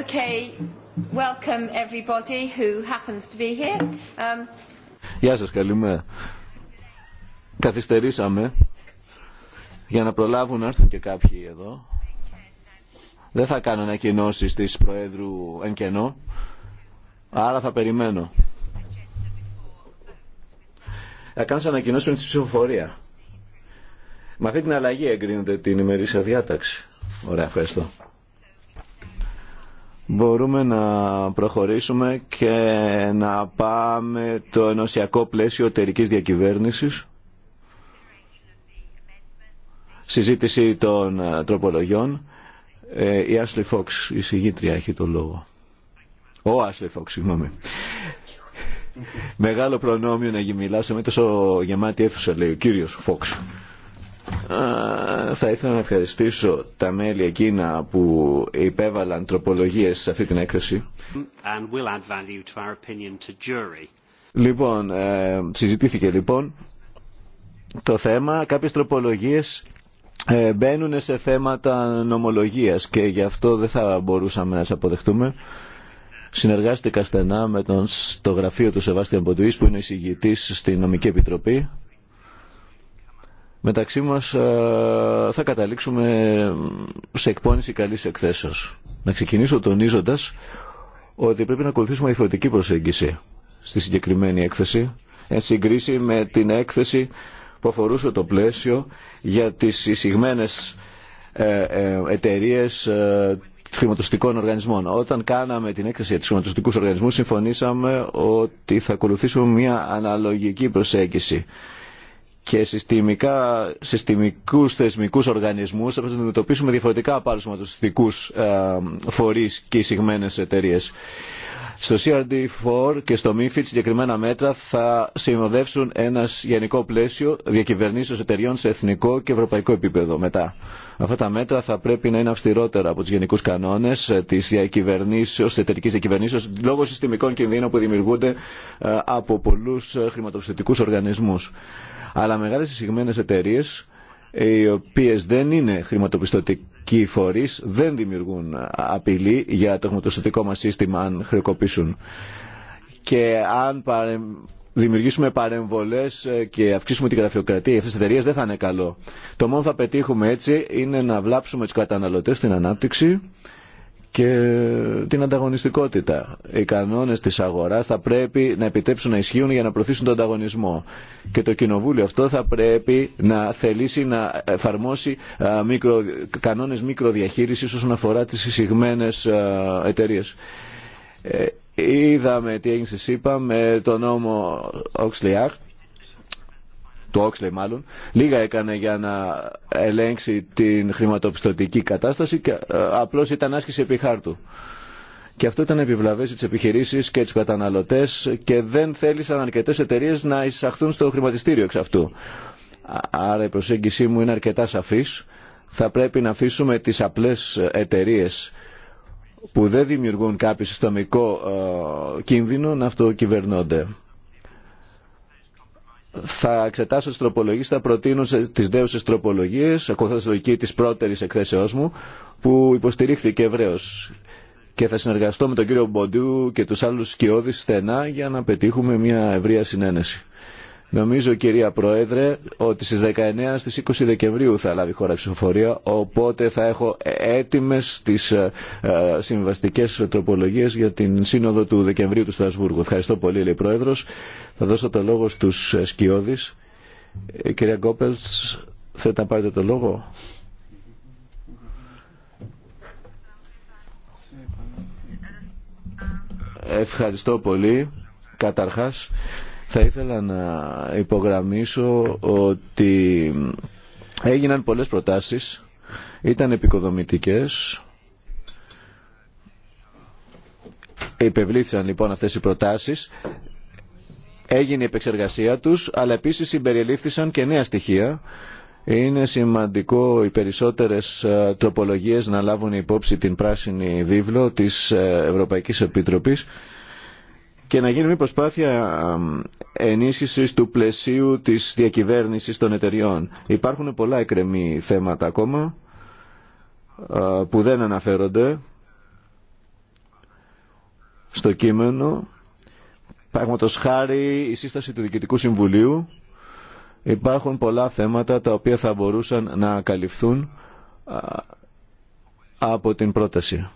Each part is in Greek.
Okay. Welcome who happens to be here. Um, Γεια σας, καλημέρα. Καθυστερήσαμε για να προλάβουν να έρθουν και κάποιοι εδώ. Δεν θα κάνω ανακοινώσει τη Προέδρου εν κενό, άρα θα περιμένω. Θα κάνω ανακοινώσει με τη ψηφοφορία. Με αυτή την αλλαγή εγκρίνεται την ημερήσια διάταξη. Ωραία, ευχαριστώ μπορούμε να προχωρήσουμε και να πάμε το ενωσιακό πλαίσιο εταιρικής διακυβέρνησης συζήτηση των ε, τροπολογιών ε, η Ashley Fox, η συγγήτρια έχει το λόγο ο Ashley Fox, συγγνώμη Μεγάλο προνόμιο να μιλάσαμε τόσο γεμάτη αίθουσα, λέει ο κύριος Φόξ. Θα ήθελα να ευχαριστήσω τα μέλη εκείνα που υπέβαλαν τροπολογίες σε αυτή την έκθεση. Λοιπόν, συζητήθηκε λοιπόν το θέμα. Κάποιες τροπολογίες ε, μπαίνουν σε θέματα νομολογίας και γι' αυτό δεν θα μπορούσαμε να σας αποδεχτούμε. Συνεργάστηκα στενά με τον, το γραφείο του Σεβάστιαν Ποντουής που είναι εισηγητής στη Νομική Επιτροπή μεταξύ μας ε, θα καταλήξουμε σε εκπόνηση καλής εκθέσεως. Να ξεκινήσω τονίζοντας ότι πρέπει να ακολουθήσουμε διαφορετική προσέγγιση στη συγκεκριμένη έκθεση, εν συγκρίση με την έκθεση που αφορούσε το πλαίσιο για τις εισηγμένες ε, ε, εταιρείε χρηματοστικών οργανισμών. Όταν κάναμε την έκθεση για του χρηματοστικού οργανισμού, συμφωνήσαμε ότι θα ακολουθήσουμε μια αναλογική προσέγγιση και συστημικά, συστημικούς θεσμικούς οργανισμούς θα πρέπει να αντιμετωπίσουμε διαφορετικά από άλλους ε, φορείς και εισηγμένες εταιρείε. Στο CRD4 και στο MIFID συγκεκριμένα μέτρα θα συνοδεύσουν ένα γενικό πλαίσιο διακυβερνήσεως εταιριών σε εθνικό και ευρωπαϊκό επίπεδο μετά. Αυτά τα μέτρα θα πρέπει να είναι αυστηρότερα από του γενικού κανόνε ε, τη εταιρική διακυβερνήσεω λόγω συστημικών κινδύνων που δημιουργούνται ε, από πολλού ε, χρηματοπιστωτικού οργανισμού αλλά μεγάλες εισηγμένες εταιρείε οι οποίες δεν είναι χρηματοπιστωτικοί φορείς δεν δημιουργούν απειλή για το χρηματοπιστωτικό μας σύστημα αν χρεοκοπήσουν. Και αν παρε... δημιουργήσουμε παρεμβολές ε, και αυξήσουμε την γραφειοκρατία αυτέ τις εταιρείε δεν θα είναι καλό. Το μόνο που θα πετύχουμε έτσι είναι να βλάψουμε τους καταναλωτές στην ανάπτυξη και την ανταγωνιστικότητα. Οι κανόνες της αγοράς θα πρέπει να επιτρέψουν να ισχύουν για να προωθήσουν τον ανταγωνισμό. Και το Κοινοβούλιο αυτό θα πρέπει να θελήσει να εφαρμόσει μικρο, κανόνες μικροδιαχείρισης όσον αφορά τις εισηγμένες εταιρείε. Ε, είδαμε τι έγινε στη ΣΥΠΑ με το νόμο Oxley Act του Oxley μάλλον, λίγα έκανε για να ελέγξει την χρηματοπιστωτική κατάσταση και ε, απλώς ήταν άσκηση επί χάρτου. Και αυτό ήταν επιβλαβές τις επιχειρήσεις και τους καταναλωτές και δεν θέλησαν αρκετέ εταιρείε να εισαχθούν στο χρηματιστήριο εξ αυτού. Άρα η προσέγγιση μου είναι αρκετά σαφής. Θα πρέπει να αφήσουμε τις απλές εταιρείε που δεν δημιουργούν κάποιο συστομικό ε, κίνδυνο να αυτοκυβερνώνται θα εξετάσω τι τροπολογίε, θα προτείνω τι δέουσε τροπολογίε, ακολουθώντα τη λογική τη πρώτερη εκθέσεώ μου, που υποστηρίχθηκε ευρέω. Και θα συνεργαστώ με τον κύριο Μποντιού και του άλλου σκιώδει στενά για να πετύχουμε μια ευρεία συνένεση. Νομίζω κυρία Πρόεδρε ότι στις 19 στις 20 Δεκεμβρίου θα λάβει χώρα ψηφοφορία οπότε θα έχω έτοιμες τις ε, ε, συμβαστικές τροπολογίες για την σύνοδο του Δεκεμβρίου του Στρασβούργου. Ευχαριστώ πολύ λέει Πρόεδρος. Θα δώσω το λόγο στους σκιώδεις. Ε, κυρία Γκόπελτς θέλετε να πάρετε το λόγο. Ευχαριστώ πολύ. Καταρχάς θα ήθελα να υπογραμμίσω ότι έγιναν πολλές προτάσεις, ήταν επικοδομητικές. Υπευλήθησαν λοιπόν αυτές οι προτάσεις, έγινε η επεξεργασία τους, αλλά επίσης συμπεριλήφθησαν και νέα στοιχεία. Είναι σημαντικό οι περισσότερες ε, τροπολογίες να λάβουν υπόψη την πράσινη βίβλο της ε, Ευρωπαϊκής Επιτροπής και να γίνει μια προσπάθεια ενίσχυσης του πλαισίου της διακυβέρνησης των εταιριών. Υπάρχουν πολλά εκρεμή θέματα ακόμα που δεν αναφέρονται στο κείμενο. Πράγματος χάρη η σύσταση του Διοικητικού Συμβουλίου. Υπάρχουν πολλά θέματα τα οποία θα μπορούσαν να καλυφθούν από την πρόταση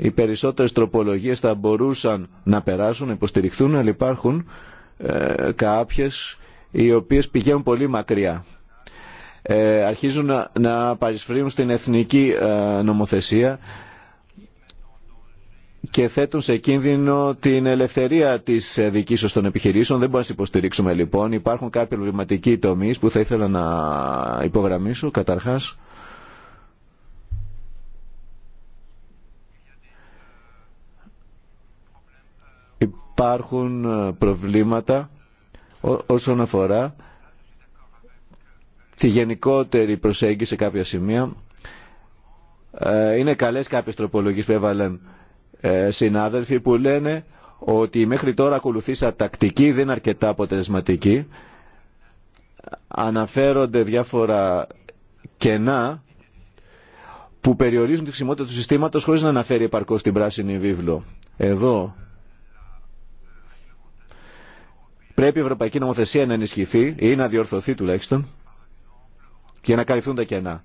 οι περισσότερες τροπολογίες θα μπορούσαν να περάσουν, να υποστηριχθούν, αλλά υπάρχουν ε, κάποιες οι οποίες πηγαίνουν πολύ μακριά. Ε, αρχίζουν να, να στην εθνική ε, νομοθεσία και θέτουν σε κίνδυνο την ελευθερία της ε, διοικήσεως των επιχειρήσεων. Δεν μπορούμε να υποστηρίξουμε λοιπόν. Υπάρχουν κάποιοι προβληματικοί τομείς που θα ήθελα να υπογραμμίσω καταρχάς υπάρχουν ε, προβλήματα όσον αφορά τη γενικότερη προσέγγιση σε κάποια σημεία. Ε, είναι καλές κάποιες τροπολογίες που έβαλαν ε, συνάδελφοι που λένε ότι μέχρι τώρα ακολουθήσα τακτική, δεν αρκετά αποτελεσματική. Αναφέρονται διάφορα κενά που περιορίζουν τη χρησιμότητα του συστήματος χωρίς να αναφέρει επαρκώς την πράσινη βίβλο. Εδώ Πρέπει η ευρωπαϊκή νομοθεσία να ενισχυθεί ή να διορθωθεί τουλάχιστον και να καλυφθούν τα κενά.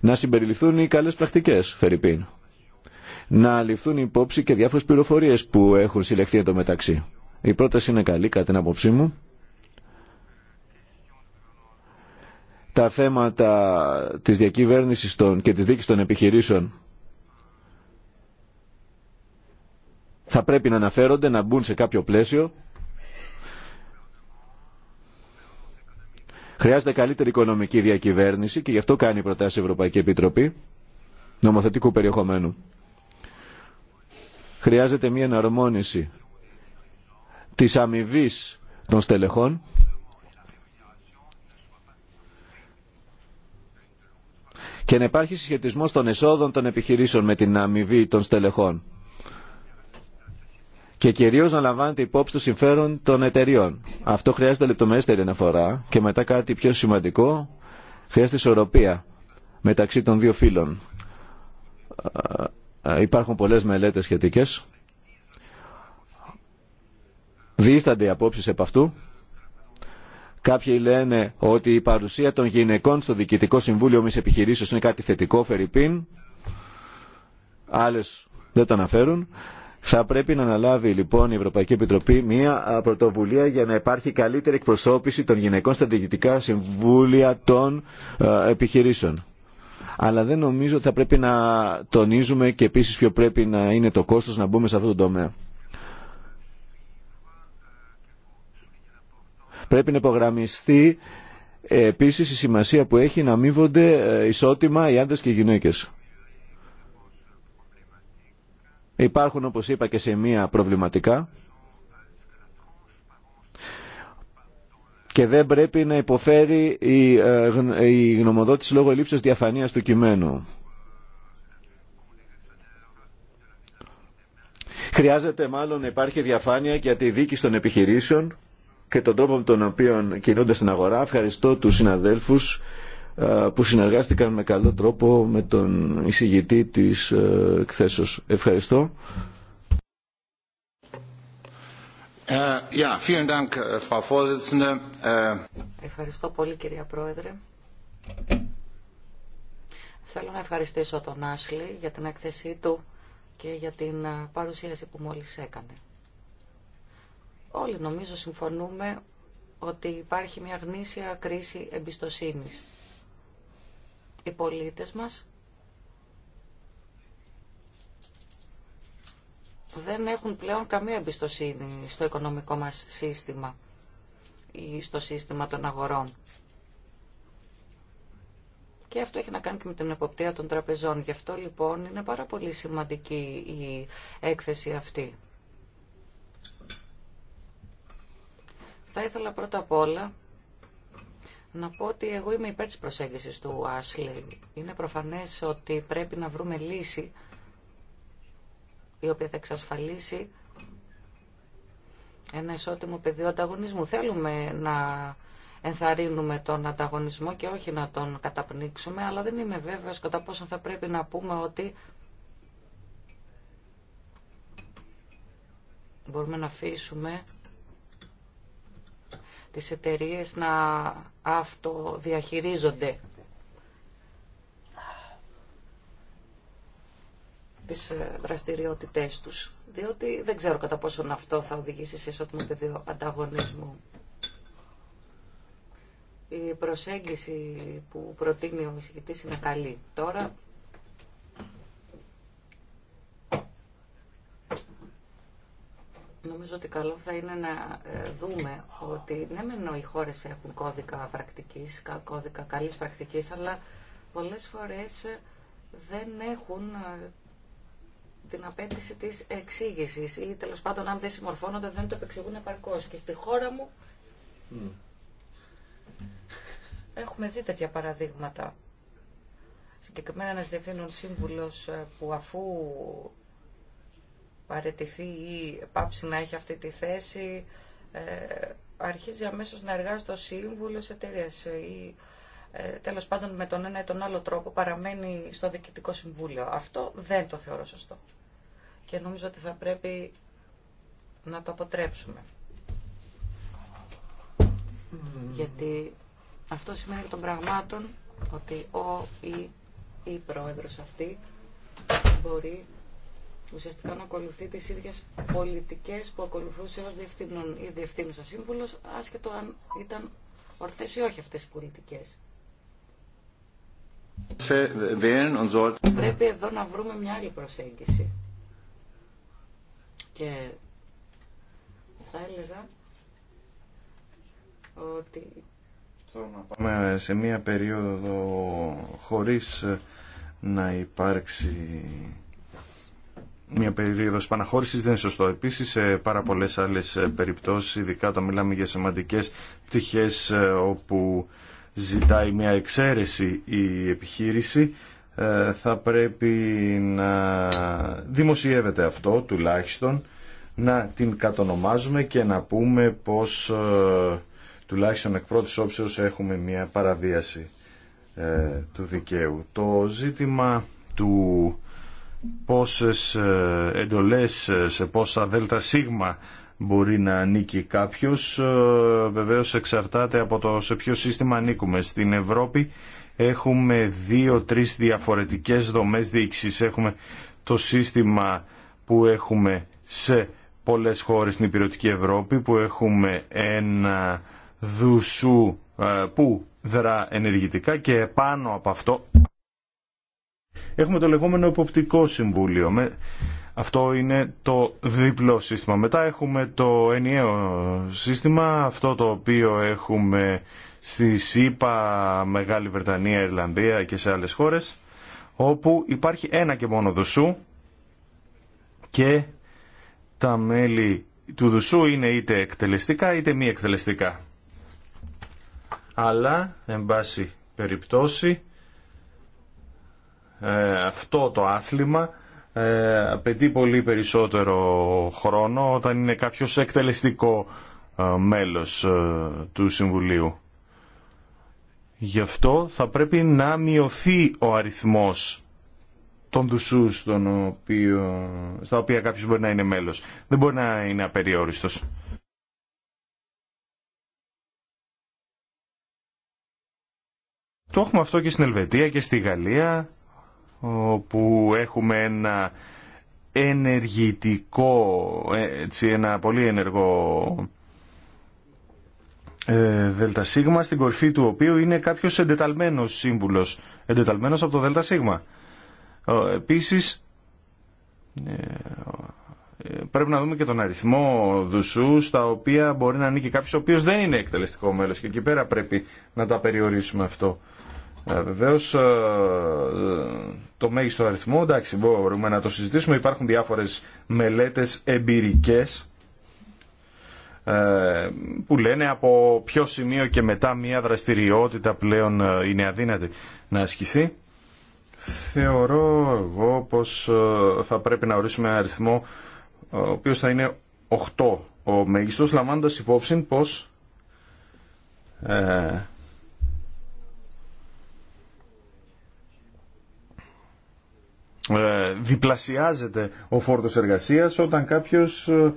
Να συμπεριληφθούν οι καλές πρακτικές, Φερρυπίν. Να ληφθούν υπόψη και διάφορες πληροφορίες που έχουν συλλεχθεί εν μεταξύ. Η πρόταση είναι καλή κατά την άποψή μου. Τα θέματα της διακυβέρνησης των και της δίκης των επιχειρήσεων θα πρέπει να αναφέρονται, να μπουν σε κάποιο πλαίσιο Χρειάζεται καλύτερη οικονομική διακυβέρνηση και γι' αυτό κάνει προτάσει η Ευρωπαϊκή Επιτροπή νομοθετικού περιεχομένου. Χρειάζεται μια εναρμόνιση της αμοιβή των στελεχών και να υπάρχει συσχετισμός των εσόδων των επιχειρήσεων με την αμοιβή των στελεχών και κυρίω να λαμβάνετε υπόψη το συμφέρον των εταιριών. Αυτό χρειάζεται λεπτομέστερη αναφορά και μετά κάτι πιο σημαντικό, χρειάζεται ισορροπία μεταξύ των δύο φύλων. Ε, ε, υπάρχουν πολλέ μελέτες σχετικές. Δίστανται οι απόψεις επ' αυτού. Κάποιοι λένε ότι η παρουσία των γυναικών στο Διοικητικό Συμβούλιο Μη Επιχειρήσεω είναι κάτι θετικό, Φερρυπίν. άλλε δεν το αναφέρουν. Θα πρέπει να αναλάβει λοιπόν η Ευρωπαϊκή Επιτροπή μια πρωτοβουλία για να υπάρχει καλύτερη εκπροσώπηση των γυναικών στα διοικητικά συμβούλια των επιχειρήσεων. Αλλά δεν νομίζω ότι θα πρέπει να τονίζουμε και επίσης ποιο πρέπει να είναι το κόστος να μπούμε σε αυτό το τομέα. Πρέπει να υπογραμμιστεί ε, επίσης η σημασία που έχει να αμείβονται ε, ισότιμα οι άντρες και οι γυναίκες. Υπάρχουν, όπως είπα, και σε μία, προβληματικά και δεν πρέπει να υποφέρει ε, η γνωμοδότηση λόγω ελλείψεως διαφανείας του κειμένου. Χρειάζεται μάλλον να υπάρχει διαφάνεια για τη δίκη των επιχειρήσεων και τον τρόπο με τον οποίο κινούνται στην αγορά. Ευχαριστώ τους συναδέλφους ε, που συνεργάστηκαν με καλό τρόπο με τον εισηγητή της ε, εκθέσεως. Ευχαριστώ. Ε, äh, äh, Ευχαριστώ πολύ κυρία Πρόεδρε. Θέλω να ευχαριστήσω τον Άσλη για την έκθεσή του και για την παρουσίαση που μόλις έκανε. Όλοι νομίζω συμφωνούμε ότι υπάρχει μια γνήσια κρίση εμπιστοσύνης οι πολίτες μας δεν έχουν πλέον καμία εμπιστοσύνη στο οικονομικό μας σύστημα ή στο σύστημα των αγορών. Και αυτό έχει να κάνει και με την εποπτεία των τραπεζών. Γι' αυτό λοιπόν είναι πάρα πολύ σημαντική η έκθεση αυτή. Θα ήθελα πρώτα απ' όλα να πω ότι εγώ είμαι υπέρ της προσέγγισης του Άσλεϊ. Είναι προφανές ότι πρέπει να βρούμε λύση η οποία θα εξασφαλίσει ένα ισότιμο πεδίο ανταγωνισμού. Θέλουμε να ενθαρρύνουμε τον ανταγωνισμό και όχι να τον καταπνίξουμε, αλλά δεν είμαι βέβαιος κατά πόσο θα πρέπει να πούμε ότι μπορούμε να αφήσουμε τις εταιρείες να αυτοδιαχειρίζονται τις ε, δραστηριότητές τους. Διότι δεν ξέρω κατά πόσον αυτό θα οδηγήσει σε ισότιμο πεδίο ανταγωνισμού. Η προσέγγιση που προτείνει ο εισηγητής είναι καλή. Τώρα Νομίζω ότι καλό θα είναι να ε, δούμε ότι ναι μεν οι χώρες έχουν κώδικα πρακτικής, κώδικα καλής πρακτικής, αλλά πολλές φορές ε, δεν έχουν ε, την απέτηση της εξήγηση ή τέλος πάντων αν δεν συμμορφώνονται δεν το επεξηγούν επαρκώς. Και στη χώρα μου έχουμε δει τέτοια παραδείγματα. Συγκεκριμένα ένας διευθύνων σύμβουλος που αφού παρετηθεί ή πάψει να έχει αυτή τη θέση, ε, αρχίζει αμέσως να εργάζεται ο σύμβουλος εταιρείας ή ε, τέλος πάντων με τον ένα ή τον άλλο τρόπο παραμένει στο διοικητικό συμβούλιο. Αυτό δεν το θεωρώ σωστό και νομίζω ότι θα πρέπει να το αποτρέψουμε. Γιατί αυτό σημαίνει των πραγμάτων ότι ο ή η πρόεδρος αυτή μπορεί ουσιαστικά να ακολουθεί τις ίδιες πολιτικές που ακολουθούσε ο διευθύνουσα σύμβουλος, άσχετο αν ήταν ορθές ή όχι αυτές οι πολιτικές. Πρέπει εδώ να βρούμε μια άλλη προσέγγιση. Και θα έλεγα ότι... να πάμε σε μια περίοδο χωρίς να υπάρξει μια περίοδο παναχώρηση δεν είναι σωστό. Επίση, σε πάρα πολλέ άλλε περιπτώσει, ειδικά όταν μιλάμε για σημαντικέ πτυχέ ε, όπου ζητάει μια εξαίρεση η επιχείρηση, ε, θα πρέπει να δημοσιεύεται αυτό τουλάχιστον, να την κατονομάζουμε και να πούμε πως ε, τουλάχιστον εκ πρώτης όψεως έχουμε μια παραβίαση του δικαίου. Το ζήτημα του πόσες ε, εντολές, ε, σε πόσα δέλτα σίγμα μπορεί να ανήκει κάποιος. Ε, βεβαίως εξαρτάται από το σε ποιο σύστημα ανήκουμε. Στην Ευρώπη έχουμε δύο-τρεις διαφορετικές δομές διοίκησης. Έχουμε το σύστημα που έχουμε σε πολλές χώρες στην υπηρετική Ευρώπη, που έχουμε ένα δουσού που δρά ενεργητικά και πάνω από αυτό Έχουμε το λεγόμενο υποπτικό συμβούλιο. Αυτό είναι το διπλό σύστημα. Μετά έχουμε το ενιαίο σύστημα, αυτό το οποίο έχουμε στη ΣΥΠΑ, Μεγάλη Βρετανία, Ιρλανδία και σε άλλες χώρες, όπου υπάρχει ένα και μόνο δουσού και τα μέλη του δουσού είναι είτε εκτελεστικά είτε μη εκτελεστικά. Αλλά, εν πάση περιπτώσει, ε, αυτό το άθλημα ε, απαιτεί πολύ περισσότερο χρόνο όταν είναι κάποιος εκτελεστικό ε, μέλος του Συμβουλίου. Γι' αυτό θα πρέπει να μειωθεί ο αριθμός των δουσούς οποίο, στα οποία κάποιος μπορεί να είναι μέλος. Δεν μπορεί να είναι απεριόριστος. Το έχουμε αυτό και στην Ελβετία και στη Γαλλία όπου έχουμε ένα ενεργητικό, έτσι, ένα πολύ ενεργό ε, ΔΣ, στην κορφή του οποίου είναι κάποιος εντεταλμένος σύμβουλος, εντεταλμένος από το ΔΣ. Επίσης, ε, ε, πρέπει να δούμε και τον αριθμό δουσού στα οποία μπορεί να ανήκει κάποιος ο οποίος δεν είναι εκτελεστικό μέλος και εκεί πέρα πρέπει να τα περιορίσουμε αυτό. Ε, Βεβαίω ε, το μέγιστο αριθμό, εντάξει, μπορούμε να το συζητήσουμε. Υπάρχουν διάφορε μελέτε εμπειρικέ ε, που λένε από ποιο σημείο και μετά μια δραστηριότητα πλέον είναι αδύνατη να ασκηθεί. Θεωρώ εγώ πως θα πρέπει να ορίσουμε ένα αριθμό ο οποίος θα είναι 8 ο μέγιστος, λαμβάνοντας υπόψη πως Ε, διπλασιάζεται ο φόρτος εργασίας όταν κάποιος ε,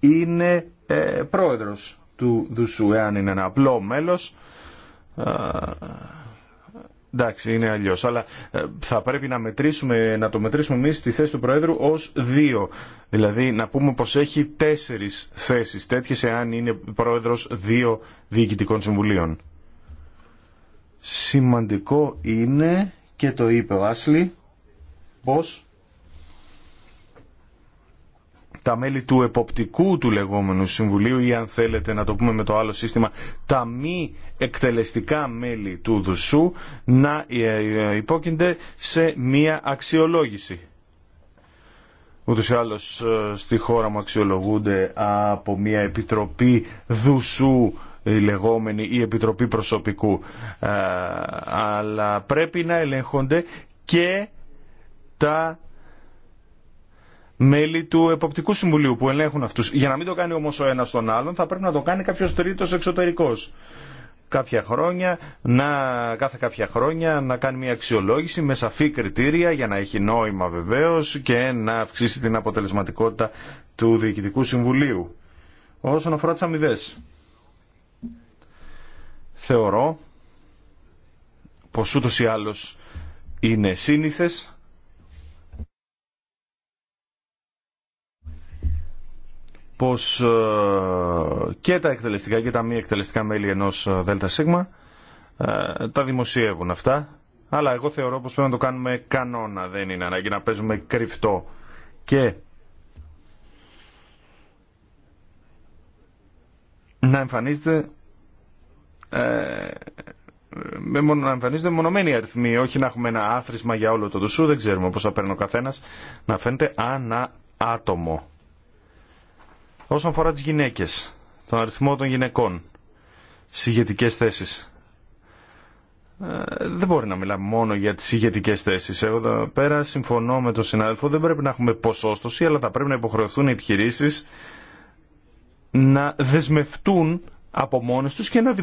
είναι ε, πρόεδρος του Δουσού, εάν είναι ένα απλό μέλος. Εντάξει, είναι αλλιώ. Αλλά θα πρέπει να, μετρήσουμε, να το μετρήσουμε εμεί τη θέση του Προέδρου ω δύο. Δηλαδή να πούμε πως έχει τέσσερι θέσει τέτοιε, εάν είναι πρόεδρος δύο διοικητικών συμβουλίων. Σημαντικό είναι και το είπε ο Άσλι πως τα μέλη του εποπτικού του λεγόμενου συμβουλίου ή αν θέλετε να το πούμε με το άλλο σύστημα τα μη εκτελεστικά μέλη του δουσού να ε, ε, υπόκεινται σε μία αξιολόγηση. Ούτως ή άλλως ε, στη χώρα μου αξιολογούνται από μία επιτροπή δουσού η λεγόμενη η επιτροπή προσωπικού αλλά πρέπει να ελέγχονται και τα μέλη του Εποπτικού Συμβουλίου που ελέγχουν αυτού. Για να μην το κάνει όμω ο ένα τον άλλον θα πρέπει να το κάνει κάποιο τρίτο εξωτερικός. Κάποια χρόνια, να, κάθε κάποια χρόνια να κάνει μια αξιολόγηση με σαφή κριτήρια για να έχει νόημα βεβαίω και να αυξήσει την αποτελεσματικότητα του Διοικητικού Συμβουλίου. Όσον αφορά τι αμοιβέ. θεωρώ πω ούτω ή άλλω είναι σύνηθες πως ε, και τα εκτελεστικά και τα μη εκτελεστικά μέλη ενός ε, ΔΣ ε, τα δημοσιεύουν αυτά. Αλλά εγώ θεωρώ πως πρέπει να το κάνουμε κανόνα, δεν είναι ανάγκη να παίζουμε κρυφτό. Και να εμφανίζεται ε, με μονο, να εμφανίζονται μονομένοι αριθμοί, όχι να έχουμε ένα άθροισμα για όλο το δουσού δεν ξέρουμε πώς θα παίρνει ο καθένας, να φαίνεται ανά άτομο. Όσον αφορά τις γυναίκες, τον αριθμό των γυναικών στις ηγετικές θέσεις, ε, δεν μπορεί να μιλάμε μόνο για τις ηγετικέ θέσεις. Εγώ εδώ πέρα συμφωνώ με τον συνάδελφο, δεν πρέπει να έχουμε ποσόστοση, αλλά θα πρέπει να υποχρεωθούν οι επιχειρήσεις να δεσμευτούν από μόνες τους και να,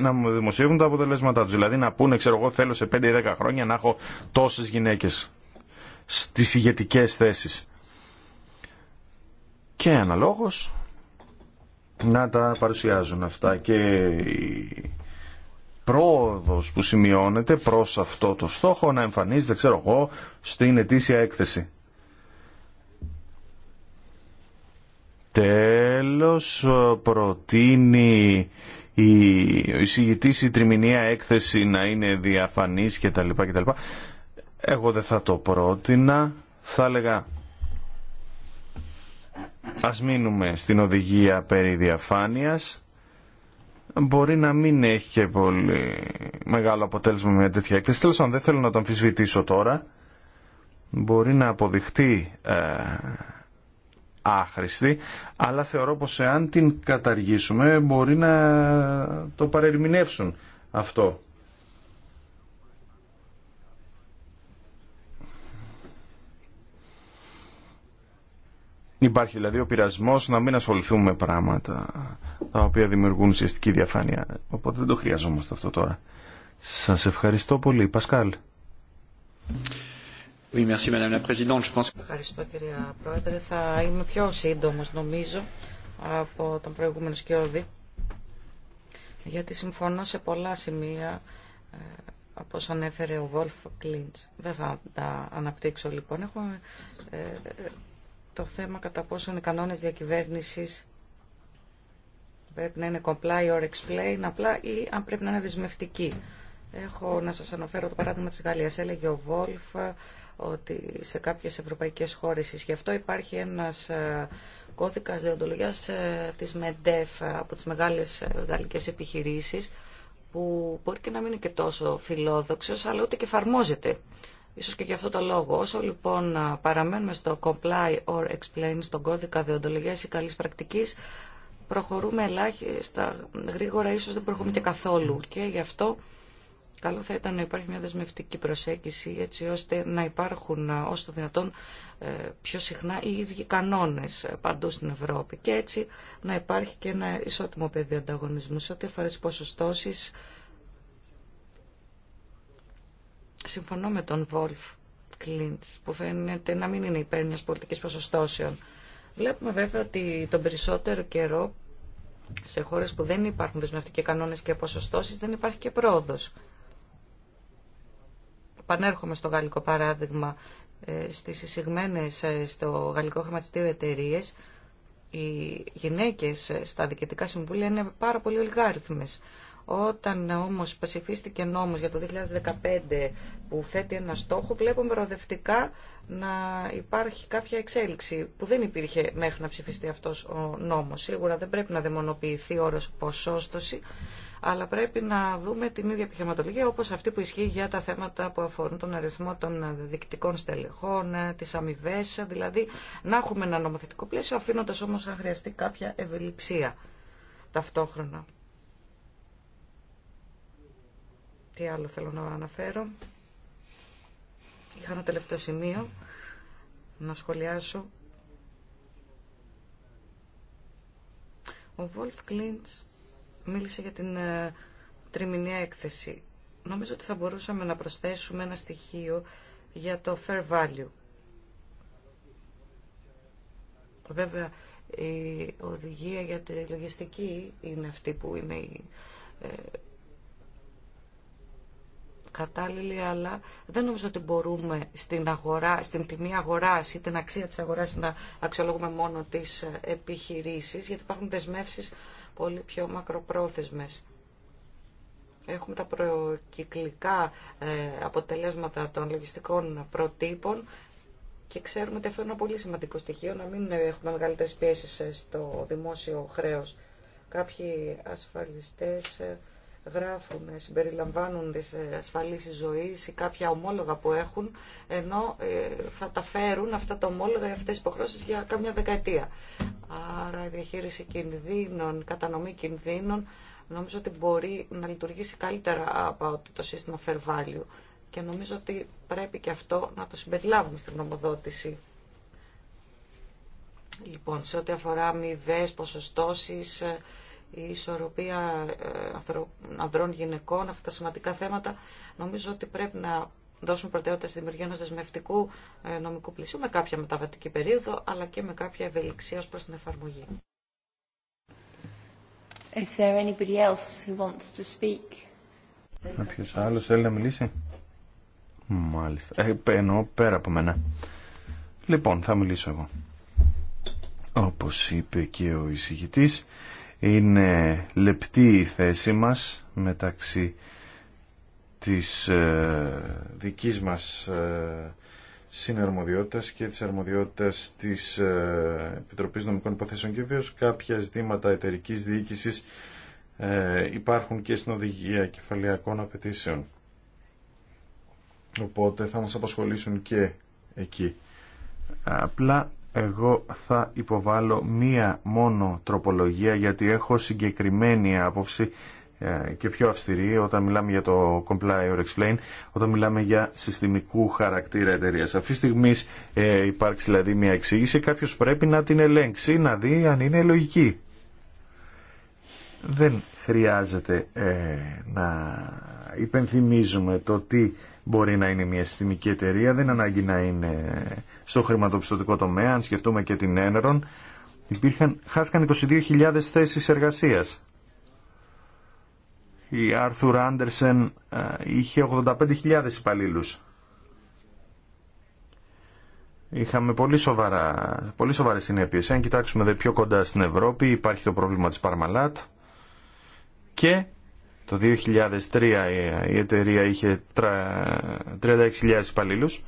να δημοσιεύουν τα αποτελέσματά τους. Δηλαδή να πούνε, ξέρω εγώ, θέλω σε 5-10 ή χρόνια να έχω τόσες γυναίκες στις ηγετικέ θέσεις και αναλόγως να τα παρουσιάζουν αυτά και η πρόοδος που σημειώνεται προς αυτό το στόχο να εμφανίζεται, ξέρω εγώ, στην ετήσια έκθεση. Τέλος προτείνει η εισηγητής η τριμηνία έκθεση να είναι διαφανής τα κτλ. Εγώ δεν θα το πρότεινα. Θα έλεγα Ας μείνουμε στην οδηγία περί διαφάνειας. Μπορεί να μην έχει και πολύ μεγάλο αποτέλεσμα μια τέτοια έκθεση. Τέλος αν δεν θέλω να το αμφισβητήσω τώρα. Μπορεί να αποδειχτεί ε, άχρηστη, αλλά θεωρώ πως εάν την καταργήσουμε μπορεί να το παρερμηνεύσουν αυτό Υπάρχει δηλαδή ο πειρασμό να μην ασχοληθούμε με πράγματα τα οποία δημιουργούν ουσιαστική διαφάνεια. Οπότε δεν το χρειαζόμαστε αυτό τώρα. Σα ευχαριστώ πολύ. Πασκάλ. Oui, merci, Madame la Présidente. Je pense... Ευχαριστώ κυρία Πρόεδρε. Θα είμαι πιο σύντομο νομίζω από τον προηγούμενο Σκιώδη. Γιατί συμφωνώ σε πολλά σημεία ε, από όσα ανέφερε ο Βόλφ Κλίντς. Δεν θα τα αναπτύξω λοιπόν. Ε, το θέμα κατά πόσο οι κανόνες διακυβέρνησης πρέπει να είναι comply or explain απλά ή αν πρέπει να είναι δεσμευτική. Έχω να σας αναφέρω το παράδειγμα της Γαλλίας. Έλεγε ο Βόλφ ότι σε κάποιες ευρωπαϊκές χώρες ισχύει αυτό. Υπάρχει ένας ε, κώδικας διοντολογίας ε, της ΜΕΝΤΕΦ ε, από τις μεγάλες γαλλικέ επιχειρήσεις που μπορεί και να μην είναι και τόσο φιλόδοξος αλλά ούτε και εφαρμόζεται Ίσως και γι' αυτό το λόγο. Όσο λοιπόν παραμένουμε στο comply or explain, στον κώδικα διοντολογίας ή καλής πρακτικής, προχωρούμε ελάχιστα γρήγορα, ίσως δεν προχωρούμε και καθόλου. Και γι' αυτό καλό θα ήταν να υπάρχει μια δεσμευτική προσέγγιση, έτσι ώστε να υπάρχουν όσο δυνατόν ε, πιο συχνά οι ίδιοι κανόνες ε, παντού στην Ευρώπη. Και έτσι να υπάρχει και ένα ισότιμο πεδίο ανταγωνισμού. Σε ό,τι αφορά τις ποσοστώσεις, Συμφωνώ με τον Βόλφ Κλίντ, που φαίνεται να μην είναι υπέρ μια πολιτική ποσοστώσεων. Βλέπουμε βέβαια ότι τον περισσότερο καιρό σε χώρες που δεν υπάρχουν δεσμευτικοί κανόνες και ποσοστώσει δεν υπάρχει και πρόοδο. Πανέρχομαι στο γαλλικό παράδειγμα ε, στις εισηγμένε ε, στο γαλλικό χρηματιστήριο εταιρείε, οι γυναίκε ε, στα διοικητικά συμβούλια είναι πάρα πολύ ολιγάριθμες. Όταν όμως πασιφίστηκε νόμος για το 2015 που θέτει ένα στόχο, βλέπουμε προοδευτικά να υπάρχει κάποια εξέλιξη που δεν υπήρχε μέχρι να ψηφιστεί αυτός ο νόμος. Σίγουρα δεν πρέπει να δαιμονοποιηθεί όρος ποσόστοση, αλλά πρέπει να δούμε την ίδια επιχειρηματολογία όπως αυτή που ισχύει για τα θέματα που αφορούν τον αριθμό των διοικητικών στελεχών, τι αμοιβέ, δηλαδή να έχουμε ένα νομοθετικό πλαίσιο αφήνοντας όμως αν χρειαστεί κάποια ευελιξία ταυτόχρονα. Τι άλλο θέλω να αναφέρω. Είχα ένα τελευταίο σημείο να σχολιάσω. Ο Βολφ Κλίντς μίλησε για την ε, τριμηνία έκθεση. Νομίζω ότι θα μπορούσαμε να προσθέσουμε ένα στοιχείο για το fair value. Βέβαια, η οδηγία για τη λογιστική είναι αυτή που είναι η ε, κατάλληλη, αλλά δεν νομίζω ότι μπορούμε στην, αγορά, στην τιμή αγοράς ή την αξία της αγοράς να αξιολογούμε μόνο τις ε, επιχειρήσεις, γιατί υπάρχουν δεσμεύσει πολύ πιο μακροπρόθεσμες. Έχουμε τα προκυκλικά ε, αποτελέσματα των λογιστικών προτύπων και ξέρουμε ότι αυτό είναι ένα πολύ σημαντικό στοιχείο, να μην έχουμε μεγαλύτερες πιέσεις ε, στο δημόσιο χρέος. Κάποιοι ασφαλιστές γράφουν, συμπεριλαμβάνουν τις ασφαλίσεις ζωής ή κάποια ομόλογα που έχουν, ενώ ε, θα τα φέρουν αυτά τα ομόλογα ή αυτές τις υποχρώσεις για κάμια δεκαετία. Άρα η διαχείριση κινδύνων, η κατανομή κινδύνων, νομίζω ότι μπορεί να λειτουργήσει καλύτερα από το σύστημα fair value. Και νομίζω ότι πρέπει και αυτό να το συμπεριλάβουμε στην νομοδότηση. Λοιπόν, σε ό,τι αφορά αμοιβέ, ποσοστώσεις, η ισορροπία ε, ανδρών γυναικών, αυτά τα σημαντικά θέματα, νομίζω ότι πρέπει να δώσουν προτεραιότητα στη δημιουργία ενό δεσμευτικού ε, νομικού πλαισίου με κάποια μεταβατική περίοδο, αλλά και με κάποια ευελιξία ω προ την εφαρμογή. Is there anybody θέλει να μιλήσει. Μάλιστα. Ε, πέρα από μένα. Λοιπόν, θα μιλήσω εγώ. Όπως είπε και ο εισηγητής, είναι λεπτή η θέση μας μεταξύ της ε, δικής μας ε, συναρμοδιότητας και της αρμοδιότητας της ε, Επιτροπής Νομικών Υποθέσεων και βίως κάποια ζητήματα εταιρική διοίκησης υπάρχουν και στην οδηγία κεφαλαιακών απαιτήσεων. Οπότε θα μας απασχολήσουν και εκεί. Απλά εγώ θα υποβάλω μία μόνο τροπολογία γιατί έχω συγκεκριμένη άποψη ε, και πιο αυστηρή όταν μιλάμε για το comply or explain, όταν μιλάμε για συστημικού χαρακτήρα εταιρεία. Αυτή τη στιγμή ε, υπάρξει δηλαδή μια εξήγηση, κάποιο πρέπει να την ελέγξει, να δει αν είναι λογική. Δεν χρειάζεται ε, να υπενθυμίζουμε το τι μπορεί να είναι μια συστημική εταιρεία, δεν ανάγκη να είναι στο χρηματοπιστωτικό τομέα, αν σκεφτούμε και την Ένερον, υπήρχαν, χάθηκαν 22.000 θέσεις εργασίας. Η Άρθουρ Άντερσεν ε, είχε 85.000 υπαλλήλου. Είχαμε πολύ, σοβαρά, πολύ σοβαρές συνέπειες. Αν κοιτάξουμε δε πιο κοντά στην Ευρώπη υπάρχει το πρόβλημα της Παρμαλάτ και το 2003 η εταιρεία είχε 36.000 υπαλλήλους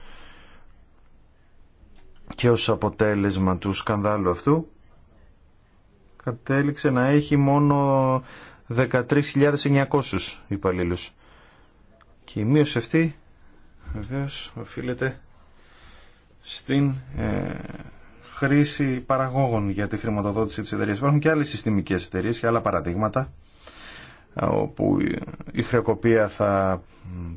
και ως αποτέλεσμα του σκανδάλου αυτού κατέληξε να έχει μόνο 13.900 υπαλλήλους. Και η μείωση αυτή βεβαίω οφείλεται στην ε, χρήση παραγόγων για τη χρηματοδότηση της εταιρείας. Υπάρχουν και άλλες συστημικές εταιρείες και άλλα παραδείγματα όπου η χρεοκοπία θα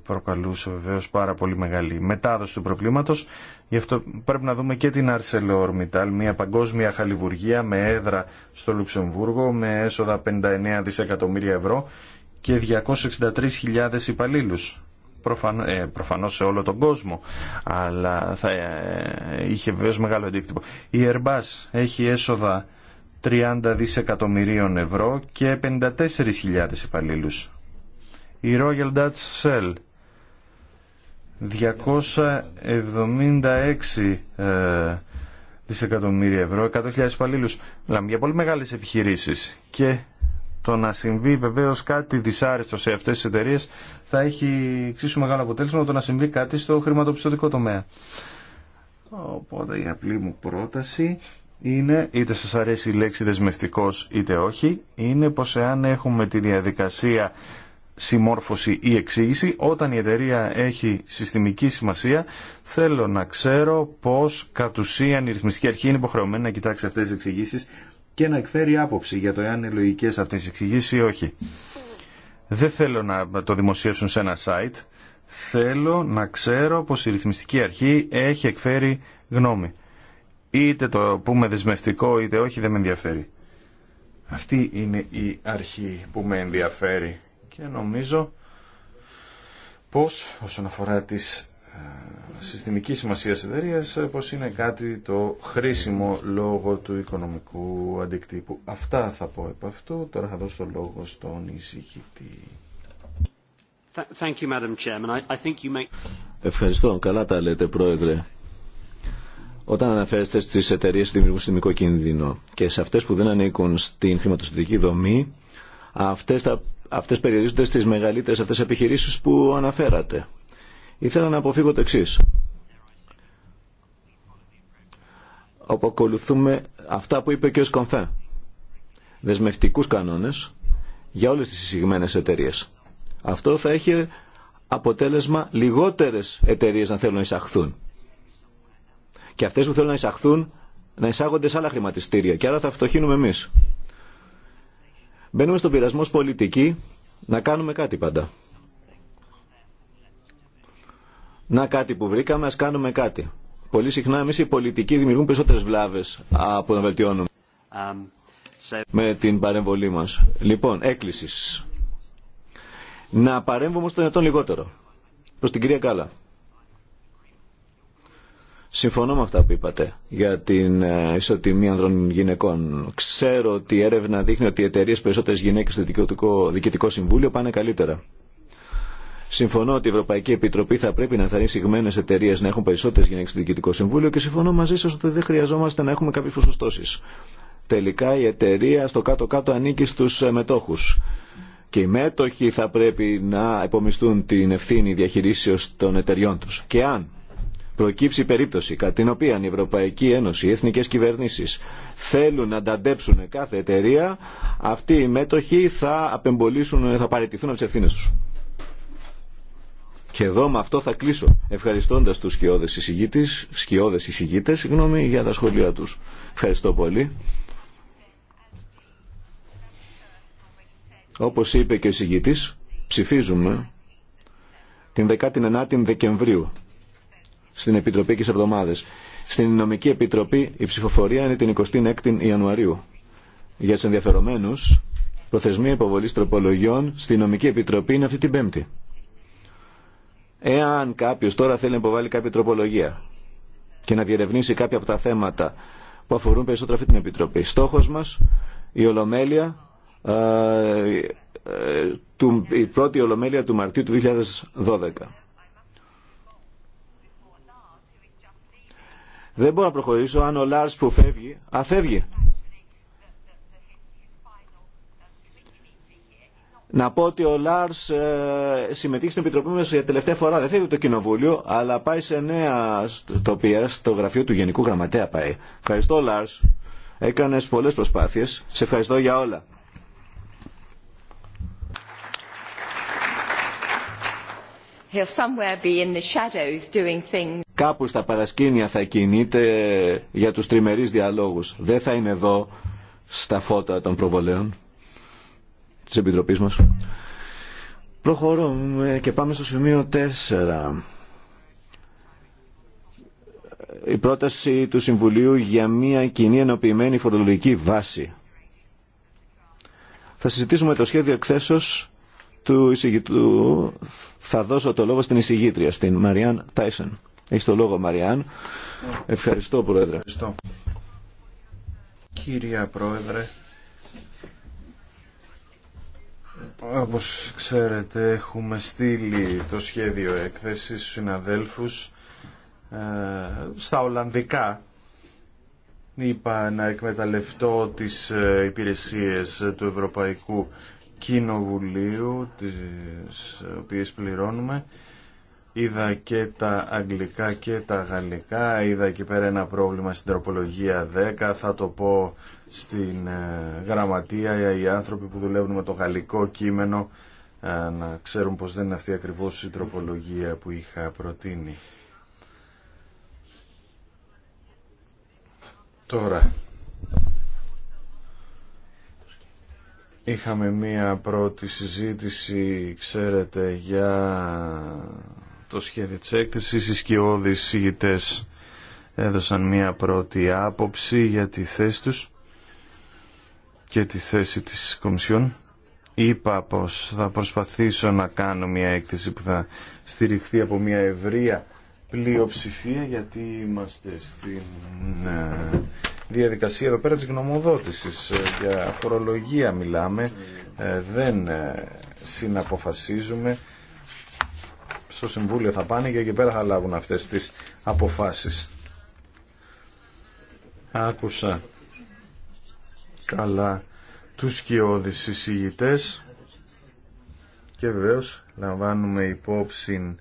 προκαλούσε βεβαίω πάρα πολύ μεγάλη μετάδοση του προβλήματος. Γι' αυτό πρέπει να δούμε και την ArcelorMittal, μια παγκόσμια χαλιβουργία με έδρα στο Λουξεμβούργο με έσοδα 59 δισεκατομμύρια ευρώ και 263.000 υπαλλήλους. Προφανώ ε, προφανώς σε όλο τον κόσμο, αλλά θα ε, είχε βεβαίως μεγάλο αντίκτυπο. Η Airbus έχει έσοδα 30 δισεκατομμυρίων ευρώ και 54.000 υπαλλήλους. Η Royal Dutch Shell 276 ε, δισεκατομμύρια ευρώ, 100.000 υπαλλήλους. Μιλάμε για πολύ μεγάλες επιχειρήσεις και το να συμβεί βεβαίως κάτι δυσάρεστο σε αυτές τις εταιρείες θα έχει εξίσου μεγάλο αποτέλεσμα το να συμβεί κάτι στο χρηματοπιστωτικό τομέα. Οπότε η απλή μου πρόταση είναι, είτε σας αρέσει η λέξη δεσμευτικός είτε όχι, είναι πως εάν έχουμε τη διαδικασία συμμόρφωση ή εξήγηση, όταν η εταιρεία έχει συστημική σημασία, θέλω να ξέρω πως κατ' ουσίαν η ρυθμιστική αρχή είναι υποχρεωμένη να κοιτάξει αυτές τις εξηγήσει και να εκφέρει άποψη για το εάν είναι λογικές αυτές τις εξηγήσει ή όχι. Δεν θέλω να το δημοσιεύσουν σε ένα site, θέλω να ξέρω πως η ρυθμιστική αρχή έχει εκφέρει γνώμη. Είτε το πούμε δεσμευτικό είτε όχι δεν με ενδιαφέρει. Αυτή είναι η αρχή που με ενδιαφέρει και νομίζω πως όσον αφορά τις ε, συστημική σημασία εταιρεία πως είναι κάτι το χρήσιμο λόγω του οικονομικού αντικτύπου. Αυτά θα πω επ' αυτού. Τώρα θα δώσω το λόγο στον εισηγητή. Ευχαριστώ. Καλά τα λέτε, Πρόεδρε όταν αναφέρεστε στις εταιρείε που δημιουργούν συστημικό κίνδυνο και σε αυτές που δεν ανήκουν στην χρηματοσυντητική δομή, αυτές, τα, αυτές περιορίζονται στι μεγαλύτερε αυτές επιχειρήσει που αναφέρατε. Ήθελα να αποφύγω το εξή. Αποκολουθούμε αυτά που είπε και ο Σκομφέ. Δεσμευτικούς κανόνες για όλε τι συγκεκριμένες εταιρείε. Αυτό θα έχει αποτέλεσμα λιγότερε εταιρείε να θέλουν να εισαχθούν και αυτές που θέλουν να εισαχθούν να εισάγονται σε άλλα χρηματιστήρια και άρα θα φτωχύνουμε εμεί. Μπαίνουμε στον πειρασμό πολιτική να κάνουμε κάτι πάντα. Να κάτι που βρήκαμε, α κάνουμε κάτι. Πολύ συχνά εμείς οι πολιτικοί δημιουργούν περισσότερε βλάβες από να βελτιώνουμε. Um, Με την παρεμβολή μας. Λοιπόν, έκκληση. Να παρέμβουμε στο δυνατόν λιγότερο. Προ την κυρία Κάλα. Συμφωνώ με αυτά που είπατε για την ε, ισοτιμία ανδρών γυναικών. Ξέρω ότι η έρευνα δείχνει ότι οι εταιρείε περισσότερε γυναίκε στο Διοικητικό, Συμβούλιο πάνε καλύτερα. Συμφωνώ ότι η Ευρωπαϊκή Επιτροπή θα πρέπει να θαρρύνει συγμένε εταιρείε να έχουν περισσότερε γυναίκε στο Διοικητικό Συμβούλιο και συμφωνώ μαζί σα ότι δεν χρειαζόμαστε να έχουμε κάποιε ποσοστώσει. Τελικά η εταιρεία στο κάτω-κάτω ανήκει στου ε, μετόχου. Και οι μέτοχοι θα πρέπει να επομιστούν την ευθύνη διαχειρήσεω των εταιριών του. Και αν προκύψει περίπτωση κατά την οποία η Ευρωπαϊκή Ένωση, οι εθνικές κυβερνήσεις θέλουν να ανταντέψουν κάθε εταιρεία, αυτοί οι μέτοχοι θα απεμπολίσουν, θα παραιτηθούν από τις ευθύνε τους. Και εδώ με αυτό θα κλείσω, ευχαριστώντας τους σκιώδε εισηγητέ, συγγνώμη, για τα σχόλιά τους. Ευχαριστώ πολύ. Όπως είπε και ο εισηγητής, ψηφίζουμε την 19η Δεκεμβρίου στην Επιτροπή και σε εβδομάδες. Στην Νομική Επιτροπή η ψηφοφορία είναι την 26η Ιανουαρίου. Για τους ενδιαφερομένους, προθεσμία υποβολή τροπολογιών στην Νομική Επιτροπή είναι αυτή την Πέμπτη. Εάν κάποιο τώρα θέλει να υποβάλει κάποια τροπολογία και να διερευνήσει κάποια από τα θέματα που αφορούν περισσότερο αυτή την Επιτροπή, Στόχο μα η Ολομέλεια ε, ε, του, η πρώτη ολομέλεια του Μαρτίου του 2012. Δεν μπορώ να προχωρήσω αν ο Λάρς που φεύγει, αφεύγει. Να πω ότι ο Λάρς ε, συμμετείχε στην Επιτροπή μας για τελευταία φορά. Δεν φεύγει το Κοινοβούλιο, αλλά πάει σε νέα τοπία, στο γραφείο του Γενικού Γραμματέα πάει. Ευχαριστώ Λάρς. Έκανες πολλές προσπάθειες. Σε ευχαριστώ για όλα. Κάπου στα παρασκήνια θα κινείται για τους τριμερείς διαλόγους. Δεν θα είναι εδώ στα φώτα των προβολέων της Επιτροπής μας. Προχωρούμε και πάμε στο σημείο 4. Η πρόταση του Συμβουλίου για μια κοινή ενοποιημένη φορολογική βάση. Θα συζητήσουμε το σχέδιο εκθέσεως του εισηγητού θα δώσω το λόγο στην εισηγήτρια, στην Μαριάν Τάισεν. Έχει το λόγο, Μαριάν. Ευχαριστώ, Πρόεδρε. Ευχαριστώ. Κύριε Πρόεδρε, όπως ξέρετε έχουμε στείλει το σχέδιο έκθεσης στους συναδέλφους ε, στα Ολλανδικά. Είπα να εκμεταλλευτώ τις ε, υπηρεσίες του Ευρωπαϊκού Κοινοβουλίου, τις οποίες πληρώνουμε. Είδα και τα αγγλικά και τα γαλλικά. Είδα εκεί πέρα ένα πρόβλημα στην τροπολογία 10. Θα το πω στην ε, γραμματεία οι άνθρωποι που δουλεύουν με το γαλλικό κείμενο ε, να ξέρουν πως δεν είναι αυτή ακριβώς η τροπολογία που είχα προτείνει. Τώρα, Είχαμε μία πρώτη συζήτηση, ξέρετε, για το σχέδιο της έκθεσης. Οι σκιώδεις συγητές έδωσαν μία πρώτη άποψη για τη θέση τους και τη θέση της Κομισιόν. Είπα πως θα προσπαθήσω να κάνω μία έκθεση που θα στηριχθεί από μία ευρεία πλειοψηφία γιατί είμαστε στην ε, διαδικασία εδώ πέρα της γνωμοδότησης. Ε, για φορολογία μιλάμε, ε, δεν ε, συναποφασίζουμε. Στο Συμβούλιο θα πάνε και εκεί πέρα θα λάβουν αυτές τις αποφάσεις. Άκουσα καλά τους σκιώδεις εισηγητές και βεβαίως λαμβάνουμε υπόψη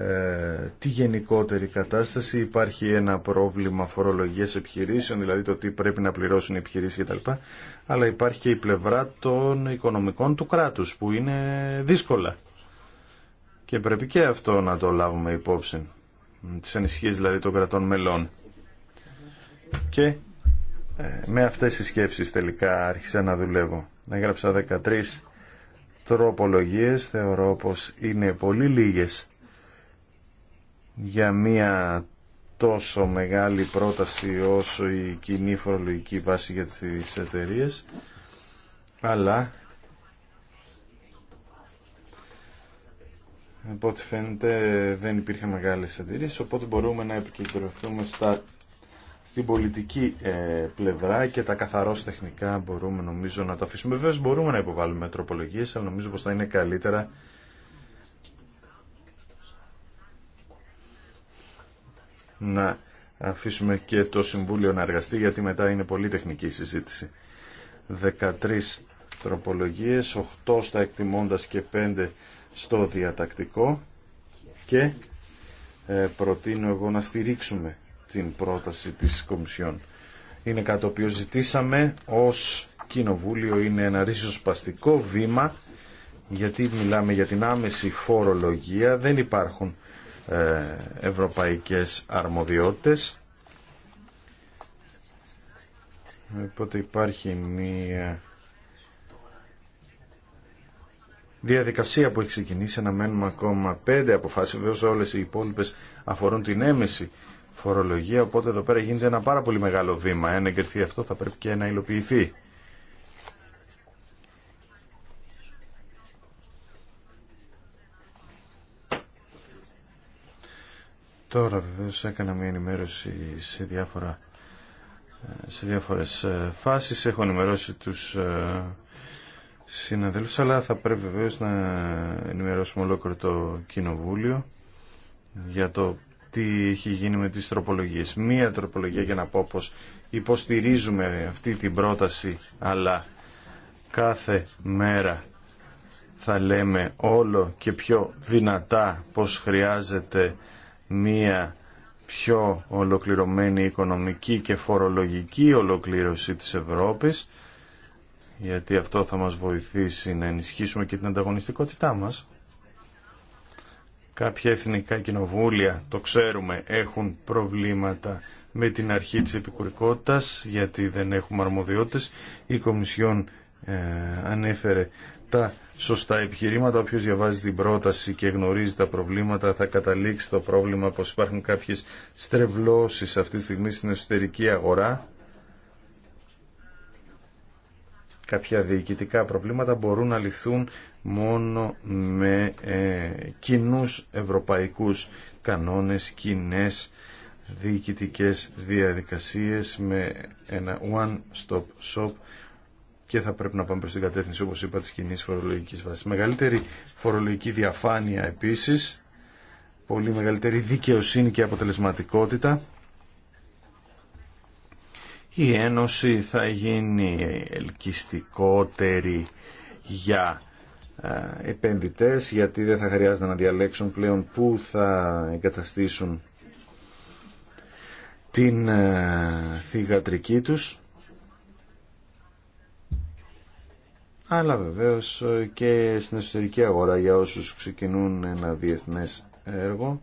ε, τη γενικότερη κατάσταση. Υπάρχει ένα πρόβλημα φορολογίας επιχειρήσεων, δηλαδή το τι πρέπει να πληρώσουν οι επιχειρήσεις κτλ. Αλλά υπάρχει και η πλευρά των οικονομικών του κράτους που είναι δύσκολα. Και πρέπει και αυτό να το λάβουμε υπόψη. Τις ανησυχίες δηλαδή των κρατών μελών. Και ε, με αυτές τις σκέψεις τελικά άρχισα να δουλεύω. Έγραψα 13 τροπολογίες, θεωρώ πως είναι πολύ λίγες για μία τόσο μεγάλη πρόταση όσο η κοινή φορολογική βάση για τις εταιρείε, αλλά από ό,τι φαίνεται δεν υπήρχε μεγάλες αντιρρήσεις οπότε μπορούμε να επικεντρωθούμε στα, στην πολιτική ε, πλευρά και τα καθαρός τεχνικά μπορούμε νομίζω να τα αφήσουμε βέβαια μπορούμε να υποβάλουμε τροπολογίες αλλά νομίζω πως θα είναι καλύτερα να αφήσουμε και το Συμβούλιο να εργαστεί γιατί μετά είναι πολύ τεχνική η συζήτηση. 13 τροπολογίες, 8 στα εκτιμώντας και 5 στο διατακτικό και ε, προτείνω εγώ να στηρίξουμε την πρόταση της Κομισιόν. Είναι κάτι το οποίο ζητήσαμε ως Κοινοβούλιο, είναι ένα παστικό βήμα γιατί μιλάμε για την άμεση φορολογία, δεν υπάρχουν ε, ευρωπαϊκές αρμοδιότητες. Οπότε υπάρχει μία διαδικασία που έχει ξεκινήσει. Αναμένουμε ακόμα πέντε αποφάσεις. Βεβαίω όλες οι υπόλοιπες αφορούν την έμεση φορολογία. Οπότε εδώ πέρα γίνεται ένα πάρα πολύ μεγάλο βήμα. Ένα εγκριθεί αυτό θα πρέπει και να υλοποιηθεί. Τώρα βεβαίω έκανα μια ενημέρωση σε, διάφορα, σε διάφορες ε, φάσεις. Έχω ενημερώσει τους ε, συναδέλφους, αλλά θα πρέπει βεβαίως να ενημερώσουμε ολόκληρο το Κοινοβούλιο για το τι έχει γίνει με τις τροπολογίες. Μία τροπολογία για να πω πως υποστηρίζουμε αυτή την πρόταση, αλλά κάθε μέρα θα λέμε όλο και πιο δυνατά πως χρειάζεται μία πιο ολοκληρωμένη οικονομική και φορολογική ολοκλήρωση της Ευρώπης γιατί αυτό θα μας βοηθήσει να ενισχύσουμε και την ανταγωνιστικότητά μας. Κάποια εθνικά κοινοβούλια, το ξέρουμε, έχουν προβλήματα με την αρχή της επικουρικότητας γιατί δεν έχουμε αρμοδιότητες. Η Κομισιόν ε, ανέφερε τα σωστά επιχειρήματα. Όποιος διαβάζει την πρόταση και γνωρίζει τα προβλήματα θα καταλήξει το πρόβλημα πως υπάρχουν κάποιες στρεβλώσεις αυτή τη στιγμή στην εσωτερική αγορά. Κάποια διοικητικά προβλήματα μπορούν να λυθούν μόνο με ε, κοινούς ευρωπαϊκούς κανόνες, κοινέ διοικητικές διαδικασίες με ένα one-stop shop και θα πρέπει να πάμε προς την κατεύθυνση όπως είπα της κοινή φορολογικής βάσης. Μεγαλύτερη φορολογική διαφάνεια επίσης, πολύ μεγαλύτερη δικαιοσύνη και αποτελεσματικότητα. Η Ένωση θα γίνει ελκυστικότερη για επενδυτές γιατί δεν θα χρειάζεται να διαλέξουν πλέον πού θα εγκαταστήσουν την θηγατρική τους αλλά βεβαίως και στην εσωτερική αγορά για όσους ξεκινούν ένα διεθνές έργο.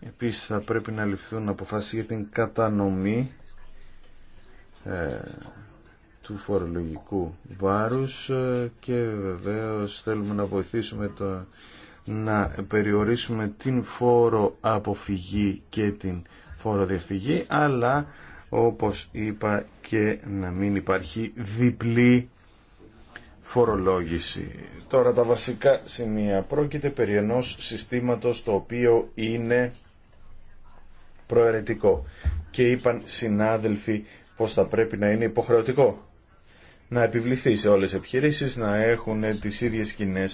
Επίσης θα πρέπει να ληφθούν αποφάσεις για την κατανομή ε, του φορολογικού βάρους ε, και βεβαίως θέλουμε να βοηθήσουμε το, να περιορίσουμε την φόρο αποφυγή και την φόρο διαφυγή αλλά όπως είπα και να μην υπάρχει διπλή φορολόγηση. Τώρα τα βασικά σημεία. Πρόκειται περί ενός συστήματος το οποίο είναι προαιρετικό. Και είπαν συνάδελφοι πως θα πρέπει να είναι υποχρεωτικό. Να επιβληθεί σε όλες τις επιχειρήσεις, να έχουν τις ίδιες κοινέ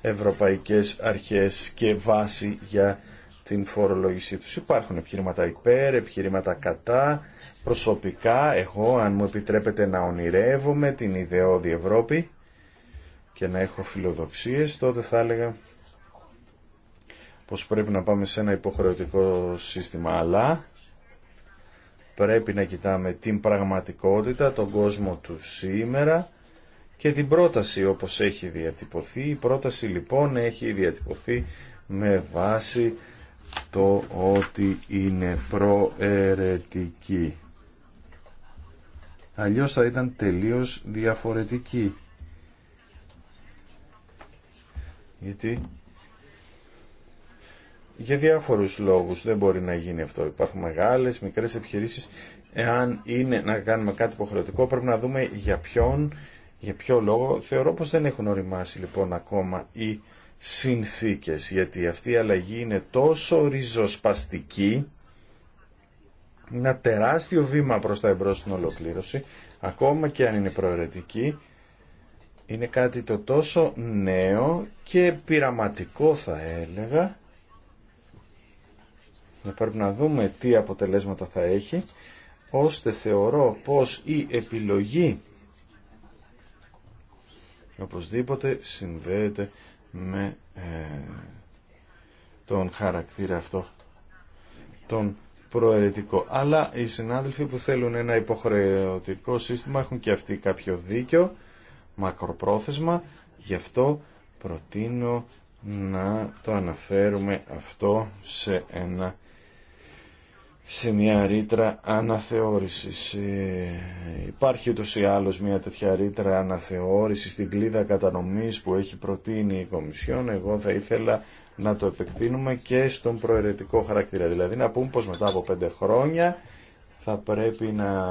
ευρωπαϊκές αρχές και βάση για την φορολογησή τους. Υπάρχουν επιχειρήματα υπέρ, επιχειρήματα κατά, προσωπικά, εγώ αν μου επιτρέπετε να ονειρεύομαι την ιδεώδη Ευρώπη, και να έχω φιλοδοξίες, τότε θα έλεγα πως πρέπει να πάμε σε ένα υποχρεωτικό σύστημα, αλλά πρέπει να κοιτάμε την πραγματικότητα, τον κόσμο του σήμερα και την πρόταση όπως έχει διατυπωθεί. Η πρόταση λοιπόν έχει διατυπωθεί με βάση το ότι είναι προαιρετική. Αλλιώς θα ήταν τελείως διαφορετική Γιατί για διάφορους λόγους δεν μπορεί να γίνει αυτό. Υπάρχουν μεγάλες, μικρές επιχειρήσεις. Εάν είναι να κάνουμε κάτι υποχρεωτικό πρέπει να δούμε για ποιον, για ποιο λόγο. Θεωρώ πως δεν έχουν οριμάσει λοιπόν ακόμα οι συνθήκες γιατί αυτή η αλλαγή είναι τόσο ριζοσπαστική ένα τεράστιο βήμα προς τα εμπρός στην ολοκλήρωση ακόμα και αν είναι προαιρετική είναι κάτι το τόσο νέο και πειραματικό θα έλεγα. Να πρέπει να δούμε τι αποτελέσματα θα έχει, ώστε θεωρώ πως η επιλογή οπωσδήποτε συνδέεται με ε, τον χαρακτήρα αυτό, τον προαιρετικό. Αλλά οι συνάδελφοι που θέλουν ένα υποχρεωτικό σύστημα έχουν και αυτοί κάποιο δίκιο μακροπρόθεσμα, γι' αυτό προτείνω να το αναφέρουμε αυτό σε ένα σε μια ρήτρα αναθεώρησης. Ε, υπάρχει ούτως ή άλλως μια τέτοια ρήτρα αναθεώρησης στην κλίδα κατανομής που έχει προτείνει η Κομισιόν. Εγώ θα ήθελα να το επεκτείνουμε και στον προαιρετικό χαρακτήρα. Δηλαδή να πούμε πως μετά από πέντε χρόνια θα πρέπει να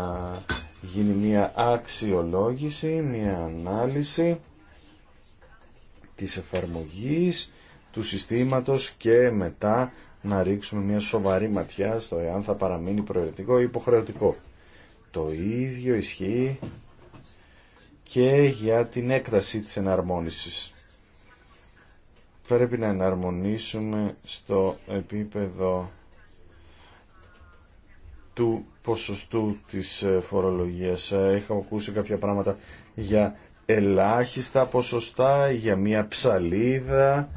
γίνει μια αξιολόγηση, μια ανάλυση της εφαρμογής του συστήματος και μετά να ρίξουμε μια σοβαρή ματιά στο εάν θα παραμείνει προαιρετικό ή υποχρεωτικό. Το ίδιο ισχύει και για την έκταση της εναρμόνισης. Πρέπει να εναρμονίσουμε στο επίπεδο του ποσοστού της ε, φορολογίας. Έχω ε, ακούσει κάποια πράγματα για ελάχιστα ποσοστά, για μια ψαλίδα.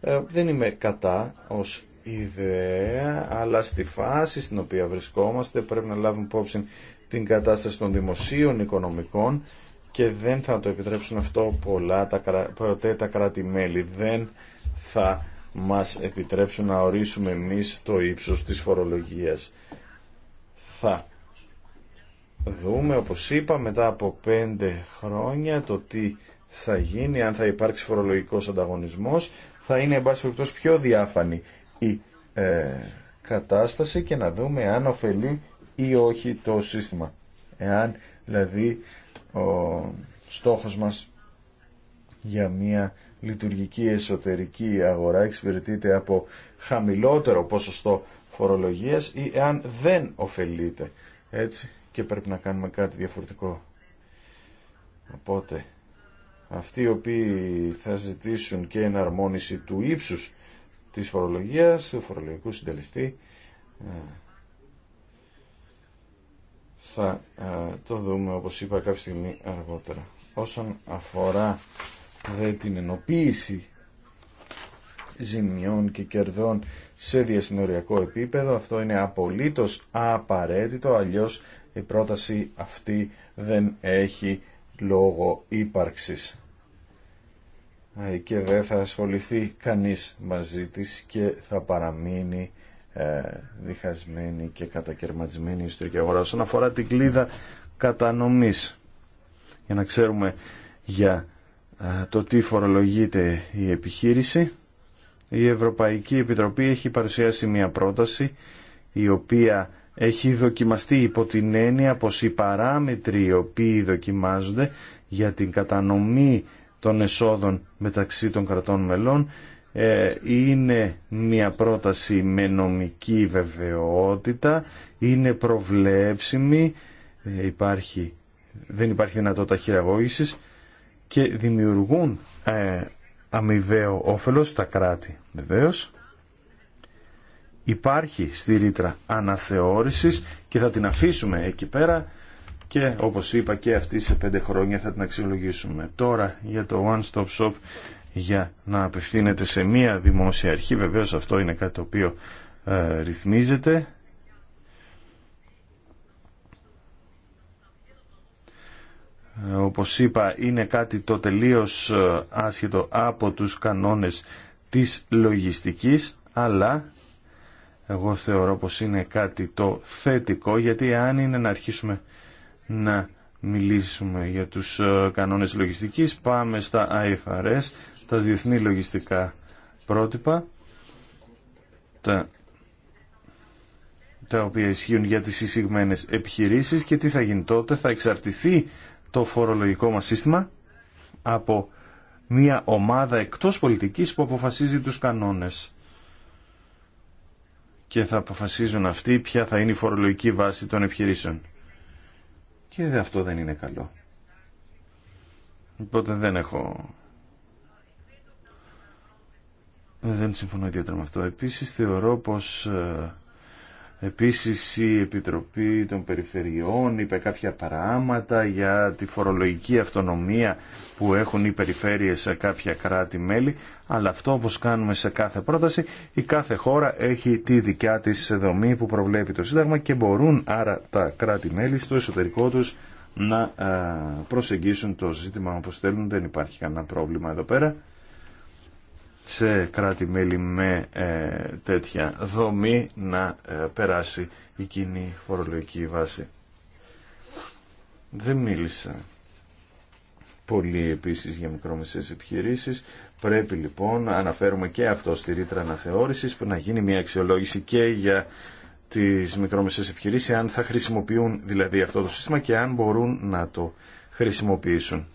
Ε, δεν είμαι κατά ως ιδέα, αλλά στη φάση στην οποία βρισκόμαστε πρέπει να λάβουμε υπόψη την κατάσταση των δημοσίων οικονομικών και δεν θα το επιτρέψουν αυτό πολλά τα, ποτέ τα κράτη-μέλη. Δεν θα μας επιτρέψουν να ορίσουμε εμείς το ύψος της φορολογίας θα δούμε, όπως είπα, μετά από πέντε χρόνια το τι θα γίνει, αν θα υπάρξει φορολογικός ανταγωνισμός, θα είναι, εν πάση πιο διάφανη η ε, κατάσταση και να δούμε αν ωφελεί ή όχι το σύστημα. Εάν, δηλαδή, ο στόχος μας για μια λειτουργική εσωτερική αγορά εξυπηρετείται από χαμηλότερο ποσοστό φορολογίας ή εάν δεν ωφελείται. Έτσι και πρέπει να κάνουμε κάτι διαφορετικό. Οπότε αυτοί οι οποίοι θα ζητήσουν και εναρμόνιση του ύψους της φορολογίας, του φορολογικού συντελεστή, ε, θα ε, το δούμε όπως είπα κάποια στιγμή αργότερα. Όσον αφορά δε την ενοποίηση ζημιών και κερδών σε διασυνοριακό επίπεδο. Αυτό είναι απολύτως απαραίτητο, αλλιώς η πρόταση αυτή δεν έχει λόγο ύπαρξης και δεν θα ασχοληθεί κανείς μαζί της και θα παραμείνει ε, διχασμένη και κατακαιρματισμένη η ιστορική αγορά. Όσον αφορά την κλίδα κατανομής, για να ξέρουμε για ε, το τι φορολογείται η επιχείρηση, η Ευρωπαϊκή Επιτροπή έχει παρουσιάσει μια πρόταση η οποία έχει δοκιμαστεί υπό την έννοια πως οι παράμετροι οι οποίοι δοκιμάζονται για την κατανομή των εσόδων μεταξύ των κρατών μελών ε, είναι μια πρόταση με νομική βεβαιότητα, είναι προβλέψιμη, ε, υπάρχει, δεν υπάρχει δυνατότητα χειραγώγησης και δημιουργούν ε, αμοιβαίο όφελος στα κράτη. Βεβαίως, υπάρχει στη ρήτρα αναθεώρησης και θα την αφήσουμε εκεί πέρα και όπως είπα και αυτή σε πέντε χρόνια θα την αξιολογήσουμε. Τώρα για το One Stop Shop για να απευθύνεται σε μία δημόσια αρχή, βεβαίως αυτό είναι κάτι το οποίο ε, ρυθμίζεται. Ε, όπως είπα είναι κάτι το τελείως ε, άσχετο από τους κανόνες της λογιστικής, αλλά εγώ θεωρώ πως είναι κάτι το θετικό, γιατί αν είναι να αρχίσουμε να μιλήσουμε για τους ε, κανόνες λογιστικής, πάμε στα IFRS, τα διεθνή λογιστικά πρότυπα, τα, τα οποία ισχύουν για τις εισηγμένες επιχειρήσεις και τι θα γίνει τότε, θα εξαρτηθεί το φορολογικό μας σύστημα από μια ομάδα εκτός πολιτικής που αποφασίζει τους κανόνες. Και θα αποφασίζουν αυτοί ποια θα είναι η φορολογική βάση των επιχειρήσεων. Και αυτό δεν είναι καλό. Οπότε δεν έχω... Δεν συμφωνώ ιδιαίτερα με αυτό. Επίσης θεωρώ πως ε, Επίσης η Επιτροπή των Περιφερειών είπε κάποια παράματα για τη φορολογική αυτονομία που έχουν οι περιφέρειες σε κάποια κράτη-μέλη, αλλά αυτό όπως κάνουμε σε κάθε πρόταση, η κάθε χώρα έχει τη δικιά της δομή που προβλέπει το Σύνταγμα και μπορούν άρα τα κράτη-μέλη στο εσωτερικό τους να ε, προσεγγίσουν το ζήτημα όπως θέλουν, δεν υπάρχει κανένα πρόβλημα εδώ πέρα σε κράτη-μέλη με ε, τέτοια δομή να ε, περάσει η κοινή φορολογική βάση. Δεν μίλησα πολύ επίσης για μικρομεσαίες επιχειρήσεις. Πρέπει λοιπόν να αναφέρουμε και αυτό στη ρήτρα αναθεώρησης που να γίνει μια αξιολόγηση και για τις μικρομεσαίες επιχειρήσεις αν θα χρησιμοποιούν δηλαδή αυτό το σύστημα και αν μπορούν να το χρησιμοποιήσουν.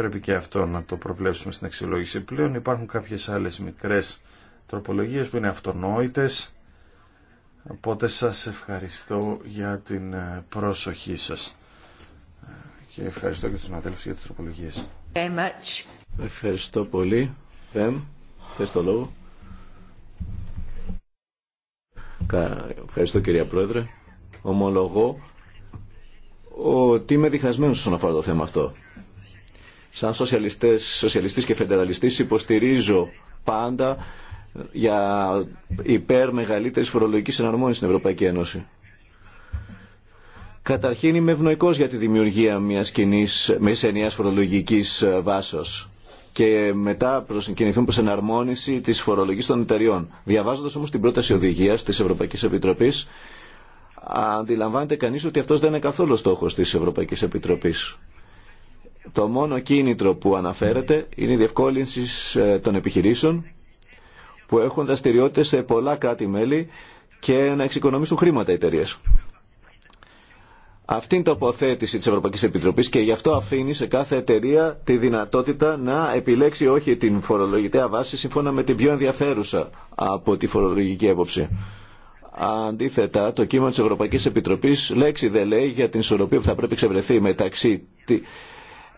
πρέπει και αυτό να το προβλέψουμε στην αξιολόγηση. Πλέον υπάρχουν κάποιες άλλες μικρές τροπολογίες που είναι αυτονόητες, οπότε σας ευχαριστώ για την ε, προσοχή σας και ευχαριστώ και τους συναδέλφους για τις τροπολογίες. Ευχαριστώ πολύ. Πέμ, θες το λόγο. Ευχαριστώ κυρία Πρόεδρε. Ομολογώ ότι είμαι διχασμένος όσον αφορά το θέμα αυτό. Σαν σοσιαλιστές, σοσιαλιστής και φεντεραλιστής υποστηρίζω πάντα για υπέρ μεγαλύτερης φορολογικής εναρμόνισης στην Ευρωπαϊκή Ένωση. Καταρχήν είμαι ευνοϊκός για τη δημιουργία μιας κοινή ενιαίας φορολογικής βάσος και μετά κινηθούν προς εναρμόνιση της φορολογικής των εταιριών. Διαβάζοντας όμως την πρόταση οδηγίας της Ευρωπαϊκής Επιτροπής, αντιλαμβάνεται κανείς ότι αυτός δεν είναι καθόλου στόχος της Ευρωπαϊκής Επιτροπής. Το μόνο κίνητρο που αναφέρεται είναι η διευκόλυνση ε, των επιχειρήσεων που έχουν δραστηριότητε σε πολλά κράτη-μέλη και να εξοικονομήσουν χρήματα οι εταιρείε. Αυτή είναι η τοποθέτηση τη Ευρωπαϊκή Επιτροπή και γι' αυτό αφήνει σε κάθε εταιρεία τη δυνατότητα να επιλέξει όχι την φορολογητέα βάση σύμφωνα με την πιο ενδιαφέρουσα από τη φορολογική έποψη. Αντίθετα, το κείμενο τη Ευρωπαϊκή Επιτροπή λέξη δεν λέει για την ισορροπία που θα πρέπει να εξευρεθεί μεταξύ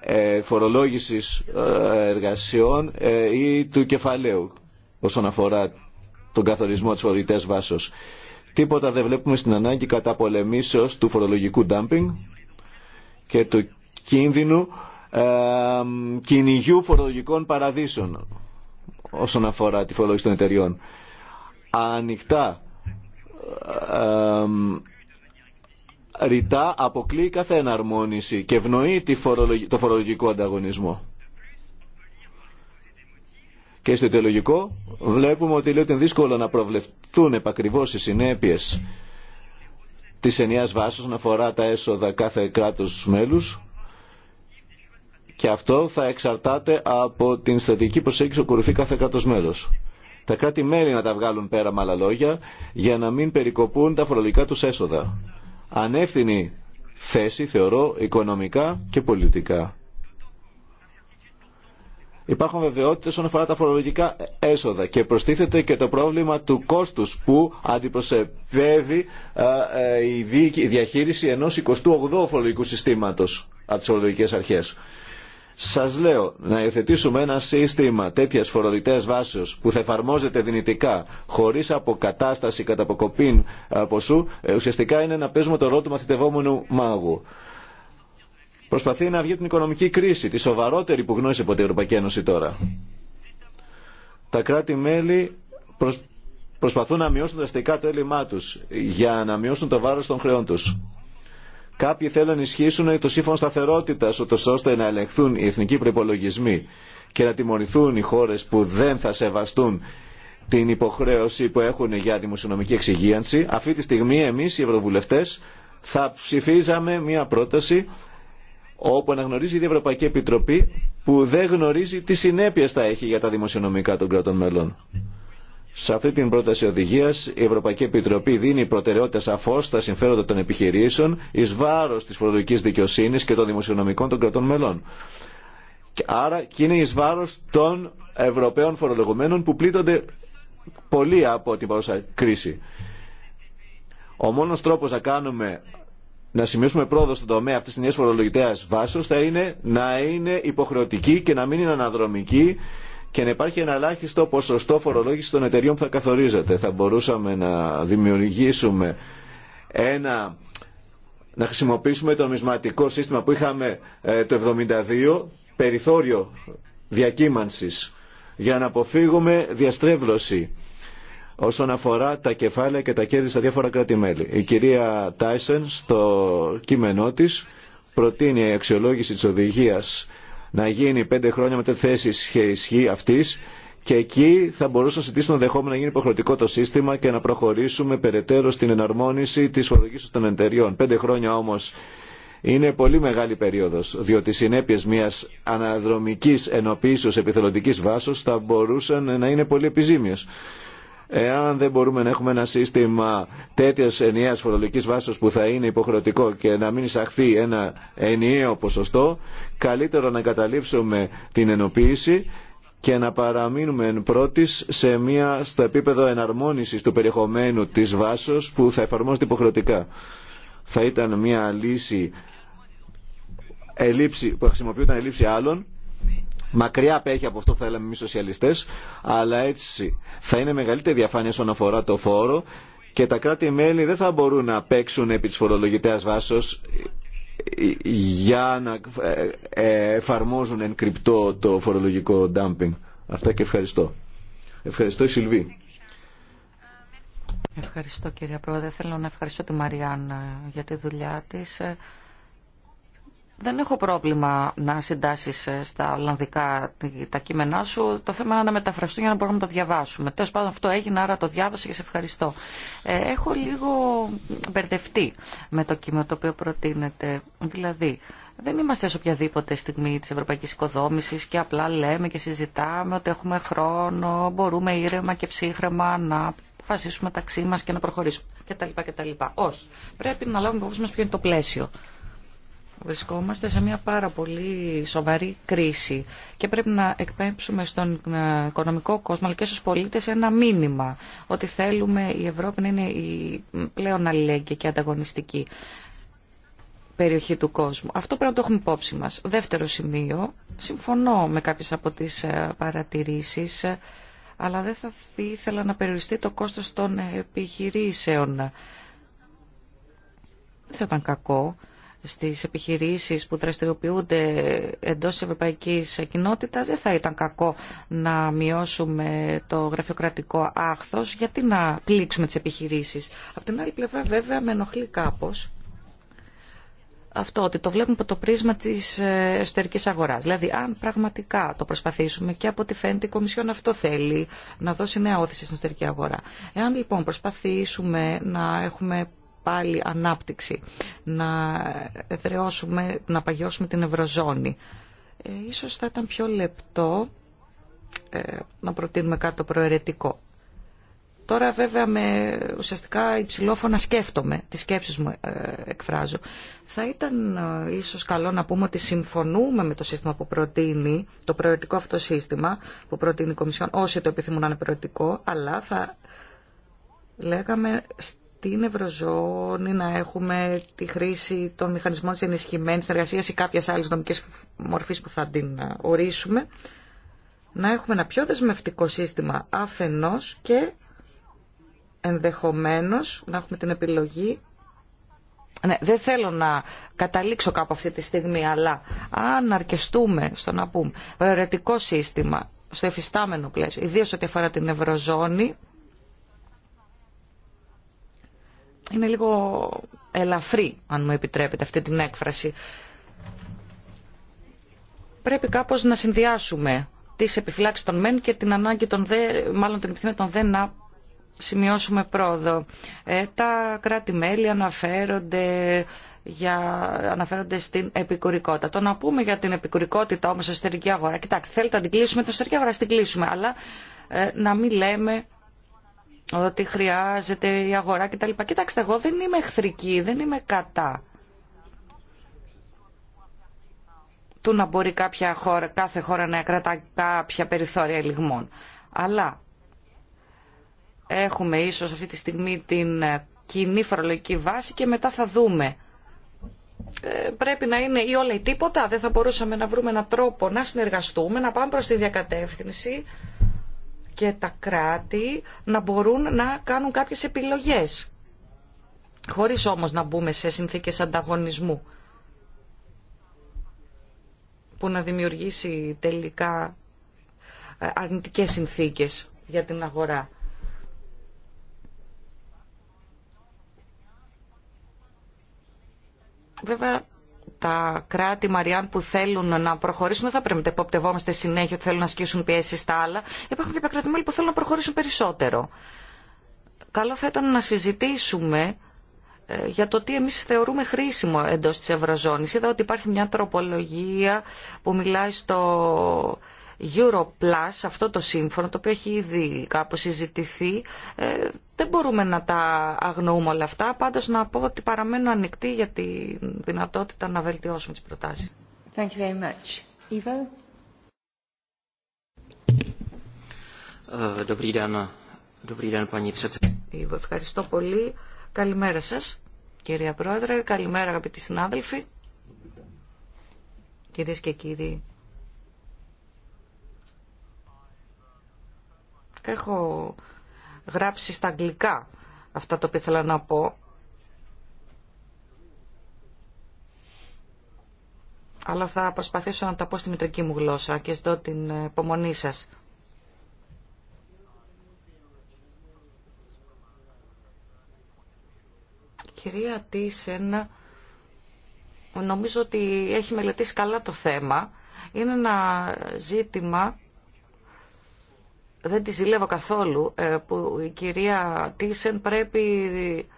ε, φορολόγησης ε, εργασιών ε, ή του κεφαλαίου όσον αφορά τον καθορισμό της φορολογητές βάσεως. Τίποτα δεν βλέπουμε στην ανάγκη κατά πολεμήσεως του φορολογικού ντάμπινγκ και του κίνδυνου ε, κυνηγιού φορολογικών παραδείσων όσον αφορά τη φορολόγηση των εταιριών. Ανοιχτά ρητά αποκλείει κάθε εναρμόνιση και ευνοεί το φορολογικό ανταγωνισμό. Και στο ιδεολογικό βλέπουμε ότι λέει ότι είναι δύσκολο να προβλεφθούν επακριβώς οι συνέπειες της ενιαίας βάσης να αφορά τα έσοδα κάθε κράτος μέλους και αυτό θα εξαρτάται από την στρατηγική προσέγγιση που ακολουθεί κάθε κράτος μέλος. Τα κράτη-μέλη να τα βγάλουν πέρα με άλλα λόγια για να μην περικοπούν τα φορολογικά του έσοδα ανεύθυνη θέση, θεωρώ, οικονομικά και πολιτικά. Υπάρχουν βεβαιότητε όσον αφορά τα φορολογικά έσοδα και προστίθεται και το πρόβλημα του κόστους που αντιπροσωπεύει ε, η διαχειριση ενος ενό 28ου φορολογικού συστήματος από τι φορολογικέ αρχέ. Σας λέω να υιοθετήσουμε ένα σύστημα τέτοιας φοροριτέ βάσεως που θα εφαρμόζεται δυνητικά χωρίς αποκατάσταση κατά αποκοπήν ε, ποσού ε, ουσιαστικά είναι να παίζουμε το ρόλο του μαθητευόμενου μάγου. Προσπαθεί να βγει την οικονομική κρίση, τη σοβαρότερη που γνώρισε από την Ευρωπαϊκή Ένωση τώρα. Τα κράτη-μέλη προσπαθούν να μειώσουν δραστικά το έλλειμμά τους για να μειώσουν το βάρος των χρεών τους. Κάποιοι θέλουν να ισχύσουν το σύμφωνο σταθερότητα, ώστε να ελεγχθούν οι εθνικοί προπολογισμοί και να τιμωρηθούν οι χώρε που δεν θα σεβαστούν την υποχρέωση που έχουν για δημοσιονομική εξυγίανση. Αυτή τη στιγμή εμεί οι Ευρωβουλευτέ θα ψηφίζαμε μία πρόταση όπου αναγνωρίζει η Ευρωπαϊκή Επιτροπή που δεν γνωρίζει τι συνέπειε θα έχει για τα δημοσιονομικά των κρατών μελών. Σε αυτή την πρόταση οδηγία, η Ευρωπαϊκή Επιτροπή δίνει προτεραιότητα σαφώ στα συμφέροντα των επιχειρήσεων ει βάρο τη φορολογική δικαιοσύνη και των δημοσιονομικών των κρατών μελών. Άρα και είναι ει βάρο των Ευρωπαίων φορολογουμένων που πλήττονται πολύ από την παρούσα κρίση. Ο μόνο τρόπο να κάνουμε να σημειώσουμε πρόοδο στον τομέα αυτή τη νέα φορολογητέα βάσεω θα είναι να είναι υποχρεωτική και να μην είναι αναδρομική και να υπάρχει ένα ελάχιστο ποσοστό φορολόγηση των εταιριών που θα καθορίζεται. Θα μπορούσαμε να δημιουργήσουμε ένα να χρησιμοποιήσουμε το νομισματικό σύστημα που είχαμε ε, το 1972, περιθώριο διακύμανσης, για να αποφύγουμε διαστρέβλωση όσον αφορά τα κεφάλαια και τα κέρδη στα διάφορα κράτη-μέλη. Η κυρία Τάισεν στο κείμενό της προτείνει η αξιολόγηση της οδηγίας να γίνει πέντε χρόνια με τη θέση ισχύ αυτή και εκεί θα μπορούσαμε να συζητήσουμε δεχόμενο να γίνει υποχρεωτικό το σύστημα και να προχωρήσουμε περαιτέρω στην εναρμόνιση τη φορολογή των εταιριών. Πέντε χρόνια όμω είναι πολύ μεγάλη περίοδο, διότι οι συνέπειε μια αναδρομική ενοποίηση επιθελοντική βάσεω θα μπορούσαν να είναι πολύ επιζήμιε. Εάν δεν μπορούμε να έχουμε ένα σύστημα τέτοια ενιαία φορολογική βάση που θα είναι υποχρεωτικό και να μην εισαχθεί ένα ενιαίο ποσοστό, καλύτερο να καταλήψουμε την ενοποίηση και να παραμείνουμε εν πρώτης σε μια, στο επίπεδο εναρμόνισης του περιεχομένου της βάσος που θα εφαρμόζεται υποχρεωτικά. Θα ήταν μια λύση ελήψη, που χρησιμοποιούταν ελήψη άλλων Μακριά απέχει από αυτό που θα εμεί σοσιαλιστέ, αλλά έτσι θα είναι μεγαλύτερη διαφάνεια όσον αφορά το φόρο και τα κράτη-μέλη δεν θα μπορούν να παίξουν επί τη φορολογητέα βάσεω για να ε, εφαρμόζουν εν κρυπτό το φορολογικό dumping. Αυτά και ευχαριστώ. Ευχαριστώ η Σιλβή. Ευχαριστώ κυρία Πρόεδρε. Θέλω να ευχαριστώ τη Μαριάννα για τη δουλειά της. Δεν έχω πρόβλημα να συντάσει ε, στα Ολλανδικά τα κείμενά σου. Το θέμα είναι να μεταφραστούν για να μπορούμε να τα διαβάσουμε. Τέλο πάντων, αυτό έγινε, άρα το διάβασα και σε ευχαριστώ. Ε, έχω λίγο μπερδευτεί με το κείμενο το οποίο προτείνεται. Δηλαδή, δεν είμαστε σε οποιαδήποτε στιγμή τη Ευρωπαϊκή οικοδόμησης και απλά λέμε και συζητάμε ότι έχουμε χρόνο, μπορούμε ήρεμα και ψύχρεμα να αποφασίσουμε ταξί μα και να προχωρήσουμε κτλ. Όχι. Πρέπει να λάβουμε υπόψη μα ποιο είναι το πλαίσιο. Βρισκόμαστε σε μια πάρα πολύ σοβαρή κρίση και πρέπει να εκπέμψουμε στον ε, οικονομικό κόσμο αλλά και στους πολίτες ένα μήνυμα ότι θέλουμε η Ευρώπη να είναι η πλέον αλληλέγγυη και ανταγωνιστική περιοχή του κόσμου. Αυτό πρέπει να το έχουμε υπόψη μας. Δεύτερο σημείο, συμφωνώ με κάποιες από τις ε, παρατηρήσεις ε, αλλά δεν θα ήθελα να περιοριστεί το κόστος των επιχειρήσεων. Δεν θα ήταν κακό στις επιχειρήσεις που δραστηριοποιούνται εντός της ευρωπαϊκής κοινότητας δεν θα ήταν κακό να μειώσουμε το γραφειοκρατικό άχθος γιατί να πλήξουμε τις επιχειρήσεις. Από την άλλη πλευρά βέβαια με ενοχλεί κάπως αυτό ότι το βλέπουμε από το πρίσμα τη ε, εσωτερική αγορά. Δηλαδή αν πραγματικά το προσπαθήσουμε και από ό,τι φαίνεται η Κομισιόν αυτό θέλει να δώσει νέα όθηση στην εσωτερική αγορά. Εάν λοιπόν προσπαθήσουμε να έχουμε πάλι ανάπτυξη, να εδραιώσουμε, να παγιώσουμε την Ευρωζώνη. Ε, ίσως θα ήταν πιο λεπτό ε, να προτείνουμε κάτι το προαιρετικό. Τώρα βέβαια με ουσιαστικά υψηλόφωνα σκέφτομαι, τις σκέψεις μου ε, εκφράζω. Θα ήταν ε, ίσως καλό να πούμε ότι συμφωνούμε με το σύστημα που προτείνει, το προαιρετικό αυτό σύστημα που προτείνει η Κομισιόν, όσοι το επιθυμούν να είναι προαιρετικό, αλλά θα λέγαμε την Ευρωζώνη, να έχουμε τη χρήση των μηχανισμών της ενισχυμένης εργασίας ή κάποιες άλλες νομικές μορφής που θα την ε, ορίσουμε, να έχουμε ένα πιο δεσμευτικό σύστημα αφενός και ενδεχομένως να έχουμε την επιλογή ναι, δεν θέλω να καταλήξω κάπου αυτή τη στιγμή, αλλά αν αρκεστούμε στο να πούμε προαιρετικό σύστημα, στο εφιστάμενο πλαίσιο, ιδίω ό,τι αφορά την Ευρωζώνη, είναι λίγο ελαφρύ, αν μου επιτρέπετε αυτή την έκφραση. Πρέπει κάπως να συνδυάσουμε τις επιφυλάξεις των μεν και την ανάγκη των δε, μάλλον την επιθυμία των δε να σημειώσουμε πρόοδο. Ε, τα κράτη-μέλη αναφέρονται για, αναφέρονται στην επικουρικότητα. Το να πούμε για την επικουρικότητα όμως εσωτερική αγορά. Κοιτάξτε, θέλετε να την κλείσουμε την εσωτερική αγορά, την κλείσουμε. Αλλά ε, να μην λέμε ότι χρειάζεται η αγορά κτλ. Κοιτάξτε, εγώ δεν είμαι εχθρική, δεν είμαι κατά του να μπορεί κάποια χώρα, κάθε χώρα να κρατά κάποια περιθώρια λιγμών. Αλλά έχουμε ίσως αυτή τη στιγμή την κοινή φορολογική βάση και μετά θα δούμε. Ε, πρέπει να είναι ή όλα ή τίποτα. Δεν θα μπορούσαμε να βρούμε έναν τρόπο να συνεργαστούμε, να πάμε προς τη διακατεύθυνση και τα κράτη να μπορούν να κάνουν κάποιες επιλογές, χωρίς όμως να μπούμε σε συνθήκες ανταγωνισμού που να δημιουργήσει τελικά ε, αρνητικές συνθήκες για την αγορά. Βέβαια, τα κράτη Μαριάν που θέλουν να προχωρήσουν δεν θα πρέπει να υποπτευόμαστε συνέχεια ότι θέλουν να ασκήσουν πιέσει στα άλλα. Υπάρχουν και κράτη μέλη που θέλουν να προχωρήσουν περισσότερο. Καλό θα ήταν να συζητήσουμε ε, για το τι εμείς θεωρούμε χρήσιμο εντός της Ευρωζώνης. Είδα ότι υπάρχει μια τροπολογία που μιλάει στο Europlus, αυτό το σύμφωνο, το οποίο έχει ήδη κάπως συζητηθεί, ε, δεν μπορούμε να τα αγνοούμε όλα αυτά. Πάντως να πω ότι παραμένω ανοιχτή για τη δυνατότητα να βελτιώσουμε τις προτάσεις. Ευχαριστώ πολύ. Καλημέρα σας, κυρία Πρόεδρε. Καλημέρα, αγαπητοί συνάδελφοι. Κυρίες και κύριοι Έχω γράψει στα αγγλικά αυτά το οποία ήθελα να πω. Αλλά θα προσπαθήσω να τα πω στη μητρική μου γλώσσα και ζητώ την υπομονή σας. Κυρία Τίσεν, νομίζω ότι έχει μελετήσει καλά το θέμα. Είναι ένα ζήτημα δεν τη ζηλεύω καθόλου ε, που η κυρία Τίσεν πρέπει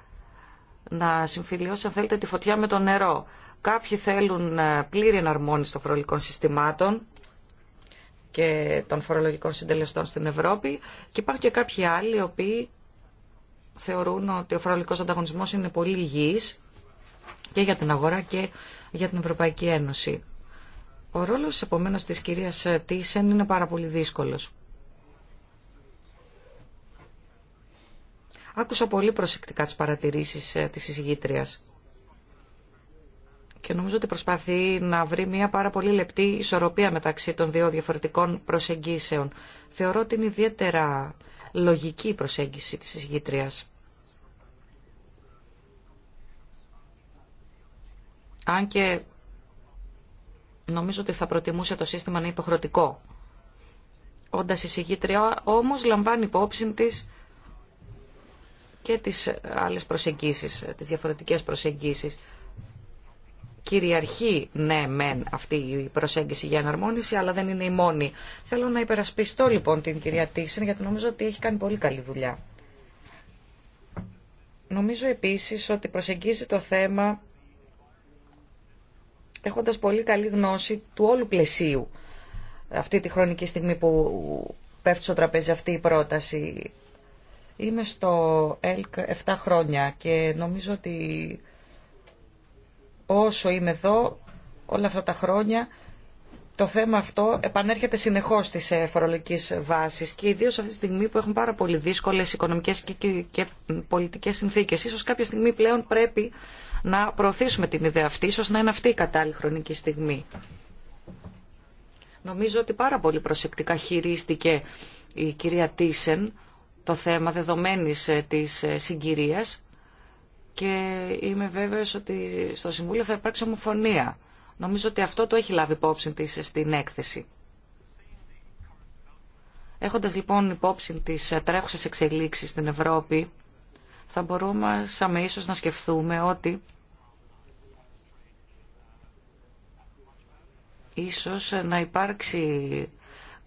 να συμφιλιώσει αν θέλετε τη φωτιά με το νερό. Κάποιοι θέλουν ε, πλήρη εναρμόνιση των φορολογικών συστημάτων και των φορολογικών συντελεστών στην Ευρώπη και υπάρχουν και κάποιοι άλλοι οι οποίοι θεωρούν ότι ο φορολογικός ανταγωνισμός είναι πολύ υγιής και για την αγορά και για την Ευρωπαϊκή Ένωση. Ο ρόλος επομένως της κυρίας Τίσεν είναι πάρα πολύ δύσκολος. Άκουσα πολύ προσεκτικά τις παρατηρήσεις ε, της εισηγήτριας και νομίζω ότι προσπαθεί να βρει μια πάρα πολύ λεπτή ισορροπία μεταξύ των δύο διαφορετικών προσεγγίσεων. Θεωρώ ότι είναι ιδιαίτερα λογική η προσέγγιση της εισηγήτριας. Αν και νομίζω ότι θα προτιμούσε το σύστημα να είναι υποχρεωτικό. Όντας εισηγήτρια όμως λαμβάνει υπόψη της και τις άλλες προσεγγίσεις, τις διαφορετικές προσεγγίσεις. Κυριαρχεί, ναι, μεν αυτή η προσέγγιση για εναρμόνιση, αλλά δεν είναι η μόνη. Θέλω να υπερασπιστώ λοιπόν την κυρία Τίσεν, γιατί νομίζω ότι έχει κάνει πολύ καλή δουλειά. Νομίζω επίσης ότι προσεγγίζει το θέμα έχοντας πολύ καλή γνώση του όλου πλαισίου αυτή τη χρονική στιγμή που πέφτει στο τραπέζι αυτή η πρόταση. Είμαι στο ΕΛΚ 7 χρόνια και νομίζω ότι όσο είμαι εδώ, όλα αυτά τα χρόνια, το θέμα αυτό επανέρχεται συνεχώς στις ε, φορολογικές βάσεις και ιδίως αυτή τη στιγμή που έχουν πάρα πολύ δύσκολες οικονομικές και πολιτικές συνθήκες. Ίσως κάποια στιγμή πλέον πρέπει να προωθήσουμε την ιδέα αυτή, ίσως να είναι αυτή η κατάλληλη χρονική στιγμή. Νομίζω ότι πάρα πολύ προσεκτικά χειρίστηκε η κυρία Τίσεν το θέμα δεδομένης ε, της ε, συγκυρίας και είμαι βέβαιος ότι στο Συμβούλιο θα υπάρξει ομοφωνία. Νομίζω ότι αυτό το έχει λάβει υπόψη της ε, στην έκθεση. Έχοντας λοιπόν υπόψη τις τρέχουσες εξελίξεις στην Ευρώπη, θα μπορούμε σαν ίσως να σκεφτούμε ότι ίσως να υπάρξει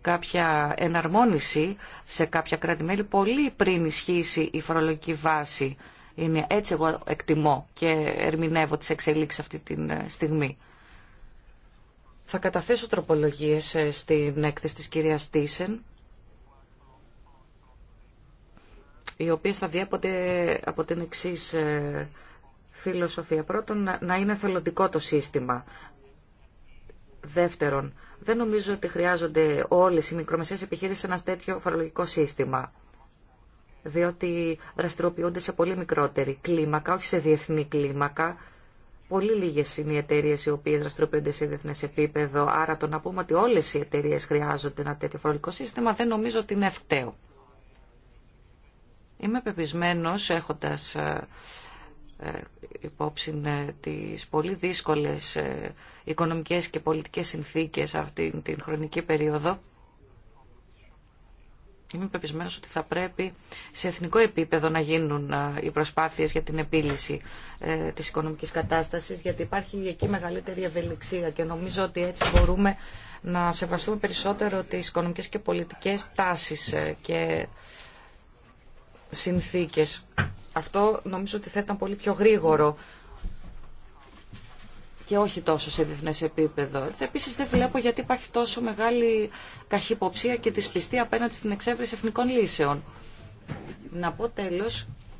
κάποια εναρμόνιση σε κάποια κράτη-μέλη πολύ πριν ισχύσει η φορολογική βάση. Είναι έτσι εγώ εκτιμώ και ερμηνεύω τις εξελίξεις αυτή τη ε, στιγμή. Θα καταθέσω τροπολογίες ε, στην έκθεση της κυρίας Τίσεν, οι οποίες θα διέπονται από την εξής ε, φιλοσοφία. Πρώτον, να είναι θελοντικό το σύστημα. Δεύτερον, δεν νομίζω ότι χρειάζονται όλες οι μικρομεσαίες επιχείρησεις ένα τέτοιο φορολογικό σύστημα διότι δραστηριοποιούνται σε πολύ μικρότερη κλίμακα, όχι σε διεθνή κλίμακα. Πολύ λίγε είναι οι εταιρείε οι οποίε δραστηριοποιούνται σε διεθνέ επίπεδο. Άρα το να πούμε ότι όλε οι εταιρείε χρειάζονται ένα τέτοιο φορολογικό σύστημα δεν νομίζω ότι είναι ευκταίο. Είμαι πεπισμένο έχοντα ε, ε, υπόψη τις πολύ δύσκολες ε, οικονομικές και πολιτικές συνθήκες αυτήν την χρονική περίοδο. Είμαι πεπισμένο ότι θα πρέπει σε εθνικό επίπεδο να γίνουν ε, οι προσπάθειες για την επίλυση της οικονομικής κατάστασης, γιατί υπάρχει εκεί μεγαλύτερη ευελιξία και νομίζω ότι έτσι μπορούμε να σεβαστούμε περισσότερο τις οικονομικές και πολιτικές τάσεις και συνθήκες. Αυτό νομίζω ότι θα ήταν πολύ πιο γρήγορο και όχι τόσο σε διεθνέ επίπεδο. Επίση, δεν βλέπω γιατί υπάρχει τόσο μεγάλη καχυποψία και δυσπιστία απέναντι στην εξέβρεση εθνικών λύσεων. Να πω τέλο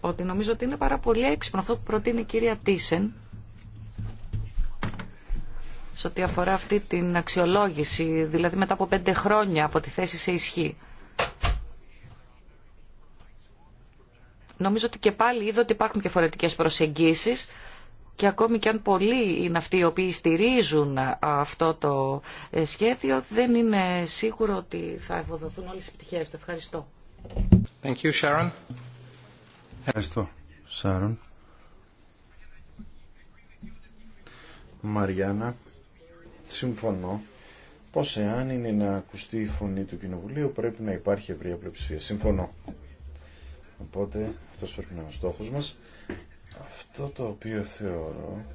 ότι νομίζω ότι είναι πάρα πολύ έξυπνο αυτό που προτείνει η κυρία Τίσεν σε ό,τι αφορά αυτή την αξιολόγηση, δηλαδή μετά από πέντε χρόνια από τη θέση σε ισχύ. Νομίζω ότι και πάλι είδα ότι υπάρχουν και φορετικές προσεγγίσεις και ακόμη και αν πολλοί είναι αυτοί οι οποίοι στηρίζουν αυτό το ε, σχέδιο, δεν είναι σίγουρο ότι θα ευοδοθούν όλες οι επιτυχίες του. Ευχαριστώ. Thank you, Sharon. Ευχαριστώ, Sharon. Μαριάννα, συμφωνώ πως εάν είναι να ακουστεί η φωνή του Κοινοβουλίου πρέπει να υπάρχει ευρία πλειοψηφία. Συμφωνώ. Οπότε αυτός πρέπει να είναι ο στόχος μας. Αυτό το οποίο θεωρώ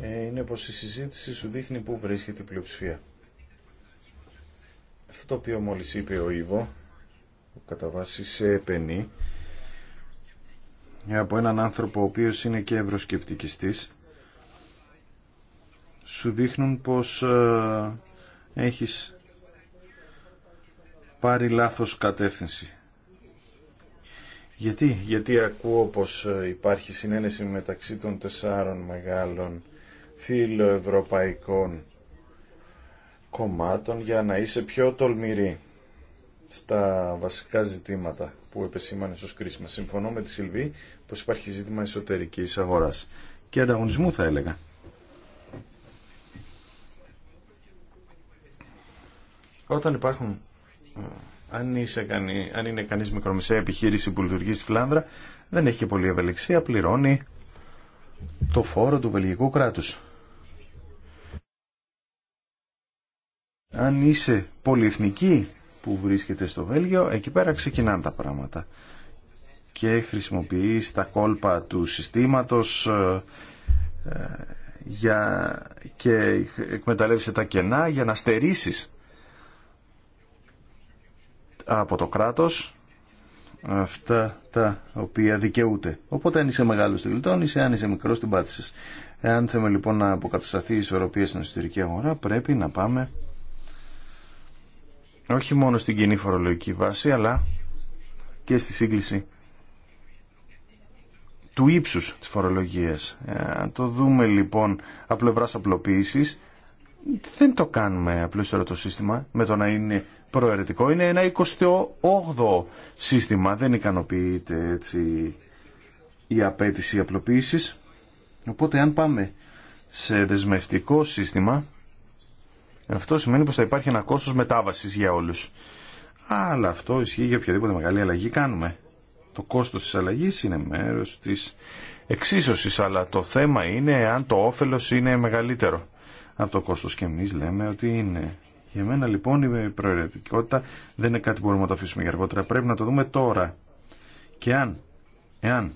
ε, είναι πως η συζήτηση σου δείχνει πού βρίσκεται η πλειοψηφία. Αυτό το οποίο μόλις είπε ο Ήβο, που κατά βάση σε επενεί, από έναν άνθρωπο ο οποίος είναι και ευρωσκεπτικιστής, σου δείχνουν πως ε, έχεις πάρει λάθος κατεύθυνση. Γιατί, γιατί ακούω πως ε, υπάρχει συνένεση μεταξύ των τεσσάρων μεγάλων φιλοευρωπαϊκών κομμάτων για να είσαι πιο τολμηρή στα βασικά ζητήματα που επεσήμανε στους κρίσιμα. Συμφωνώ με τη Σιλβή πως υπάρχει ζήτημα εσωτερικής αγοράς και ανταγωνισμού θα έλεγα. Όταν υπάρχουν ε, αν, είσαι κανεί, αν είναι κανείς μικρομεσαία επιχείρηση που λειτουργεί στη Φλάνδρα, δεν έχει πολύ ευελιξία, πληρώνει το φόρο του βελγικού κράτους. Αν είσαι πολυεθνική που βρίσκεται στο Βέλγιο, εκεί πέρα ξεκινάνε τα πράγματα και χρησιμοποιείς τα κόλπα του συστήματος ε, ε, για... και εκμεταλλεύεσαι τα κενά για να στερήσεις από το κράτος αυτά τα οποία δικαιούται. Οπότε αν είσαι μεγάλος τη γλιτώνεις, αν είσαι μικρός την πάτησες. Εάν θέλουμε λοιπόν να αποκατασταθεί η ισορροπία στην εσωτερική αγορά πρέπει να πάμε όχι μόνο στην κοινή φορολογική βάση αλλά και στη σύγκληση του ύψους της φορολογίας. το δούμε λοιπόν απλευράς απλοποίησης δεν το κάνουμε τώρα το σύστημα με το να είναι προαιρετικό. Είναι ένα 28ο σύστημα. Δεν ικανοποιείται έτσι η απέτηση απλοποίηση. Οπότε αν πάμε σε δεσμευτικό σύστημα, αυτό σημαίνει πως θα υπάρχει ένα κόστος μετάβασης για όλους. Αλλά αυτό ισχύει για οποιαδήποτε μεγάλη αλλαγή κάνουμε. Το κόστος της αλλαγής είναι μέρος της εξίσωσης, αλλά το θέμα είναι αν το όφελος είναι μεγαλύτερο από το κόστος. Και εμείς λέμε ότι είναι για μένα λοιπόν η προαιρετικότητα δεν είναι κάτι που μπορούμε να το αφήσουμε για αργότερα. Πρέπει να το δούμε τώρα. Και αν, εάν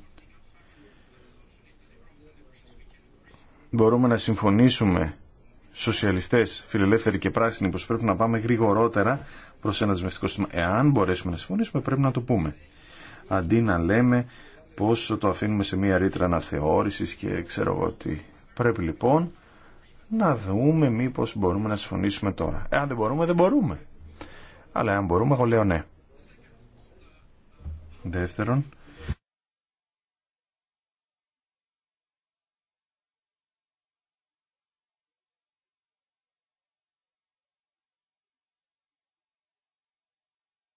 μπορούμε να συμφωνήσουμε σοσιαλιστές, φιλελεύθεροι και πράσινοι πως πρέπει να πάμε γρηγορότερα προς ένα δεσμευτικό σύστημα. Εάν μπορέσουμε να συμφωνήσουμε πρέπει να το πούμε. Αντί να λέμε πώ το αφήνουμε σε μια ρήτρα αναθεώρησης και ξέρω εγώ τι. Πρέπει λοιπόν να δούμε μήπως μπορούμε να συμφωνήσουμε τώρα. Εάν δεν μπορούμε, δεν μπορούμε. Αλλά αν μπορούμε, εγώ λέω ναι. Δεύτερον,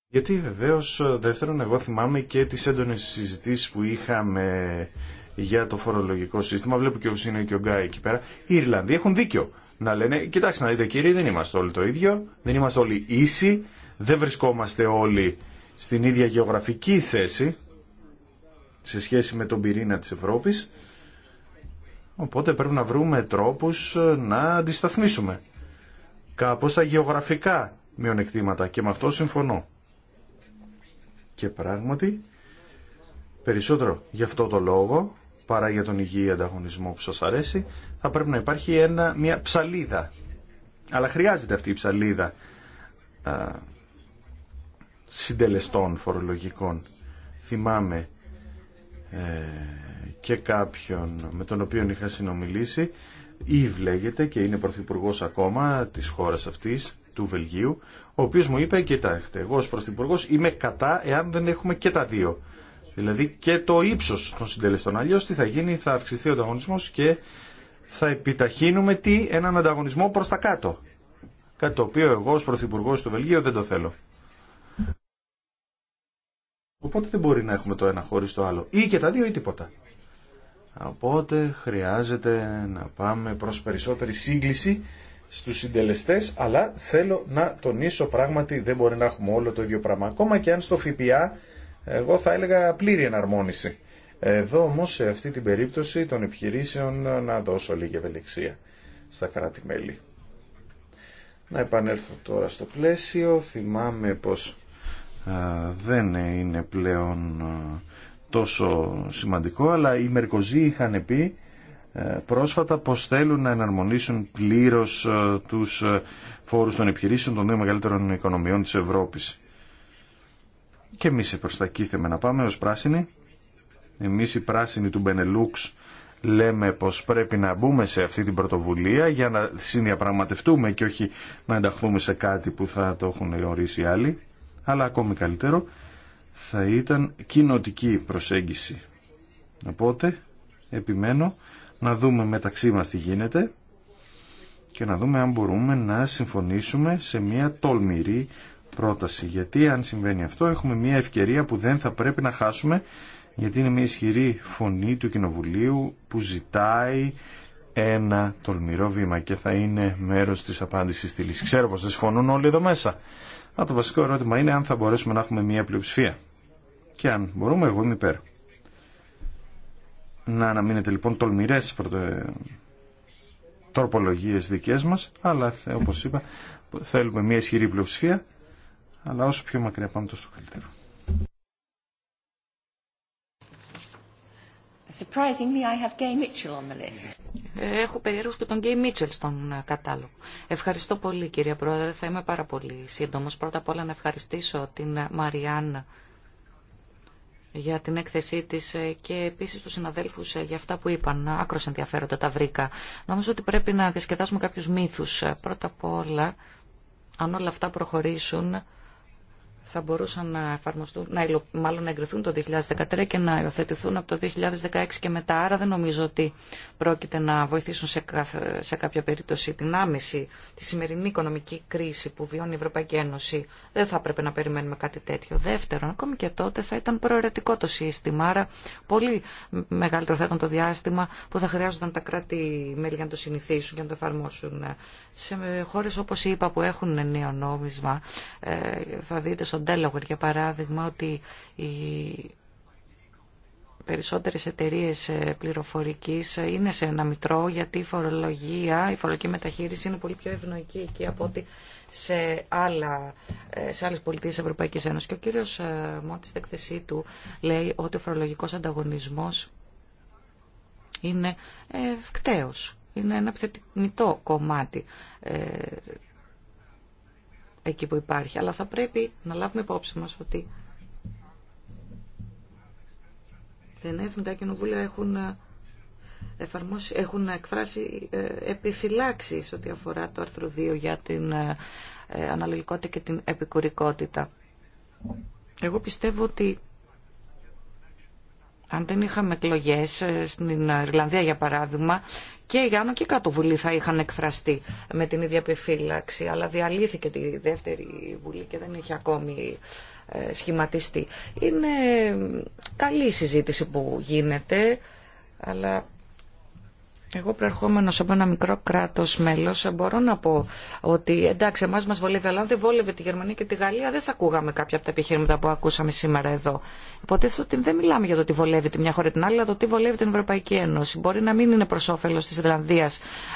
Γιατί βεβαίω, δεύτερον, εγώ θυμάμαι και τις έντονες συζητήσεις που είχαμε για το φορολογικό σύστημα. Βλέπω και ο Σίνο και ο Γκάι εκεί πέρα. Οι Ιρλανδοί έχουν δίκιο να λένε, κοιτάξτε να δείτε κύριοι, δεν είμαστε όλοι το ίδιο, δεν είμαστε όλοι ίσοι, δεν βρισκόμαστε όλοι στην ίδια γεωγραφική θέση σε σχέση με τον πυρήνα της Ευρώπης. Οπότε πρέπει να βρούμε τρόπους ε, να αντισταθμίσουμε κάπως τα γεωγραφικά μειονεκτήματα και με αυτό συμφωνώ. Και πράγματι, περισσότερο γι' αυτό το λόγο, παρά για τον υγιή ανταγωνισμό που σας αρέσει, θα πρέπει να υπάρχει ένα, μια ψαλίδα. Αλλά χρειάζεται αυτή η ψαλίδα συντελεστών φορολογικών. Θυμάμαι ε, και κάποιον με τον οποίο είχα συνομιλήσει, ή λέγεται και είναι πρωθυπουργό ακόμα της χώρας αυτής, του Βελγίου, ο οποίος μου είπε, κοιτάξτε, εγώ ως πρωθυπουργός είμαι κατά εάν δεν έχουμε και τα δύο Δηλαδή και το ύψο των συντελεστών. Αλλιώ τι θα γίνει, θα αυξηθεί ο ανταγωνισμό και θα επιταχύνουμε τι, έναν ανταγωνισμό προ τα κάτω. Κάτι το οποίο εγώ ω πρωθυπουργό του Βελγίου δεν το θέλω. Οπότε δεν μπορεί να έχουμε το ένα χωρί το άλλο. Ή και τα δύο ή τίποτα. Οπότε χρειάζεται να πάμε προ περισσότερη σύγκληση στους συντελεστές, αλλά θέλω να τονίσω πράγματι δεν μπορεί να έχουμε όλο το ίδιο πράγμα. Ακόμα και αν στο ΦΠΑ εγώ θα έλεγα πλήρη εναρμόνιση. Εδώ όμως σε αυτή την περίπτωση των επιχειρήσεων να δώσω λίγη ευελιξία στα κράτη-μέλη. Να επανέλθω τώρα στο πλαίσιο. Θυμάμαι πως α, δεν είναι πλέον τόσο σημαντικό, αλλά οι Μερκοζοί είχαν πει ε, πρόσφατα πως θέλουν να εναρμονίσουν πλήρως τους φόρους των επιχειρήσεων των δύο μεγαλύτερων οικονομιών της Ευρώπης. Και εμείς προς τα να πάμε ως πράσινοι. Εμείς οι πράσινοι του Μπενελούξ λέμε πως πρέπει να μπούμε σε αυτή την πρωτοβουλία για να συνδιαπραγματευτούμε και όχι να ενταχθούμε σε κάτι που θα το έχουν ορίσει άλλοι. Αλλά ακόμη καλύτερο θα ήταν κοινοτική προσέγγιση. Οπότε επιμένω να δούμε μεταξύ μας τι γίνεται και να δούμε αν μπορούμε να συμφωνήσουμε σε μια τολμηρή πρόταση. Γιατί αν συμβαίνει αυτό έχουμε μια ευκαιρία που δεν θα πρέπει να χάσουμε γιατί είναι μια ισχυρή φωνή του Κοινοβουλίου που ζητάει ένα τολμηρό βήμα και θα είναι μέρος της απάντησης στη λύση. Ξέρω πως δεν συμφωνούν όλοι εδώ μέσα. Αλλά το βασικό ερώτημα είναι αν θα μπορέσουμε να έχουμε μια πλειοψηφία. Και αν μπορούμε, εγώ είμαι υπέρ. Να αναμείνετε λοιπόν τολμηρές πρωτε... τροπολογίες δικές μας, αλλά όπως είπα θέλουμε μια ισχυρή πλειοψηφία αλλά όσο πιο μακριά πάμε τόσο καλύτερο. Surprisingly, I have Gay Mitchell on the list. Ε, έχω περίεργος και τον Γκέι Μίτσελ στον ε, κατάλογο. Ευχαριστώ πολύ κυρία Πρόεδρε, θα είμαι πάρα πολύ σύντομος. Πρώτα απ' όλα να ευχαριστήσω την ε, Μαριάν για την έκθεσή της και επίσης τους συναδέλφους για αυτά που είπαν. Άκρος ενδιαφέροντα τα βρήκα. Νομίζω ότι πρέπει να διασκεδάσουμε κάποιους μύθους. Πρώτα απ' όλα, αν όλα αυτά προχωρήσουν, θα μπορούσαν να εφαρμοστούν, να μάλλον να εγκριθούν το 2013 και να υιοθετηθούν από το 2016 και μετά. Άρα δεν νομίζω ότι πρόκειται να βοηθήσουν σε, σε κάποια περίπτωση την άμεση, τη σημερινή οικονομική κρίση που βιώνει η Ευρωπαϊκή Ένωση. Δεν θα έπρεπε να περιμένουμε κάτι τέτοιο. Δεύτερον, ακόμη και τότε θα ήταν προαιρετικό το σύστημα, άρα πολύ μεγαλύτερο θα ήταν το διάστημα που θα χρειάζονταν τα κράτη-μέλη για να το συνηθίσουν και να το εφαρμόσουν. Σε χώρε όπω είπα που έχουν νέο νόμισμα, ε, θα δείτε στον Τέλαγουερ για παράδειγμα ότι οι περισσότερες εταιρείες ε, πληροφορικής ε, είναι σε ένα μητρό γιατί η φορολογία, η φορολογική μεταχείριση είναι πολύ πιο ευνοϊκή εκεί από ότι σε, άλλα, ε, σε άλλες πολιτείες Ευρωπαϊκής Ένωσης. Και ο κύριος Μότης στην εκθεσή του λέει ότι ο φορολογικός ανταγωνισμός είναι ευκταίος. Είναι ένα επιθετικό κομμάτι εκεί που υπάρχει. Αλλά θα πρέπει να λάβουμε υπόψη μας ότι τα ενέθνητα κοινοβούλια έχουν, ε, εφαρμόσει, έχουν εκφράσει ε, επιφυλάξεις ό,τι αφορά το άρθρο 2 για την ε, αναλογικότητα και την επικουρικότητα. Εγώ πιστεύω ότι αν δεν είχαμε εκλογέ στην Ιρλανδία για παράδειγμα και η Άνω και κάτω Κατοβουλή θα είχαν εκφραστεί με την ίδια επιφύλαξη, αλλά διαλύθηκε τη δεύτερη Βουλή και δεν έχει ακόμη ε, σχηματιστεί. Είναι καλή η συζήτηση που γίνεται, αλλά εγώ προερχόμενο από ένα μικρό κράτο μέλο μπορώ να πω ότι εντάξει, εμά μα βολεύει, αλλά αν δεν βόλευε τη Γερμανία και τη Γαλλία, δεν θα ακούγαμε κάποια από τα επιχείρηματα που ακούσαμε σήμερα εδώ. Υποτίθεται ότι δεν μιλάμε για το τι βολεύει τη μια χώρα την άλλη, αλλά το τι βολεύει την Ευρωπαϊκή Ένωση. Μπορεί να μην είναι προ όφελο τη Ιρλανδία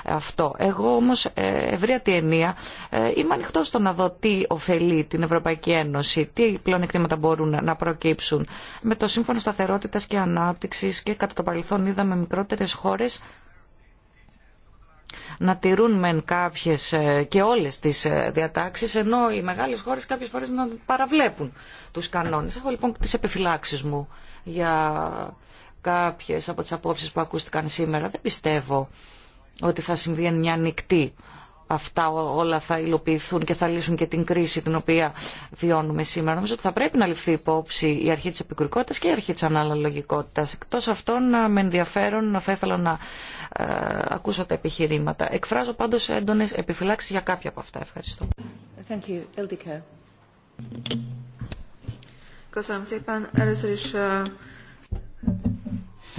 αυτό. Εγώ όμω ε, ευρία τη ενία ε, είμαι ανοιχτό στο να δω τι ωφελεί την Ευρωπαϊκή Ένωση, τι πλεονεκτήματα μπορούν να προκύψουν. Με το Σύμφωνο Σταθερότητα και Ανάπτυξη και κατά το παρελθόν είδαμε μικρότερε χώρε να τηρούν μεν κάποιες ε, και όλες τις ε, διατάξεις, ενώ οι μεγάλες χώρες κάποιες φορές να παραβλέπουν τους κανόνες. Έχω λοιπόν τις επιφυλάξεις μου για κάποιες από τις απόψεις που ακούστηκαν σήμερα. Δεν πιστεύω ότι θα συμβεί μια νυχτή αυτά όλα θα υλοποιηθούν και θα λύσουν και την κρίση την οποία βιώνουμε σήμερα. Νομίζω ότι θα πρέπει να ληφθεί υπόψη η αρχή της επικουρικότητας και η αρχή της αναλογικότητας. Εκτός αυτών ε, με ενδιαφέρον ε, θα ήθελα να ε, ακούσω τα επιχειρήματα. Εκφράζω πάντως έντονες επιφυλάξει για κάποια από αυτά. Ευχαριστώ. Thank you.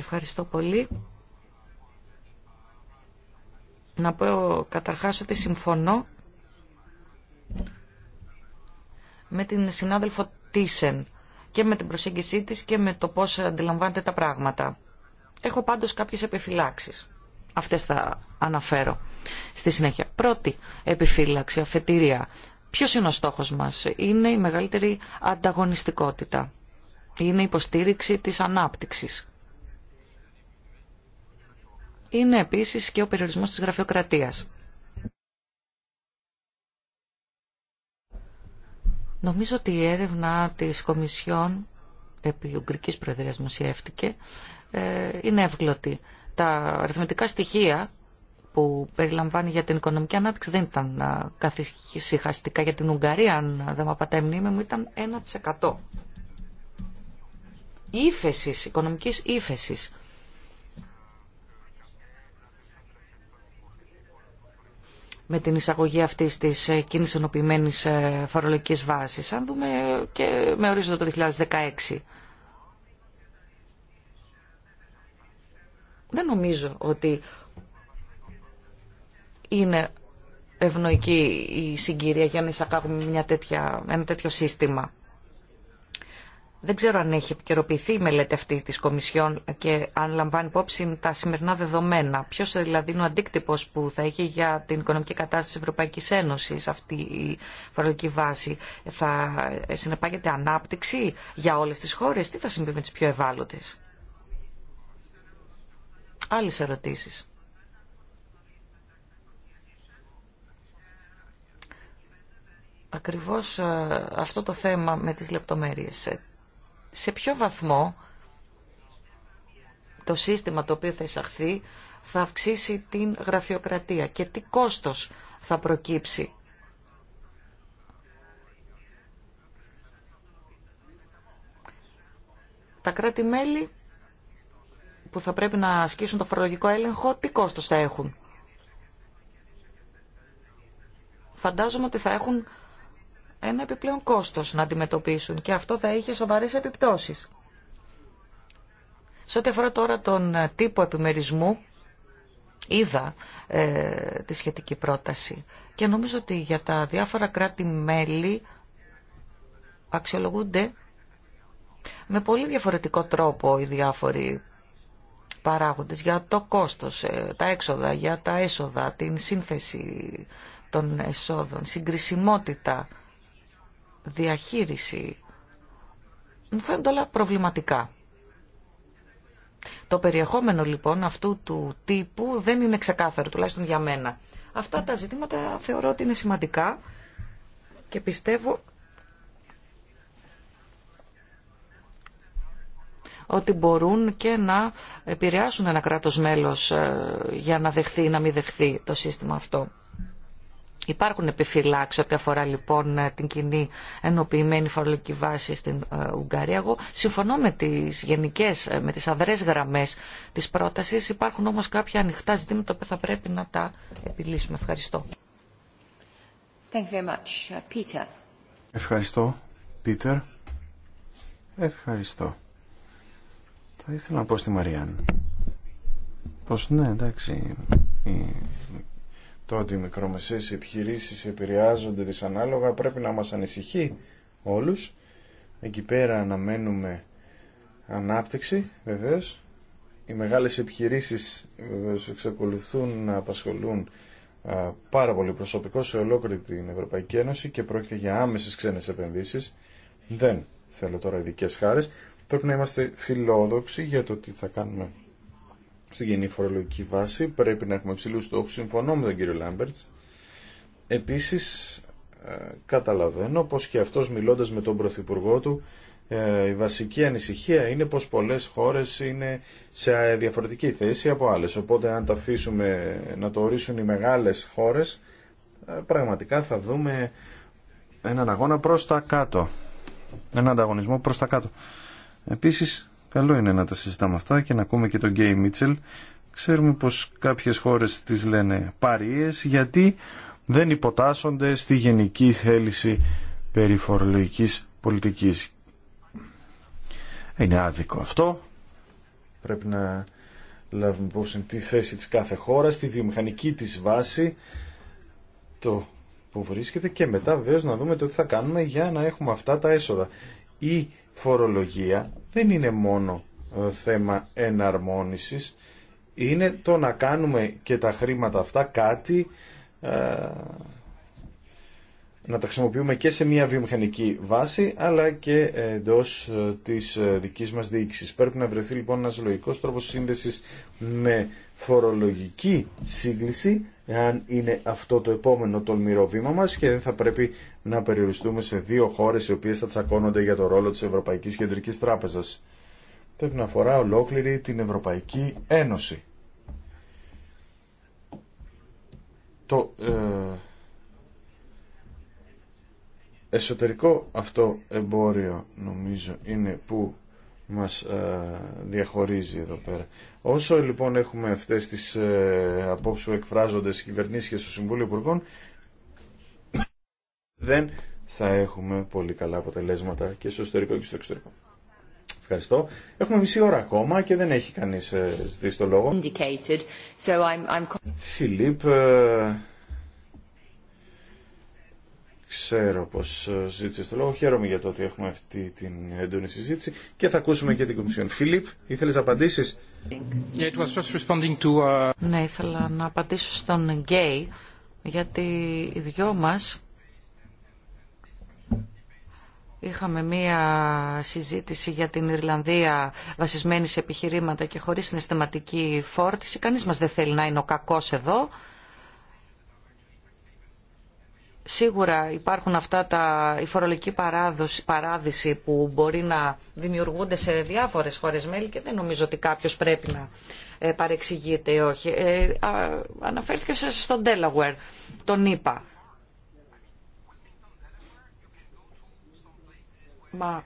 Ευχαριστώ πολύ να πω καταρχάς ότι συμφωνώ με την συνάδελφο Τίσεν και με την προσέγγισή της και με το πώς αντιλαμβάνεται τα πράγματα. Έχω πάντως κάποιες επιφυλάξεις. Αυτές θα αναφέρω στη συνέχεια. Πρώτη επιφύλαξη, αφετηρία. Ποιος είναι ο στόχος μας. Είναι η μεγαλύτερη ανταγωνιστικότητα. Είναι η υποστήριξη της ανάπτυξης είναι επίσης και ο περιορισμός της γραφειοκρατίας. Νομίζω ότι η έρευνα της Κομισιόν επί Ουγγρικής Προεδρίας δημοσιεύτηκε ε, είναι εύγλωτη. Τα αριθμητικά στοιχεία που περιλαμβάνει για την οικονομική ανάπτυξη δεν ήταν καθυσυχαστικά για την Ουγγαρία, αν δεν με απατάει μνήμη μου, ήταν 1%. Ήφεσης, οικονομικής ύφεση. με την εισαγωγή αυτή τη ε, κίνηση ενοποιημένη ε, φορολογική βάση, Αν δούμε και με ορίζοντα το 2016. Δεν νομίζω ότι είναι ευνοϊκή η συγκυρία για να εισακάγουμε μια ένα τέτοιο σύστημα. Δεν ξέρω αν έχει επικαιροποιηθεί η μελέτη αυτή τη Κομισιόν και αν λαμβάνει υπόψη τα σημερινά δεδομένα. Ποιο δηλαδή είναι ο αντίκτυπος που θα έχει για την οικονομική κατάσταση της Ευρωπαϊκής Ένωσης αυτή η φορολογική βάση. Θα συνεπάγεται ανάπτυξη για όλες τις χώρες. Τι θα συμβεί με τι πιο ευάλωτε. Άλλε ερωτήσει. ακριβώς ε, αυτό το θέμα με τις λεπτομέρειες. Ε, σε ποιο βαθμό το σύστημα το οποίο θα εισαχθεί θα αυξήσει την γραφειοκρατία και τι κόστος θα προκύψει. Τα κράτη-μέλη που θα πρέπει να ασκήσουν το φορολογικό έλεγχο, τι κόστος θα έχουν. Φαντάζομαι ότι θα έχουν ένα επιπλέον κόστος να αντιμετωπίσουν και αυτό θα είχε σοβαρές επιπτώσεις. Σε ό,τι αφορά τώρα τον τύπο επιμερισμού, είδα ε, τη σχετική πρόταση και νομίζω ότι για τα διάφορα κράτη-μέλη αξιολογούνται με πολύ διαφορετικό τρόπο οι διάφοροι παράγοντες για το κόστος, ε, τα έξοδα, για τα έσοδα, την σύνθεση των εσόδων, συγκρισιμότητα διαχείριση μου φαίνονται όλα προβληματικά. Το περιεχόμενο λοιπόν αυτού του τύπου δεν είναι ξεκάθαρο, τουλάχιστον για μένα. Αυτά τα ζητήματα θεωρώ ότι είναι σημαντικά και πιστεύω ότι μπορούν και να επηρεάσουν ένα κράτος μέλος ε, για να δεχθεί ή να μην δεχθεί το σύστημα αυτό. Υπάρχουν επιφυλάξει ό,τι αφορά λοιπόν ε, την κοινή ενοποιημένη φορολογική βάση στην ε, Ουγγαρία. Εγώ συμφωνώ με τις γενικέ ε, με τι αδρές γραμμές της πρότασης. Υπάρχουν όμως κάποια ανοιχτά ζητήματα που θα πρέπει να τα επιλύσουμε. Ευχαριστώ. Thank you very much. Uh, Peter. Ευχαριστώ, Πίτερ. Ευχαριστώ. Θα ήθελα να πω στη Μαριάν πως ναι, εντάξει, η το ότι οι μικρομεσαίες επιχειρήσεις επηρεάζονται δυσανάλογα πρέπει να μας ανησυχεί όλους. Εκεί πέρα αναμένουμε ανάπτυξη βεβαίως. Οι μεγάλες επιχειρήσεις βεβαίως εξακολουθούν να απασχολούν πάρα πολύ προσωπικό σε ολόκληρη την Ευρωπαϊκή Ένωση και πρόκειται για άμεσες ξένες επενδύσεις. Δεν θέλω τώρα ειδικέ χάρες. Πρέπει να είμαστε φιλόδοξοι για το τι θα κάνουμε στην κοινή φορολογική βάση. Πρέπει να έχουμε ψηλούς στόχου. Συμφωνώ με τον κύριο Λάμπερτς. Επίσης, ε, καταλαβαίνω πως και αυτός μιλώντας με τον Πρωθυπουργό του, ε, η βασική ανησυχία είναι πως πολλές χώρες είναι σε διαφορετική θέση από άλλες. Οπότε αν τα αφήσουμε να το ορίσουν οι μεγάλες χώρες, ε, πραγματικά θα δούμε έναν αγώνα προς τα κάτω. Έναν ανταγωνισμό προς τα κάτω. Επίσης, Καλό είναι να τα συζητάμε αυτά και να ακούμε και τον Γκέι Μίτσελ. Ξέρουμε πως κάποιες χώρες τις λένε παρίες γιατί δεν υποτάσσονται στη γενική θέληση περιφορολογικής πολιτικής. Είναι άδικο αυτό. Πρέπει να λάβουμε υπόψη τη θέση της κάθε χώρας, τη βιομηχανική της βάση, το που βρίσκεται και μετά βεβαίως να δούμε το τι θα κάνουμε για να έχουμε αυτά τα έσοδα. Η φορολογία δεν είναι μόνο ε, θέμα εναρμόνισης, είναι το να κάνουμε και τα χρήματα αυτά κάτι, ε, να τα χρησιμοποιούμε και σε μια βιομηχανική βάση, αλλά και εντό ε, της δικής μας διοίκησης. Πρέπει να βρεθεί λοιπόν ένας λογικός τρόπος σύνδεσης με φορολογική σύγκληση, εάν είναι αυτό το επόμενο τολμηρό βήμα μας και δεν θα πρέπει να περιοριστούμε σε δύο χώρες οι οποίες θα τσακώνονται για το ρόλο της Ευρωπαϊκής Κεντρικής Τράπεζας. Πρέπει να αφορά ολόκληρη την Ευρωπαϊκή Ένωση. Το ε, εσωτερικό αυτό εμπόριο νομίζω είναι που μας ε, διαχωρίζει εδώ πέρα. Όσο λοιπόν έχουμε αυτές τις ε, απόψεις που εκφράζονται στις κυβερνήσεις και στο Συμβούλιο Υπουργών, δεν θα έχουμε πολύ καλά αποτελέσματα και στο ιστορικό και στο εξωτερικό. Ευχαριστώ. Έχουμε μισή ώρα ακόμα και δεν έχει κανείς ε, ζητήσει το λόγο. Φιλίπ, Ξέρω πως ε, ζήτησε το λόγο. Χαίρομαι για το ότι έχουμε αυτή την έντονη συζήτηση και θα ακούσουμε και την Κομισιόν. Φιλίπ, ήθελες απαντήσεις? Uh, ναι, ήθελα να απαντήσω στον Γκέι, γιατί οι δυο μας Είχαμε μία συζήτηση για την Ιρλανδία βασισμένη σε επιχειρήματα και χωρίς συναισθηματική φόρτιση. Κανείς μας δεν θέλει να είναι ο κακός εδώ. Σίγουρα υπάρχουν αυτά τα, η φορολογική παράδοση, παράδειση που μπορεί να δημιουργούνται σε διάφορες χώρες μέλη και δεν νομίζω ότι κάποιος πρέπει να ε, παρεξηγείται ή όχι. Ε, α, αναφέρθηκε στον Delaware, τον είπα. Μα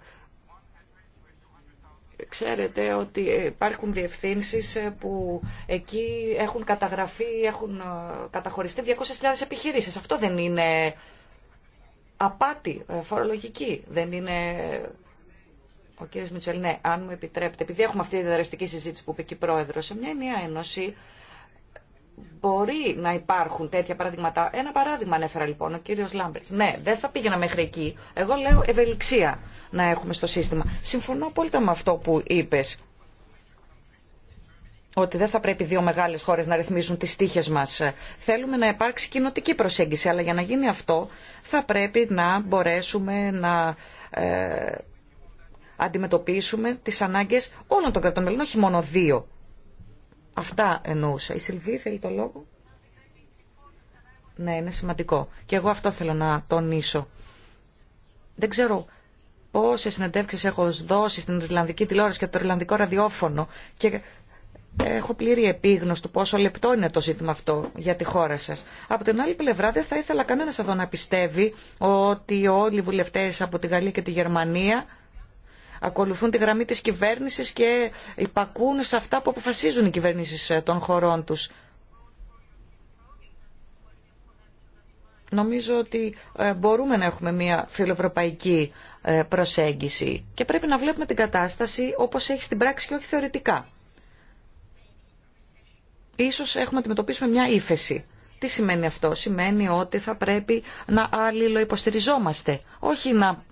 Ξέρετε ότι υπάρχουν διευθύνσεις ε, που εκεί έχουν καταγραφεί, έχουν ε, καταχωριστεί 200.000 επιχειρήσεις. Αυτό δεν είναι απάτη ε, φορολογική, δεν είναι... Ο κύριος Μιτσελ, ναι, αν μου επιτρέπετε, επειδή έχουμε αυτή τη δραστική συζήτηση που είπε και η πρόεδρο, σε μια ενιαία ένωση μπορεί να υπάρχουν τέτοια παραδείγματα. Ένα παράδειγμα ανέφερα λοιπόν ο κύριο Λάμπερτ. Ναι, δεν θα πήγαινα μέχρι εκεί. Εγώ λέω ευελιξία να έχουμε στο σύστημα. Συμφωνώ πολύ με αυτό που είπε. Ότι δεν θα πρέπει δύο μεγάλε χώρε να ρυθμίζουν τι τύχε μα. Θέλουμε να υπάρξει κοινοτική προσέγγιση. Αλλά για να γίνει αυτό θα πρέπει να μπορέσουμε να. Ε, αντιμετωπίσουμε τις ανάγκες όλων των κρατών μελών, όχι μόνο δύο Αυτά εννοούσα. Η Σιλβή θέλει το λόγο. Ναι, είναι σημαντικό. Και εγώ αυτό θέλω να τονίσω. Δεν ξέρω πόσε συνεντεύξει έχω δώσει στην Ιρλανδική τηλεόραση και το Ιρλανδικό ραδιόφωνο και έχω πλήρη επίγνωση του πόσο λεπτό είναι το ζήτημα αυτό για τη χώρα σα. Από την άλλη πλευρά, δεν θα ήθελα κανένα εδώ να πιστεύει ότι όλοι οι βουλευτέ από τη Γαλλία και τη Γερμανία ακολουθούν τη γραμμή της κυβέρνησης και υπακούν σε αυτά που αποφασίζουν οι κυβερνήσεις ε, των χωρών τους. Νομίζω ότι ε, μπορούμε να έχουμε μια φιλοευρωπαϊκή ε, προσέγγιση και πρέπει να βλέπουμε την κατάσταση όπως έχει στην πράξη και όχι θεωρητικά. Ίσως έχουμε να αντιμετωπίσουμε μια ύφεση. Τι σημαίνει αυτό. Σημαίνει ότι θα πρέπει να αλληλοϊποστηριζόμαστε. Όχι να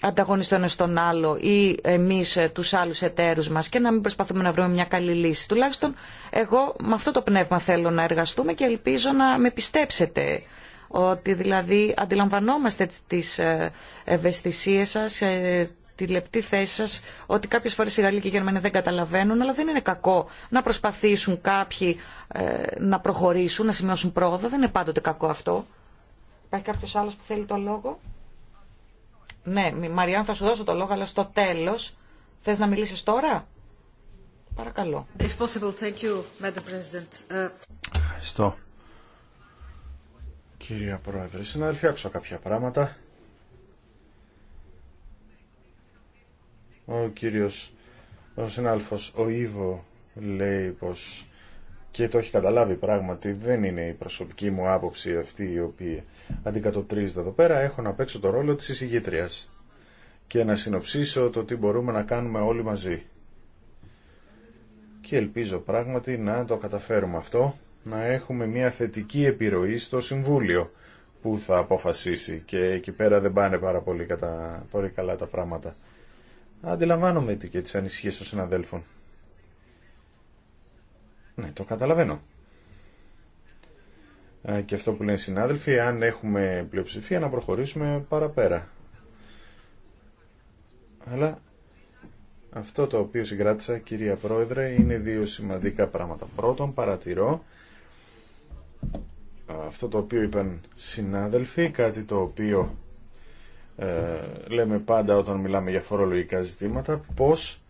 ανταγωνιστών στον άλλο ή εμείς ε, τους άλλους εταίρους μας και να μην προσπαθούμε να βρούμε μια καλή λύση. Τουλάχιστον εγώ με αυτό το πνεύμα θέλω να εργαστούμε και ελπίζω να με πιστέψετε ότι δηλαδή αντιλαμβανόμαστε τις ε, ευαισθησίες σας, ε, τη λεπτή θέση σας, ότι κάποιες φορές οι Γαλλοί και οι Γερμανοί δεν καταλαβαίνουν, αλλά δεν είναι κακό να προσπαθήσουν κάποιοι να προχωρήσουν, να σημειώσουν πρόοδο. Δεν είναι πάντοτε κακό αυτό. Υπάρχει κάποιος άλλος που θέλει το λόγο. Ναι, Μαριάν, θα σου δώσω το λόγο, αλλά στο τέλος. Θες να μιλήσεις τώρα? Παρακαλώ. possible, thank you, Madam President. Ε, Ευχαριστώ. Κυρία Πρόεδρε, συνάδελφοι, άκουσα κάποια πράγματα. Ο κύριος, ο συνάδελφος, ο Ήβο λέει πως και το έχει καταλάβει πράγματι, δεν είναι η προσωπική μου άποψη αυτή η οποία αντικατοπτρίζεται εδώ πέρα, έχω να παίξω το ρόλο της εισηγήτριας και να συνοψίσω το τι μπορούμε να κάνουμε όλοι μαζί. Και ελπίζω πράγματι να το καταφέρουμε αυτό, να έχουμε μια θετική επιρροή στο Συμβούλιο που θα αποφασίσει και εκεί πέρα δεν πάνε πάρα πολύ, κατα... πολύ καλά τα πράγματα. Αντιλαμβάνομαι και τις ανησυχίες των συναδέλφων. Ναι, το καταλαβαίνω. Ε, και αυτό που λένε οι συνάδελφοι, αν έχουμε πλειοψηφία να προχωρήσουμε παραπέρα. Αλλά αυτό το οποίο συγκράτησα, κυρία Πρόεδρε, είναι δύο σημαντικά πράγματα. Πρώτον, παρατηρώ αυτό το οποίο είπαν συνάδελφοι, κάτι το οποίο ε, λέμε πάντα όταν μιλάμε για φορολογικά ζητήματα, πώς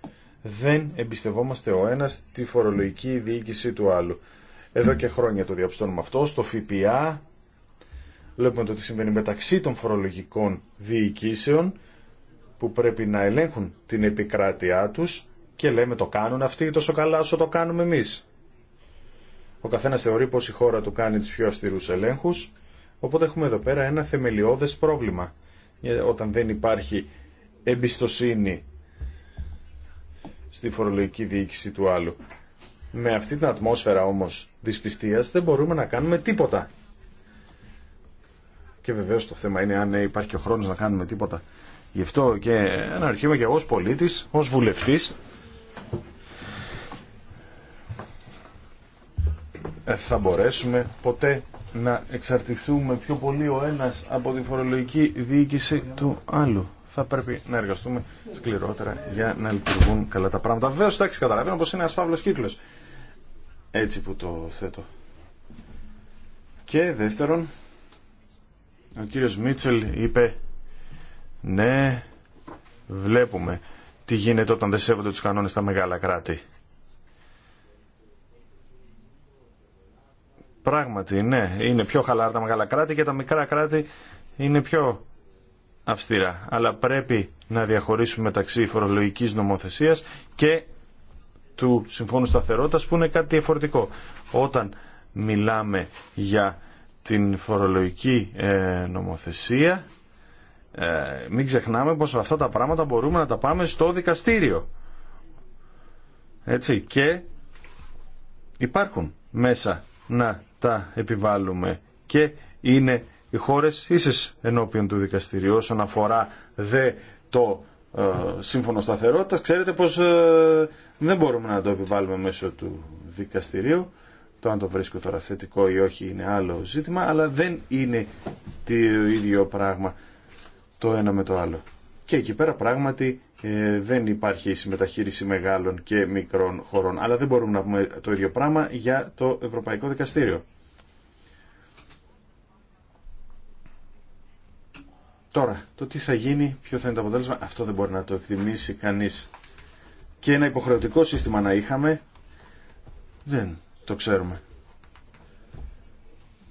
δεν εμπιστευόμαστε ο ένας τη φορολογική διοίκηση του άλλου. Εδώ και χρόνια το διαπιστώνουμε αυτό. Στο ΦΠΑ βλέπουμε το τι συμβαίνει μεταξύ των φορολογικών διοικήσεων που πρέπει να ελέγχουν την επικράτειά τους και λέμε το κάνουν αυτοί τόσο καλά όσο το κάνουμε εμείς. Ο καθένας θεωρεί πως η χώρα του κάνει τις πιο αυστηρούς ελέγχους, οπότε έχουμε εδώ πέρα ένα θεμελιώδες πρόβλημα. Ε, όταν δεν υπάρχει εμπιστοσύνη στη φορολογική διοίκηση του άλλου. Με αυτή την ατμόσφαιρα όμως δυσπιστίας δεν μπορούμε να κάνουμε τίποτα. Και βεβαίως το θέμα είναι αν υπάρχει ο χρόνος να κάνουμε τίποτα. Γι' αυτό και αρχίσουμε και ως πολίτης, ως βουλευτής, ε, θα μπορέσουμε ποτέ να εξαρτηθούμε πιο πολύ ο ένας από τη φορολογική διοίκηση του άλλου θα πρέπει να εργαστούμε σκληρότερα για να λειτουργούν καλά τα πράγματα. Βέβαια, εντάξει, καταλαβαίνω πω είναι ένα φαύλο κύκλος. Έτσι που το θέτω. Και δεύτερον, ο κύριος Μίτσελ είπε ναι, βλέπουμε τι γίνεται όταν δεν σέβονται τους κανόνες στα μεγάλα κράτη. Πράγματι, ναι, είναι πιο χαλάρα τα μεγάλα κράτη και τα μικρά κράτη είναι πιο αυστηρά. Αλλά πρέπει να διαχωρίσουμε μεταξύ φορολογικής νομοθεσίας και του Συμφώνου Σταθερότητας που είναι κάτι διαφορετικό. Όταν μιλάμε για την φορολογική ε, νομοθεσία ε, μην ξεχνάμε πως αυτά τα πράγματα μπορούμε να τα πάμε στο δικαστήριο. Έτσι και υπάρχουν μέσα να τα επιβάλλουμε και είναι οι χώρες ίσες ενώπιον του δικαστηρίου όσον αφορά δε το ε, σύμφωνο σταθερότητας. Ξέρετε πως ε, δεν μπορούμε να το επιβάλλουμε μέσω του δικαστηρίου. Το αν το βρίσκω τώρα θετικό ή όχι είναι άλλο ζήτημα, αλλά δεν είναι το ίδιο πράγμα το ένα με το άλλο. Και εκεί πέρα πράγματι ε, δεν υπάρχει συμμεταχείριση μεγάλων και μικρών χωρών. Αλλά δεν μπορούμε να πούμε το ίδιο πράγμα για το Ευρωπαϊκό Δικαστήριο. Τώρα, το τι θα γίνει, ποιο θα είναι το αποτέλεσμα, αυτό δεν μπορεί να το εκτιμήσει κανείς. Και ένα υποχρεωτικό σύστημα να είχαμε, δεν το ξέρουμε.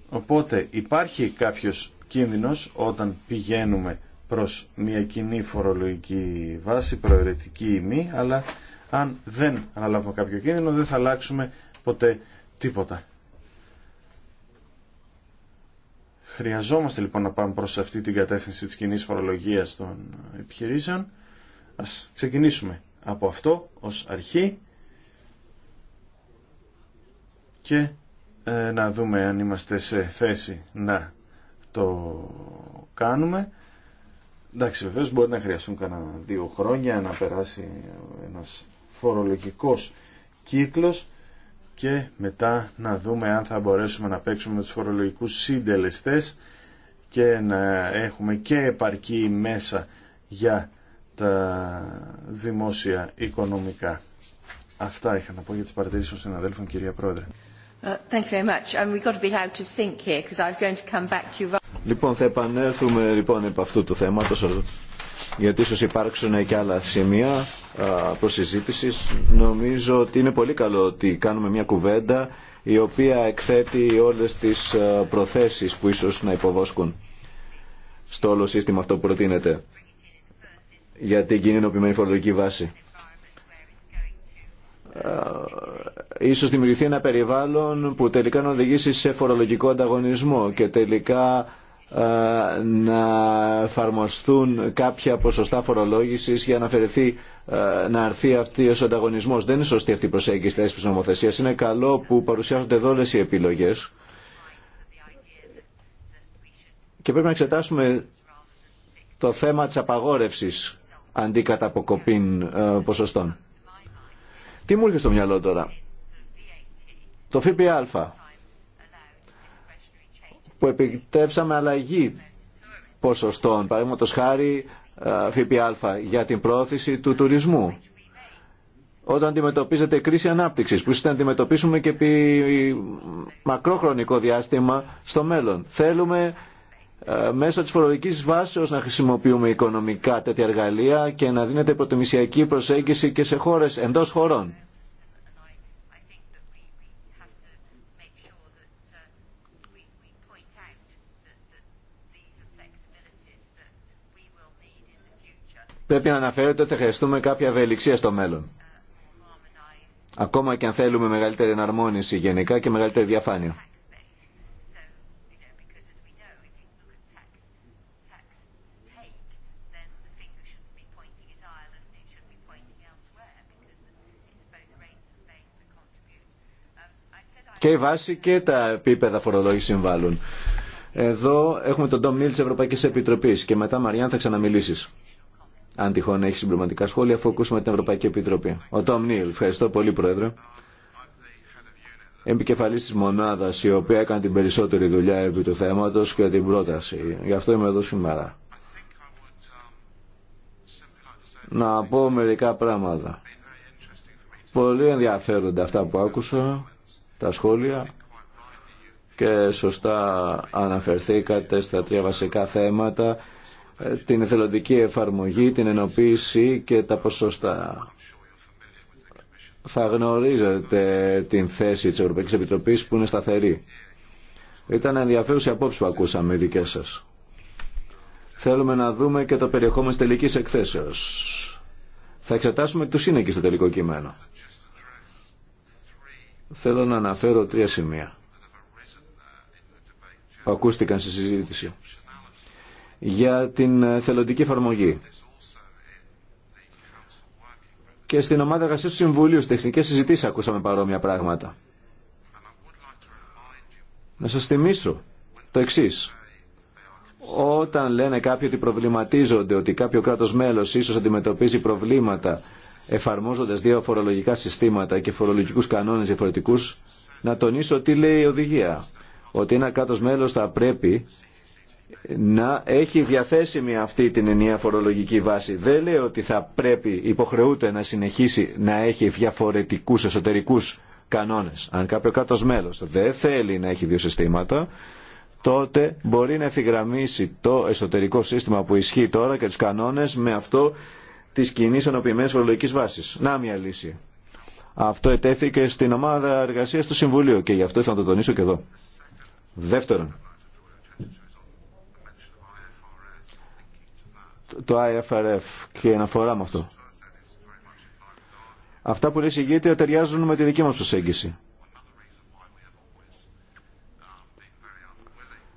Οπότε υπάρχει κάποιος κίνδυνος όταν πηγαίνουμε προς μια κοινή φορολογική βάση, προαιρετική ή μη, αλλά αν δεν αναλάβουμε κάποιο κίνδυνο δεν θα αλλάξουμε ποτέ τίποτα. Χρειαζόμαστε λοιπόν να πάμε προς αυτή την κατεύθυνση της κοινή φορολογίας των επιχειρήσεων. Ας ξεκινήσουμε από αυτό ως αρχή και ε, να δούμε αν είμαστε σε θέση να το κάνουμε. Εντάξει, βεβαίω μπορεί να χρειαστούν κανένα δύο χρόνια να περάσει ένας φορολογικός κύκλος και μετά να δούμε αν θα μπορέσουμε να παίξουμε με τους φορολογικούς συντελεστές και να έχουμε και επαρκή μέσα για τα δημόσια οικονομικά. Αυτά είχα να πω για τις παρατηρήσεις των συναδέλφων, κυρία Πρόεδρε. Uh, um, λοιπόν, θα επανέλθουμε λοιπόν επ' αυτού του θέματος γιατί ίσως υπάρξουν και άλλα σημεία προσυζήτησης. Νομίζω ότι είναι πολύ καλό ότι κάνουμε μια κουβέντα η οποία εκθέτει όλες τις προθέσεις που ίσως να υποβόσκουν στο όλο σύστημα αυτό που προτείνεται για την κοινωνιοποιημένη φορολογική βάση. Ίσως δημιουργηθεί ένα περιβάλλον που τελικά να οδηγήσει σε φορολογικό ανταγωνισμό και τελικά ε, να εφαρμοστούν κάποια ποσοστά φορολόγηση για να αφαιρεθεί, ε, να αρθεί αυτή ο ανταγωνισμό. Δεν είναι σωστή αυτή η προσέγγιση τη έσπιση νομοθεσία. Είναι καλό που παρουσιάζονται εδώ όλε οι επιλογέ. Και πρέπει να εξετάσουμε το θέμα της απαγόρευσης αντί κατά αποκοπήν ε, ποσοστών. Τι μου έρχεται στο μυαλό τώρα. Το ΦΠΑ που επιτρέψαμε αλλαγή ποσοστών, παραδείγματο χάρη ΦΠΑ για την πρόθεση του τουρισμού. Όταν αντιμετωπίζεται κρίση ανάπτυξη, που να αντιμετωπίσουμε και επί μακρόχρονικό διάστημα στο μέλλον. Θέλουμε μέσω της φορολογικής βάσεως να χρησιμοποιούμε οικονομικά τέτοια εργαλεία και να δίνεται προτιμησιακή προσέγγιση και σε χώρες εντός χωρών. πρέπει να αναφέρεται ότι θα χρειαστούμε κάποια ευελιξία στο μέλλον. Ακόμα και αν θέλουμε μεγαλύτερη εναρμόνιση γενικά και μεγαλύτερη διαφάνεια. Και η βάση και τα επίπεδα φορολόγηση συμβάλλουν. Εδώ έχουμε τον Ντόμ Μίλ τη Ευρωπαϊκή Επιτροπή και μετά Μαριάν θα ξαναμιλήσει αν τυχόν έχει συμπληρωματικά σχόλια, αφού ακούσουμε την Ευρωπαϊκή Επιτροπή. Ο Τόμ Νίλ, ευχαριστώ πολύ, Πρόεδρε. επικεφαλή τη μονάδας, η οποία έκανε την περισσότερη δουλειά επί του θέματος και την πρόταση. Γι' αυτό είμαι εδώ σήμερα. Να πω μερικά πράγματα. Πολύ ενδιαφέρονται αυτά που άκουσα, τα σχόλια και σωστά αναφερθήκατε στα τρία βασικά θέματα την εθελοντική εφαρμογή, την ενοποίηση και τα ποσοστά. Θα γνωρίζετε την θέση της Ευρωπαϊκής Επιτροπής που είναι σταθερή. Ήταν ενδιαφέρουσα η απόψη που ακούσαμε οι δικές σας. Θέλουμε να δούμε και το περιεχόμενο της τελικής εκθέσεως. Θα εξετάσουμε του σύνεκη στο τελικό κείμενο. Θέλω να αναφέρω τρία σημεία ακούστηκαν στη συζήτηση για την ε, θελοντική εφαρμογή. Και στην ομάδα εργασία του Συμβουλίου, στι τεχνικέ συζητήσει, ακούσαμε παρόμοια πράγματα. Να σα θυμίσω το εξή. Όταν λένε κάποιοι ότι προβληματίζονται, ότι κάποιο κράτο μέλο ίσω αντιμετωπίζει προβλήματα εφαρμόζοντα δύο φορολογικά συστήματα και φορολογικού κανόνε διαφορετικού, να τονίσω τι λέει η οδηγία. Ότι ένα κράτο μέλο θα πρέπει να έχει διαθέσιμη αυτή την ενιαία φορολογική βάση. Δεν λέει ότι θα πρέπει, υποχρεούται να συνεχίσει να έχει διαφορετικούς εσωτερικούς κανόνες. Αν κάποιο κάτω μέλος δεν θέλει να έχει δύο συστήματα, τότε μπορεί να εφηγραμμίσει το εσωτερικό σύστημα που ισχύει τώρα και τους κανόνες με αυτό της κοινή ενοποιημένη φορολογικής βάσης. Να μια λύση. Αυτό ετέθηκε στην ομάδα εργασίας του Συμβουλίου και γι' αυτό ήθελα να το τονίσω και εδώ. Δεύτερον, το IFRF και να αναφορά με αυτό. Αυτά που λέει η ταιριάζουν με τη δική μας προσέγγιση.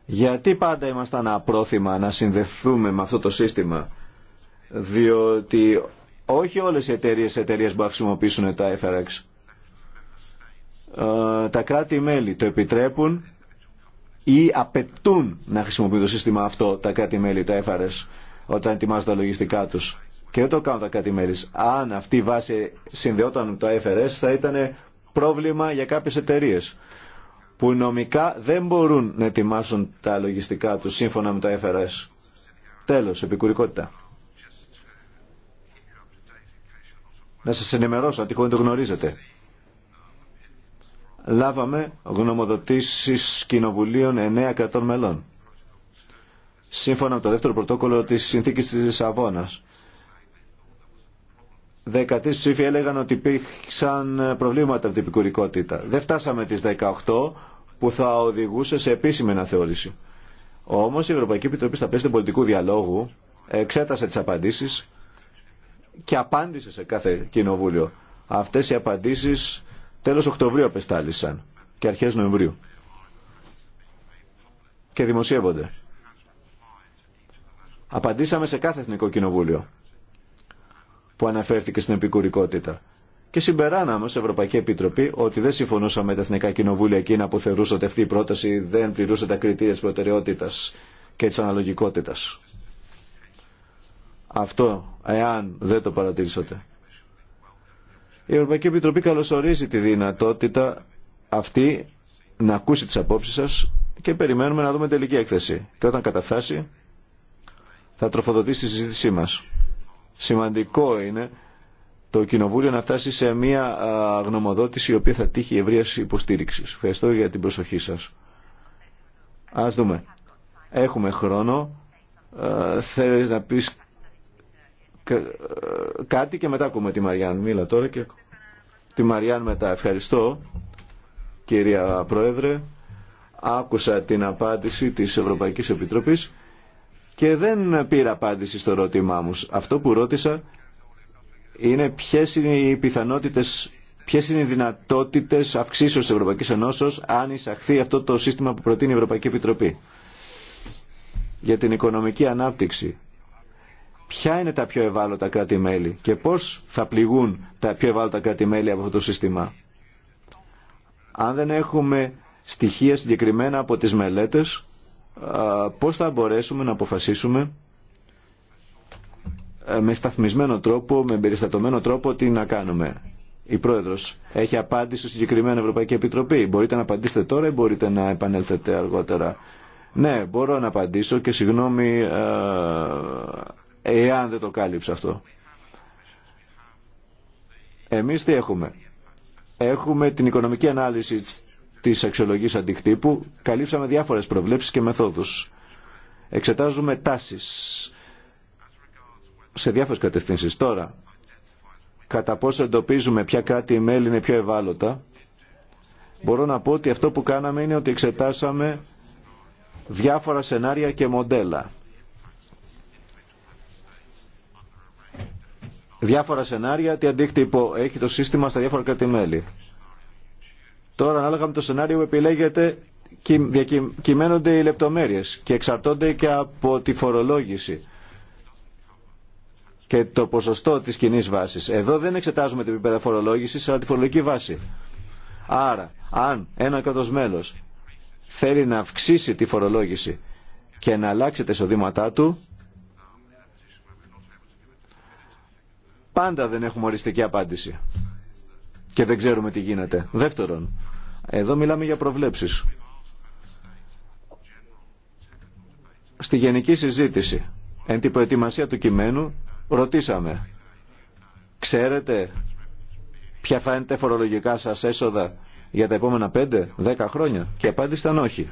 Γιατί πάντα ήμασταν απρόθυμα να συνδεθούμε με αυτό το σύστημα, διότι όχι όλες οι εταιρείες, εταιρείες που χρησιμοποιήσουν τα FRX. Ε, τα κράτη-μέλη το επιτρέπουν ή απαιτούν να χρησιμοποιούν το σύστημα αυτό τα κράτη-μέλη, τα FRX όταν ετοιμάζουν τα λογιστικά τους. Και δεν το κάνουν τα κρατη Αν αυτή η βάση συνδεόταν με το IFRS θα ήταν πρόβλημα για κάποιες εταιρείε που νομικά δεν μπορούν να ετοιμάσουν τα λογιστικά τους σύμφωνα με το IFRS. Τέλος, επικουρικότητα. Να σας ενημερώσω, ατυχόν το γνωρίζετε. Λάβαμε γνωμοδοτήσεις κοινοβουλίων 9 κρατών μελών σύμφωνα με το δεύτερο πρωτόκολλο της συνθήκης της Λισαβόνας. Δεκατή ψήφοι έλεγαν ότι υπήρξαν προβλήματα από την επικουρικότητα. Δεν φτάσαμε τις 18 που θα οδηγούσε σε επίσημη αναθεώρηση. Όμως η Ευρωπαϊκή Επιτροπή στα πλαίσια του πολιτικού διαλόγου εξέτασε τις απαντήσεις και απάντησε σε κάθε κοινοβούλιο. Αυτές οι απαντήσεις τέλος Οκτωβρίου απεστάλησαν και αρχές Νοεμβρίου και δημοσιεύονται. Απαντήσαμε σε κάθε Εθνικό Κοινοβούλιο που αναφέρθηκε στην επικουρικότητα. Και συμπεράναμε ως Ευρωπαϊκή Επιτροπή ότι δεν συμφωνούσαμε με τα Εθνικά Κοινοβούλια εκείνα που θεωρούσαν ότι αυτή η πρόταση δεν πληρούσε τα κριτήρια τη προτεραιότητα και της αναλογικότητας. Αυτό, εάν δεν το παρατηρήσατε. Η Ευρωπαϊκή Επιτροπή καλωσορίζει τη δυνατότητα αυτή να ακούσει τις απόψεις σας και περιμένουμε να δούμε τελική έκθεση. Και όταν καταφτάσει θα τροφοδοτήσει τη συζήτησή μας. Σημαντικό είναι το Κοινοβούλιο να φτάσει σε μια γνωμοδότηση η οποία θα τύχει ευρεία υποστήριξη. Ευχαριστώ για την προσοχή σας. Α δούμε. Έχουμε χρόνο. Ε, να πεις κάτι και μετά ακούμε τη Μαριάν. Μίλα τώρα και τη Μαριάν μετά. Ευχαριστώ κυρία Πρόεδρε. Άκουσα την απάντηση της Ευρωπαϊκής Επιτροπής και δεν πήρα απάντηση στο ερώτημά μου. Αυτό που ρώτησα είναι ποιες είναι οι πιθανότητες, ποιες είναι οι δυνατότητες αυξήσεως της Ευρωπαϊκής αν εισαχθεί αυτό το σύστημα που προτείνει η Ευρωπαϊκή Επιτροπή για την οικονομική ανάπτυξη. Ποια είναι τα πιο ευάλωτα κράτη-μέλη και πώς θα πληγούν τα πιο ευάλωτα κράτη-μέλη από αυτό το σύστημα. Αν δεν έχουμε στοιχεία συγκεκριμένα από τις μελέτες, πώς θα μπορέσουμε να αποφασίσουμε ε, με σταθμισμένο τρόπο, με περιστατωμένο τρόπο τι να κάνουμε. Η Πρόεδρος έχει απάντηση στο συγκεκριμένη Ευρωπαϊκή Επιτροπή. Μπορείτε να απαντήσετε τώρα ή μπορείτε να επανέλθετε αργότερα. Ναι, μπορώ να απαντήσω και συγγνώμη ε, εάν δεν το κάλυψα αυτό. Εμείς τι έχουμε. Έχουμε την οικονομική ανάλυση της αξιολογής αντικτύπου καλύψαμε διάφορες προβλέψεις και μεθόδους. Εξετάζουμε τάσεις σε διάφορες κατευθύνσεις. Τώρα, κατά πόσο εντοπίζουμε ποια κάτι μέλη είναι πιο ευάλωτα, μπορώ να πω ότι αυτό που κάναμε είναι ότι εξετάσαμε διάφορα σενάρια και μοντέλα. Διάφορα σενάρια, τι αντίκτυπο έχει το σύστημα στα διάφορα κράτη-μέλη. Τώρα, ανάλογα με το σενάριο που επιλέγεται, διακυμαίνονται οι λεπτομέρειες και εξαρτώνται και από τη φορολόγηση και το ποσοστό της κοινή βάσης. Εδώ δεν εξετάζουμε την επίπεδα φορολόγησης, αλλά τη φορολογική βάση. Άρα, αν ένα κράτος θέλει να αυξήσει τη φορολόγηση και να αλλάξει τα εισοδήματά του, πάντα δεν έχουμε οριστική απάντηση. Και δεν ξέρουμε τι γίνεται. Δεύτερον, εδώ μιλάμε για προβλέψεις. Στη γενική συζήτηση, εν την προετοιμασία του κειμένου, ρωτήσαμε «Ξέρετε ποια θα είναι τα φορολογικά σας έσοδα για τα επομενα πέντε, 5-10 χρόνια» και απάντησαν όχι.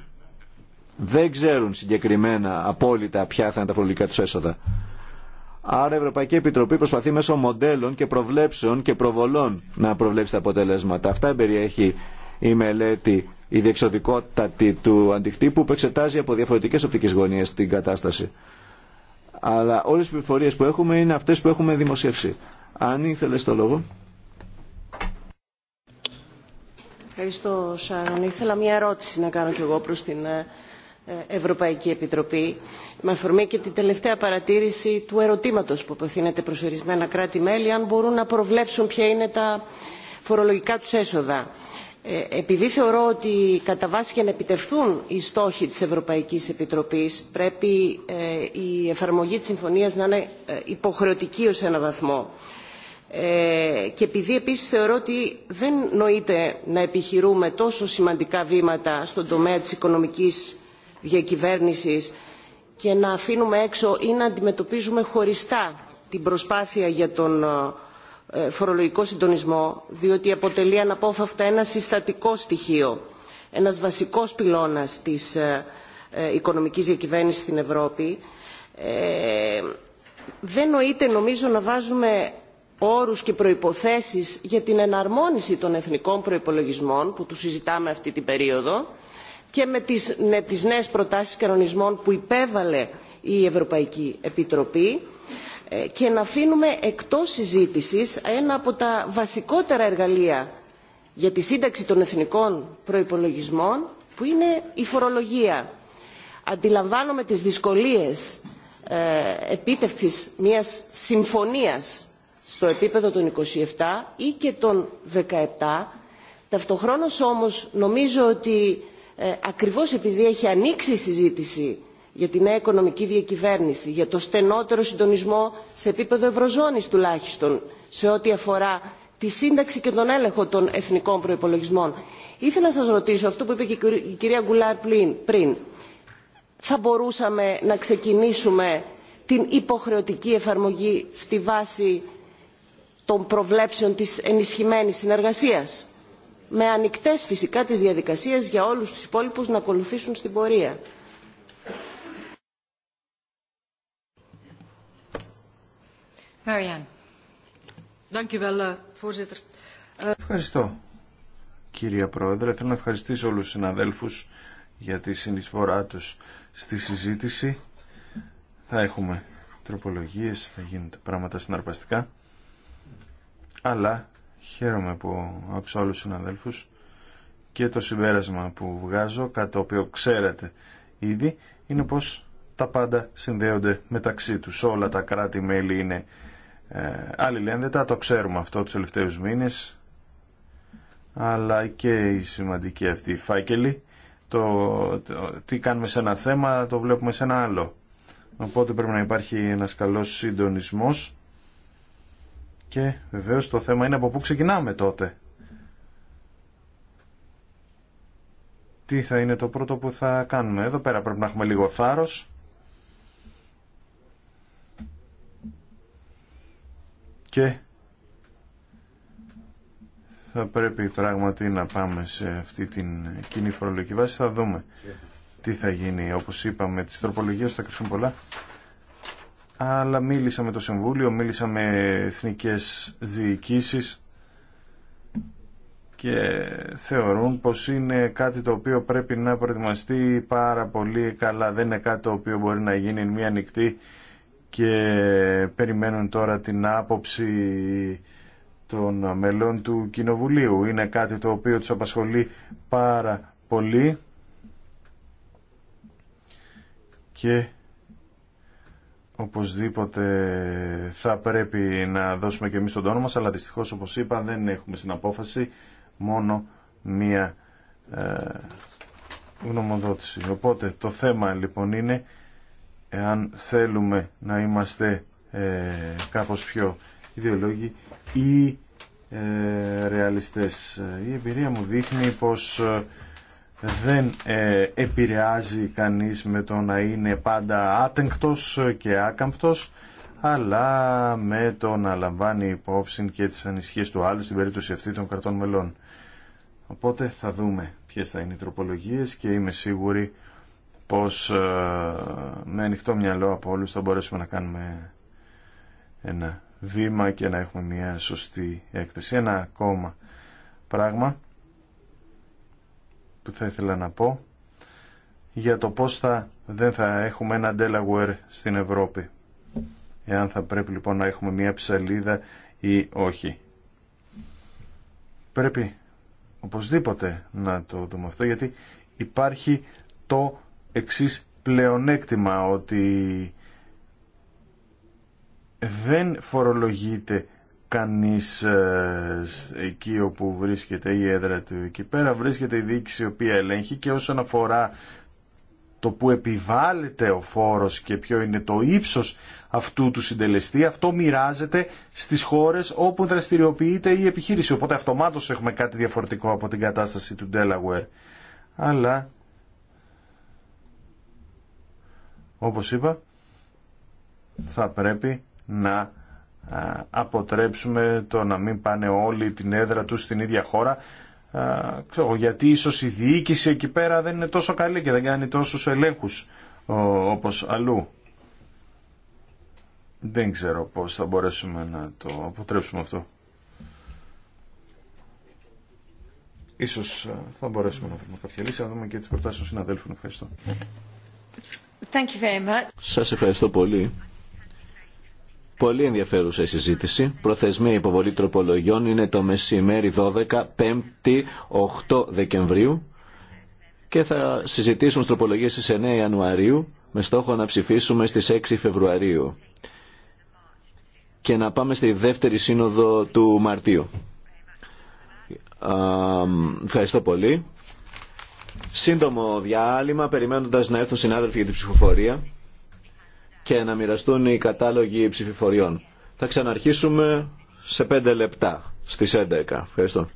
Δεν ξέρουν συγκεκριμένα απόλυτα ποια θα είναι τα φορολογικά τους έσοδα. Άρα η Ευρωπαϊκή Επιτροπή προσπαθεί μέσω μοντέλων και προβλέψεων και προβολών να προβλέψει τα αποτελέσματα. Αυτά περιέχει η μελέτη, η διεξοδικότητα του αντικτύπου που εξετάζει από διαφορετικές οπτικές γωνίες την κατάσταση. Αλλά όλες οι πληροφορίες που έχουμε είναι αυτές που έχουμε δημοσιεύσει. Αν ήθελε το λόγο. Ευχαριστώ Σάρων. Ήθελα μια ερώτηση να κάνω κι εγώ προς την ε, Ευρωπαϊκή Επιτροπή με αφορμή και την τελευταία παρατήρηση του ερωτήματος που απευθύνεται προ ορισμένα κράτη-μέλη αν μπορούν να προβλέψουν ποια είναι τα φορολογικά του έσοδα ε, επειδή θεωρώ ότι κατά βάση για να επιτευχθούν οι στόχοι της Ευρωπαϊκής Επιτροπής πρέπει ε, η εφαρμογή της συμφωνίας να είναι ε, υποχρεωτική ως έναν βαθμό και επειδή επίσης θεωρώ ότι δεν νοείται να επιχειρούμε τόσο σημαντικά βήματα στον τομέα της οικονομικής διακυβέρνησης και να αφήνουμε έξω ή να αντιμετωπίζουμε χωριστά την προσπάθεια για τον ε, φορολογικό συντονισμό διότι αποτελεί αναπόφευκτα ένα συστατικό στοιχείο ένας βασικός πυλώνας της ε, ε, οικονομικής διακυβέρνησης στην Ευρώπη δεν νοείται νομίζω να βάζουμε όρους και προϋποθέσεις για την εναρμόνιση των εθνικών προϋπολογισμών που του συζητάμε αυτή την περίοδο και με τις, με τις νέες κανονισμών που υπέβαλε η Ευρωπαϊκή Επιτροπή ε, και να αφήνουμε εκτός συζήτησης ένα από τα βασικότερα εργαλεία για τη σύνταξη των εθνικών προϋπολογισμών που είναι η φορολογία. Αντιλαμβάνομαι τις δυσκολίες ε, επίτευξης μιας συμφωνίας στο επίπεδο των 27 ή και των 17. Ταυτοχρόνως όμως νομίζω ότι ε, ακριβώς επειδή έχει ανοίξει η συζήτηση για τη νέα οικονομική διακυβέρνηση, για το στενότερο συντονισμό σε επίπεδο ευρωζώνης τουλάχιστον σε ό,τι αφορά τη σύνταξη και τον έλεγχο των εθνικών προϋπολογισμών. Ήθελα να σας ρωτήσω, αυτό που είπε και η κυρία Γκουλάρ πριν, θα μπορούσαμε να ξεκινήσουμε την υποχρεωτική εφαρμογή στη βάση των προβλέψεων της ενισχυμένης συνεργασίας με ανοιχτές φυσικά τις διαδικασίες για όλους τους υπόλοιπους να ακολουθήσουν στην πορεία. Eh, eh, Ευχαριστώ, κυρία Πρόεδρε. Θέλω να ευχαριστήσω όλους τους συναδέλφους για τη συνεισφορά τους στη συζήτηση. Θα έχουμε τροπολογίες, θα γίνονται πράγματα συναρπαστικά. Αλλά χαίρομαι που άκουσα όλους τους συναδέλφους και το συμπέρασμα που βγάζω, κάτι το οποίο ξέρετε ήδη, είναι πως τα πάντα συνδέονται μεταξύ τους. Όλα τα κράτη-μέλη είναι ε, τα το ξέρουμε αυτό τους τελευταίους μήνες, αλλά και η σημαντική αυτή φάκελη, το, τι κάνουμε σε ένα θέμα το βλέπουμε σε ένα άλλο. Οπότε πρέπει να υπάρχει ένας καλός συντονισμός και βεβαίως το θέμα είναι από πού ξεκινάμε τότε. Τι θα είναι το πρώτο που θα κάνουμε. Εδώ πέρα πρέπει να έχουμε λίγο θάρρος και θα πρέπει πράγματι να πάμε σε αυτή την κοινή φορολογική βάση. Θα δούμε τι θα γίνει. Όπως είπαμε, τις τροπολογίες θα κρυφθούν πολλά. Αλλά μίλησα με το Συμβούλιο, μίλησα με εθνικές διοικήσεις και θεωρούν πως είναι κάτι το οποίο πρέπει να προετοιμαστεί πάρα πολύ καλά. Δεν είναι κάτι το οποίο μπορεί να γίνει μια ανοιχτή και περιμένουν τώρα την άποψη των μελών του Κοινοβουλίου. Είναι κάτι το οποίο τους απασχολεί πάρα πολύ και οπωσδήποτε θα πρέπει να δώσουμε και εμείς τον τόνο μας, αλλά δυστυχώς όπως είπα δεν έχουμε στην απόφαση μόνο μία ε, γνωμοδότηση. Οπότε το θέμα λοιπόν είναι εάν θέλουμε να είμαστε ε, κάπως πιο ιδεολόγοι ή ε, ρεαλιστές. Η ρεαλιστες η εμπειρια μου δείχνει πως ε, δεν ε, επηρεάζει κανείς με το να είναι πάντα άτεγκτος και άκαμπτος αλλά με το να λαμβάνει υπόψη και τις ανησυχίες του άλλου στην περίπτωση αυτή των κρατών μελών. Οπότε θα δούμε ποιες θα είναι οι τροπολογίες και είμαι σίγουρη πως ε, με ανοιχτό μυαλό από όλους θα μπορέσουμε να κάνουμε ένα βήμα και να έχουμε μια σωστή έκθεση. Ένα ακόμα πράγμα που θα ήθελα να πω για το πώς θα, δεν θα έχουμε ένα Delaware στην Ευρώπη. Εάν θα πρέπει λοιπόν να έχουμε μια ψαλίδα ή όχι. Πρέπει οπωσδήποτε να το δούμε αυτό γιατί υπάρχει το εξής πλεονέκτημα ότι δεν φορολογείται κανείς ε, εκεί όπου βρίσκεται η έδρα του. Εκεί πέρα βρίσκεται η διοίκηση η οποία ελέγχει και όσον αφορά το που επιβάλλεται ο φόρος και ποιο είναι το ύψος αυτού του συντελεστή, αυτό μοιράζεται στις χώρες όπου δραστηριοποιείται η επιχείρηση. Οπότε αυτομάτως έχουμε κάτι διαφορετικό από την κατάσταση του Delaware. Αλλά Όπως είπα, θα πρέπει να αποτρέψουμε το να μην πάνε όλοι την έδρα τους στην ίδια χώρα γιατί ίσως η διοίκηση εκεί πέρα δεν είναι τόσο καλή και δεν κάνει τόσους ελέγχους όπως αλλού δεν ξέρω πώς θα μπορέσουμε να το αποτρέψουμε αυτό Ίσως θα μπορέσουμε να βρούμε κάποια λύση να δούμε και τις προτάσεις των συναδέλφων Ευχαριστώ Thank Σας ευχαριστώ πολύ. Πολύ ενδιαφέρουσα η συζήτηση. Προθεσμία υποβολή τροπολογιών είναι το μεσημέρι 12, 5η 8 Δεκεμβρίου και θα συζητήσουμε τροπολογίες στις 9 Ιανουαρίου με στόχο να ψηφίσουμε στις 6 Φεβρουαρίου και να πάμε στη δεύτερη σύνοδο του Μαρτίου. Ευχαριστώ πολύ. Σύντομο διάλειμμα, περιμένοντας να έρθουν συνάδελφοι για την ψηφοφορία και να μοιραστούν οι κατάλογοι ψηφοφοριών. Θα ξαναρχίσουμε σε 5 λεπτά στις 11. Ευχαριστώ.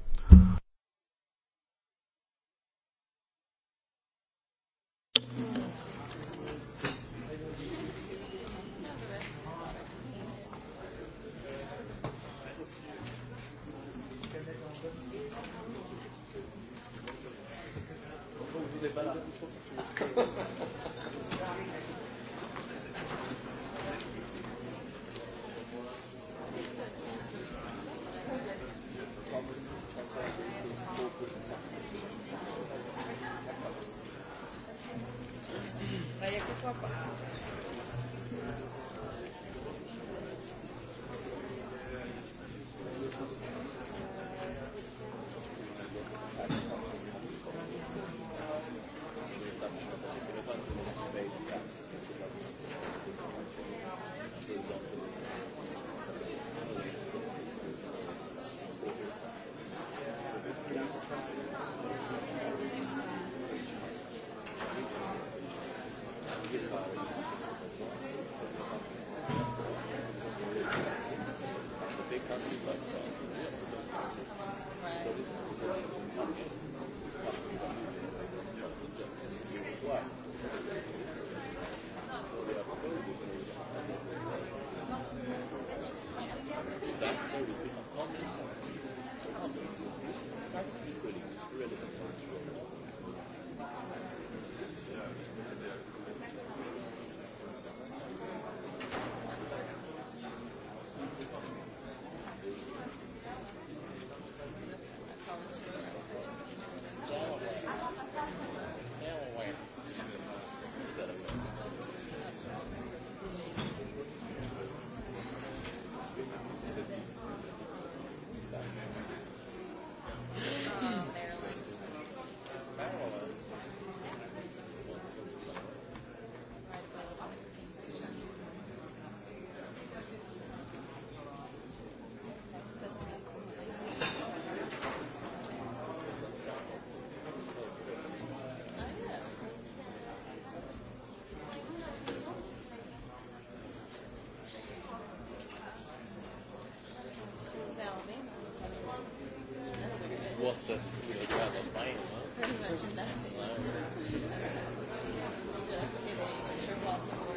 Pretty much nothing. Just Baltimore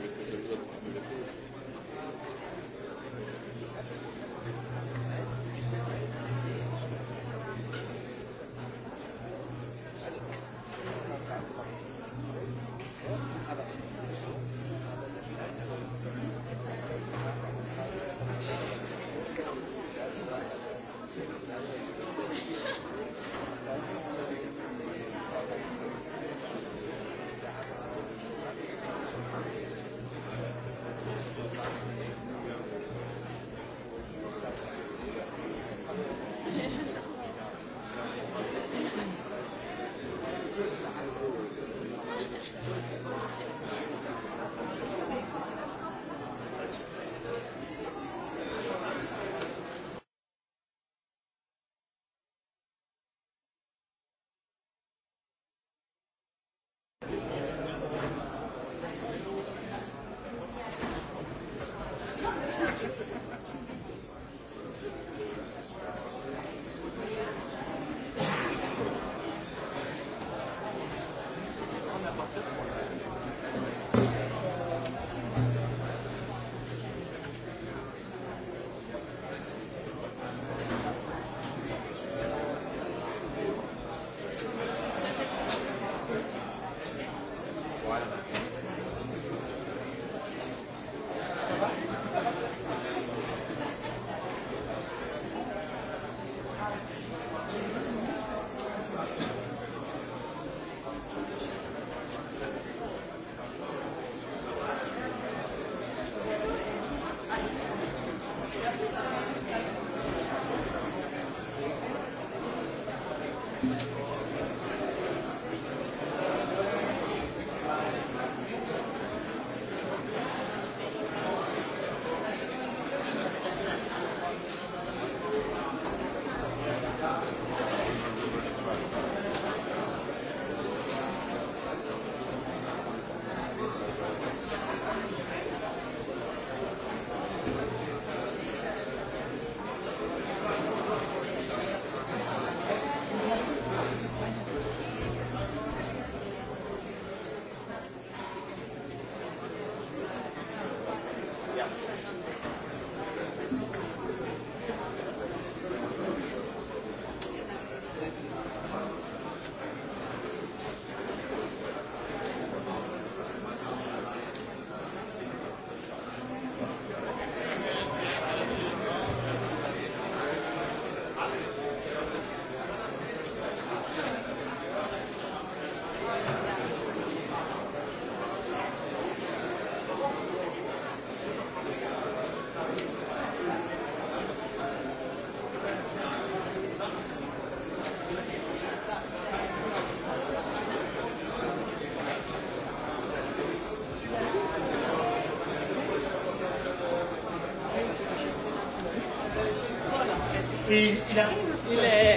Il arrive.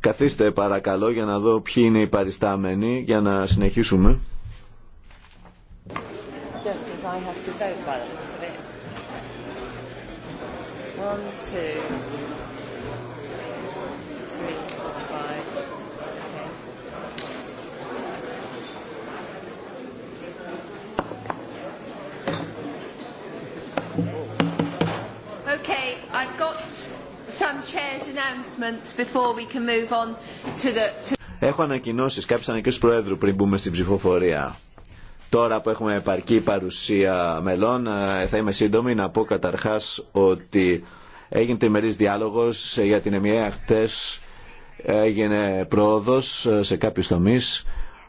Καθίστε παρακαλώ για να δω ποιοι είναι οι παριστάμενοι για να συνεχίσουμε. Έχω ανακοινώσει, κάποιε ανακοινώσει Προέδρου πριν μπούμε στην ψηφοφορία. Τώρα που έχουμε επαρκή παρουσία μελών, ε, θα είμαι σύντομη να πω καταρχά ότι έγινε τριμερή διάλογο για την ΕΜΙΑ χτε. Έγινε πρόοδο σε κάποιου τομεί,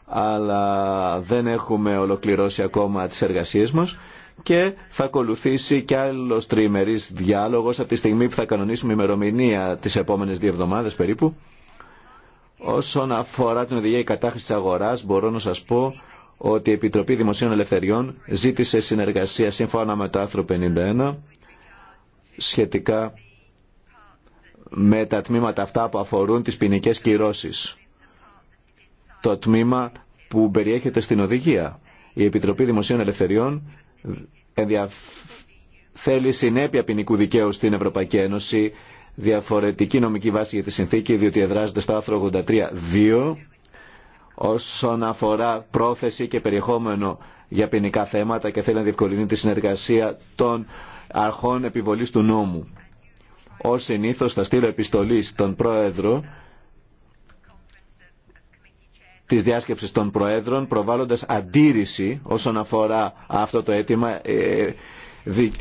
αλλά δεν έχουμε ολοκληρώσει ακόμα τι εργασίε μα και θα ακολουθήσει κι άλλο τριημερή διάλογος από τη στιγμή που θα κανονίσουμε ημερομηνία τι επόμενε δύο εβδομάδε περίπου. Όσον αφορά την οδηγία η κατάχρηση τη αγορά, μπορώ να σα πω ότι η Επιτροπή Δημοσίων Ελευθεριών ζήτησε συνεργασία σύμφωνα με το άρθρο 51 σχετικά με τα τμήματα αυτά που αφορούν τις ποινικέ κυρώσεις. Το τμήμα που περιέχεται στην οδηγία. Η Επιτροπή Δημοσίων Ελευθεριών θέλει συνέπεια ποινικού δικαίου στην Ευρωπαϊκή Ένωση, διαφορετική νομική βάση για τη συνθήκη, διότι εδράζεται στο άρθρο 83.2 όσον αφορά πρόθεση και περιεχόμενο για ποινικά θέματα και θέλει να διευκολυνεί τη συνεργασία των αρχών επιβολής του νόμου. Ως συνήθως θα στείλω επιστολή στον Πρόεδρο Τη διάσκεψης των Προέδρων προβάλλοντα αντίρρηση όσον αφορά αυτό το αίτημα ε,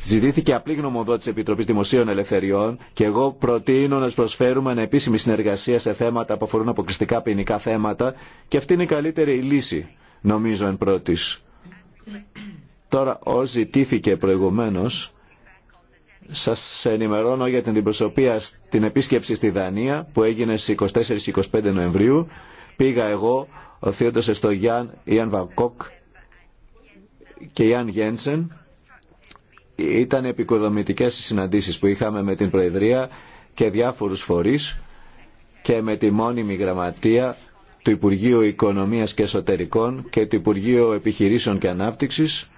ζητήθηκε απλή γνωμοδότηση Επιτροπής Δημοσίων Ελευθεριών και εγώ προτείνω να προσφέρουμε επίσημη συνεργασία σε θέματα που αφορούν αποκλειστικά ποινικά θέματα και αυτή είναι η καλύτερη λύση νομίζω εν πρώτης. Τώρα ω ζητήθηκε προηγουμένω, σα ενημερώνω για την αντιπροσωπεία στην επίσκεψη στη Δανία που έγινε στι 24-25 Νοεμβρίου Πήγα εγώ, ο Θείοντας Εστογιάν, Ιαν Βαγκόκ και Ιαν Γένσεν. Ήταν επικοδομητικές οι συναντήσεις που είχαμε με την Προεδρία και διάφορους φορείς και με τη μόνιμη γραμματεία του Υπουργείου Οικονομίας και Εσωτερικών και του Υπουργείου Επιχειρήσεων και Ανάπτυξης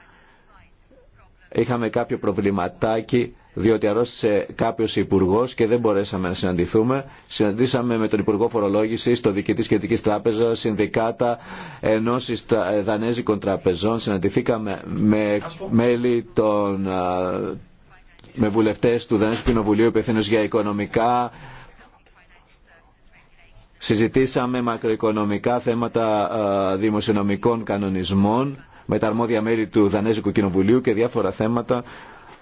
είχαμε κάποιο προβληματάκι διότι αρρώστησε κάποιο υπουργό και δεν μπορέσαμε να συναντηθούμε. Συναντήσαμε με τον Υπουργό Φορολόγηση, το Διοικητή Κεντρική Τράπεζα, Συνδικάτα, Ενώσει ε, Δανέζικων Τραπεζών. Συναντηθήκαμε με μέλη των. με βουλευτέ του Δανέζικου Κοινοβουλίου, υπευθύνου για οικονομικά. Συζητήσαμε μακροοικονομικά θέματα δημοσιονομικών κανονισμών με τα αρμόδια μέλη του Δανέζικου Κοινοβουλίου και διάφορα θέματα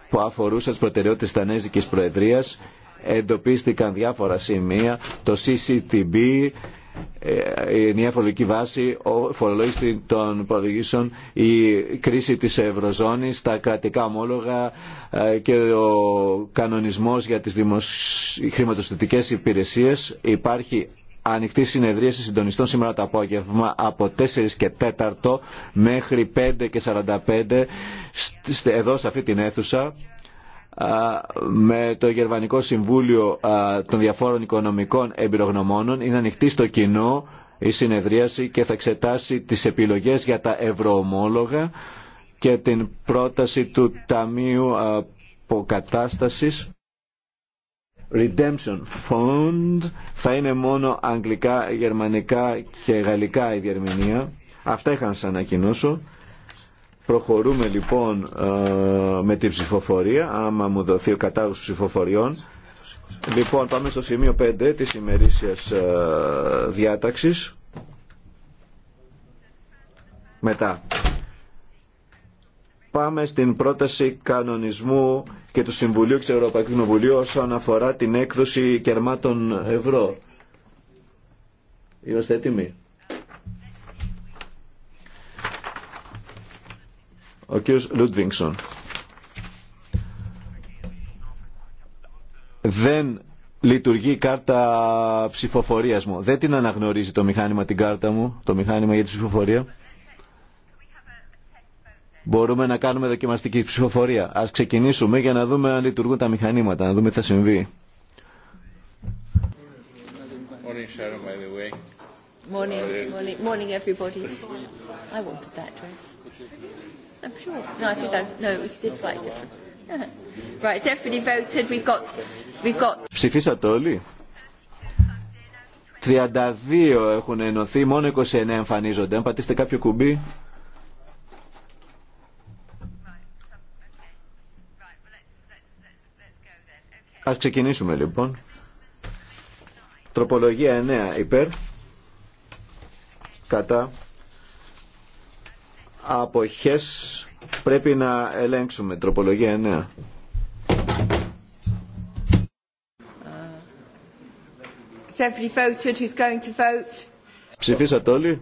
που αφορούσαν τι προτεραιότητε της Δανέζικης Προεδρίας. Εντοπίστηκαν διάφορα σημεία, το CCTB, ε, η νέα φορολογική βάση, ο φορολόγηση των υπολογίσεων, η κρίση της Ευρωζώνης, τα κρατικά ομόλογα ε, και ο κανονισμός για τις χρηματοστητικές υπηρεσίες. Υπάρχει ανοιχτή συνεδρίαση συντονιστών σήμερα το απόγευμα από 4 και 4 μέχρι 5 και 45 εδώ σε αυτή την αίθουσα με το Γερμανικό Συμβούλιο των Διαφόρων Οικονομικών Εμπειρογνωμόνων είναι ανοιχτή στο κοινό η συνεδρίαση και θα εξετάσει τις επιλογές για τα ευρωομόλογα και την πρόταση του Ταμείου Αποκατάστασης Redemption Fund θα είναι μόνο αγγλικά, γερμανικά και γαλλικά η διερμηνία. Αυτά είχα να σας ανακοινώσω. Προχωρούμε λοιπόν ε, με τη ψηφοφορία, άμα μου δοθεί ο κατάλογος ψηφοφοριών. Λοιπόν, πάμε στο σημείο 5 της ημερήσιας ε, διάταξης. Μετά. Πάμε στην πρόταση κανονισμού και του Συμβουλίου και του Ευρωπαϊκού Κοινοβουλίου όσον αφορά την έκδοση κερμάτων ευρώ. Είμαστε έτοιμοι. Ο κύριος Λούντβινγκσον. Δεν λειτουργεί η κάρτα ψηφοφορίας μου. Δεν την αναγνωρίζει το μηχάνημα την κάρτα μου, το μηχάνημα για τη ψηφοφορία. Μπορούμε να κάνουμε δοκιμαστική ψηφοφορία. Ας ξεκινήσουμε για να δούμε αν λειτουργούν τα μηχανήματα, να δούμε τι θα συμβεί. Ψηφίσατε όλοι. 32 έχουν ενωθεί, μόνο 29 εμφανίζονται. Αν πατήσετε κάποιο κουμπί, Ας ξεκινήσουμε λοιπόν. Τροπολογία 9 υπέρ. Κατά. Αποχές πρέπει να ελέγξουμε. Τροπολογία 9. Ψηφίσατε όλοι.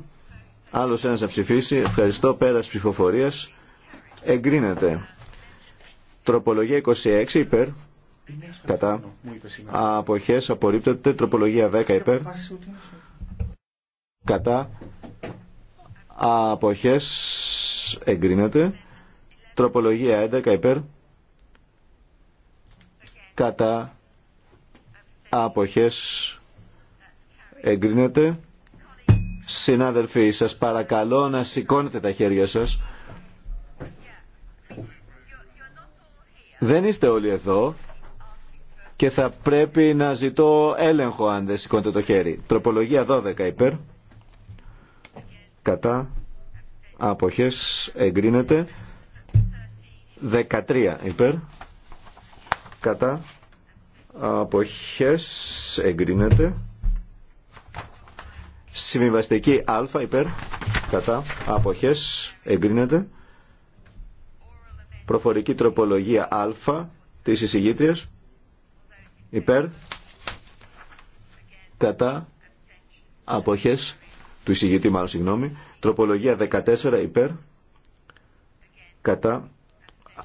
Άλλος ένας να ψηφίσει. Ευχαριστώ. Πέρας ψηφοφορίας. Εγκρίνεται. Τροπολογία 26 υπέρ κατά αποχές απορρίπτεται τροπολογία 10 υπέρ κατά αποχές εγκρίνεται τροπολογία 11 υπέρ κατά αποχές εγκρίνεται συνάδελφοι σας παρακαλώ να σηκώνετε τα χέρια σας δεν είστε όλοι εδώ και θα πρέπει να ζητώ έλεγχο αν δεν σηκώνετε το χέρι. Τροπολογία 12 υπέρ. Κατά. Αποχές εγκρίνεται. 13 υπέρ. Κατά. Αποχές εγκρίνεται. Συμβιβαστική α υπέρ. Κατά. Αποχές εγκρίνεται. Προφορική τροπολογία α της εισηγήτριας υπέρ κατά αποχές του εισηγητή μάλλον συγγνώμη τροπολογία 14 υπέρ κατά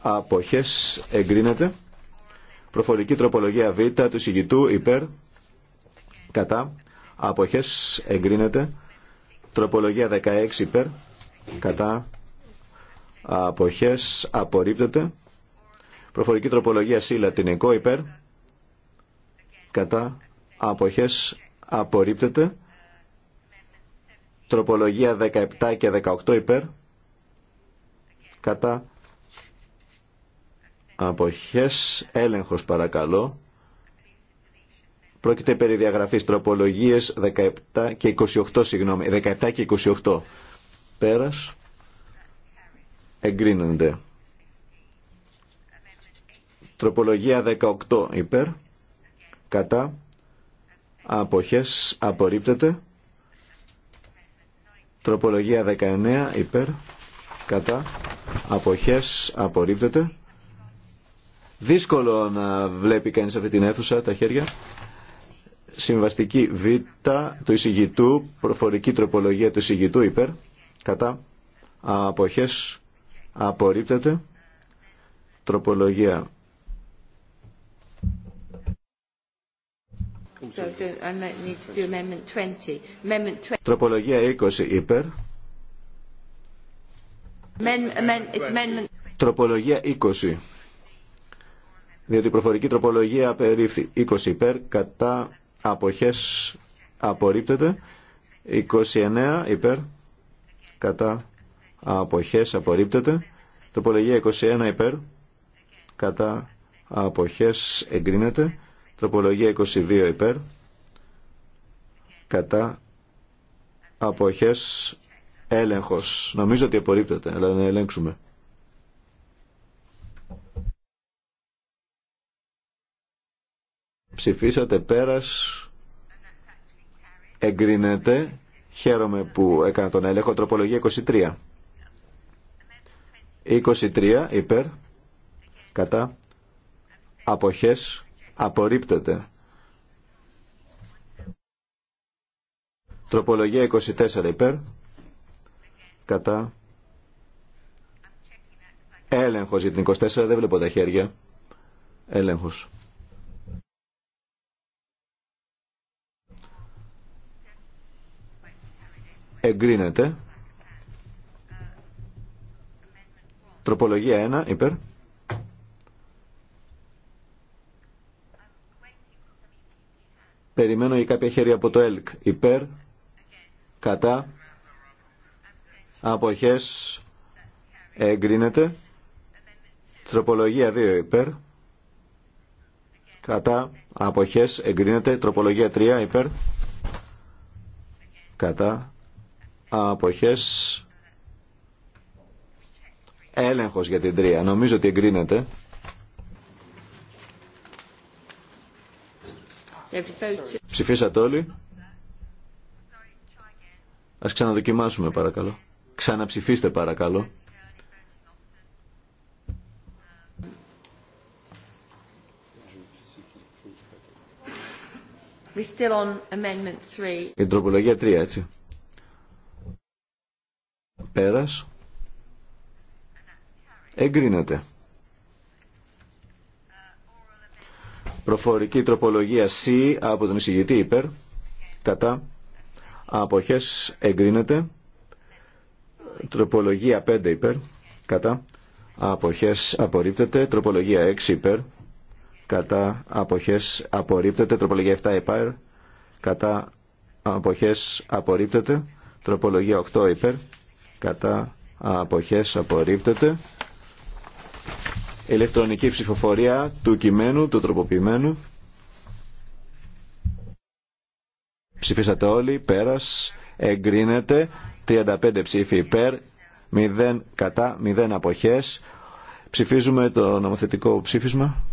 αποχές εγκρίνεται προφορική τροπολογία β του εισηγητού υπέρ κατά αποχές εγκρίνεται τροπολογία 16 υπέρ κατά αποχές απορρίπτεται προφορική τροπολογία Την εκό υπέρ κατά αποχές απορρίπτεται τροπολογία 17 και 18 υπέρ κατά αποχές έλεγχος παρακαλώ πρόκειται περί διαγραφής τροπολογίες 17 και 28 συγγνώμη 17 και 28 πέρας εγκρίνονται τροπολογία 18 υπέρ κατά αποχές απορρίπτεται τροπολογία 19 υπέρ κατά αποχές απορρίπτεται δύσκολο να βλέπει κανείς αυτή την αίθουσα τα χέρια συμβαστική β του εισηγητού προφορική τροπολογία του εισηγητού υπέρ κατά αποχές απορρίπτεται τροπολογία Τροπολογία 20 υπέρ. Τροπολογία 20. Διότι η προφορική τροπολογία περίφθη 20 υπέρ, κατά αποχές απορρίπτεται, 29 υπέρ, κατά αποχές απορρίπτεται, τροπολογία 21 υπέρ, κατά αποχές εγκρίνεται, Τροπολογία 22 υπέρ. Κατά. Αποχές. Έλεγχος. Νομίζω ότι απορρίπτεται, αλλά να ελέγξουμε. Ψηφίσατε πέρας. Εγκρίνεται. Χαίρομαι που έκανα τον έλεγχο. Τροπολογία 23. 23 υπέρ. Κατά. Αποχές Απορρίπτεται. Τροπολογία 24 υπέρ. Κατά. Έλεγχος για την 24. Δεν βλέπω τα χέρια. Έλεγχος. Εγκρίνεται. Τροπολογία 1 υπέρ. Περιμένω για κάποια χέρια από το ΕΛΚ. Υπέρ, κατά, αποχές, εγκρίνεται. Τροπολογία 2 υπέρ. Κατά, αποχές, εγκρίνεται. Τροπολογία 3 υπέρ. Κατά, αποχές, έλεγχος για την 3. Νομίζω ότι εγκρίνεται. Ψηφίσατε όλοι. Ας ξαναδοκιμάσουμε παρακαλώ. Ξαναψηφίστε παρακαλώ. amendment Η τροπολογία 3, έτσι. Πέρας. Εγκρίνεται. Προφορική τροπολογία C από τον εισηγητή υπέρ. Κατά. Αποχές εγκρίνεται. Τροπολογία 5 υπέρ. Κατά. Αποχές απορρίπτεται. Τροπολογία 6 υπέρ. Κατά. Αποχές απορρίπτεται. Τροπολογία 7 υπέρ. Κατά. Αποχές απορρίπτεται. Τροπολογία 8 υπέρ. Κατά. Αποχές απορρίπτεται ηλεκτρονική ψηφοφορία του κειμένου, του τροποποιημένου. Ψηφίσατε όλοι, πέρας, εγκρίνεται, 35 ψήφοι υπέρ, 0 κατά, 0 αποχές. Ψηφίζουμε το νομοθετικό ψήφισμα.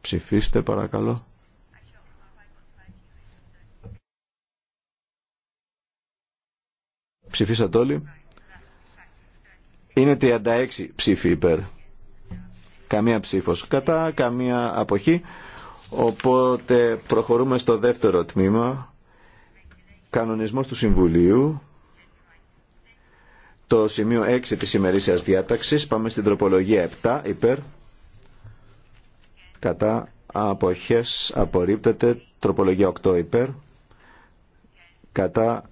Ψηφίστε παρακαλώ. Ψηφίσατε όλοι. Είναι 36 ψήφοι υπέρ. Καμία ψήφος κατά, καμία αποχή. Οπότε προχωρούμε στο δεύτερο τμήμα. Κανονισμός του Συμβουλίου. Το σημείο 6 της ημερήσιας διάταξης. Πάμε στην τροπολογία 7 υπέρ. Κατά αποχές απορρίπτεται. Τροπολογία 8 υπέρ. Κατά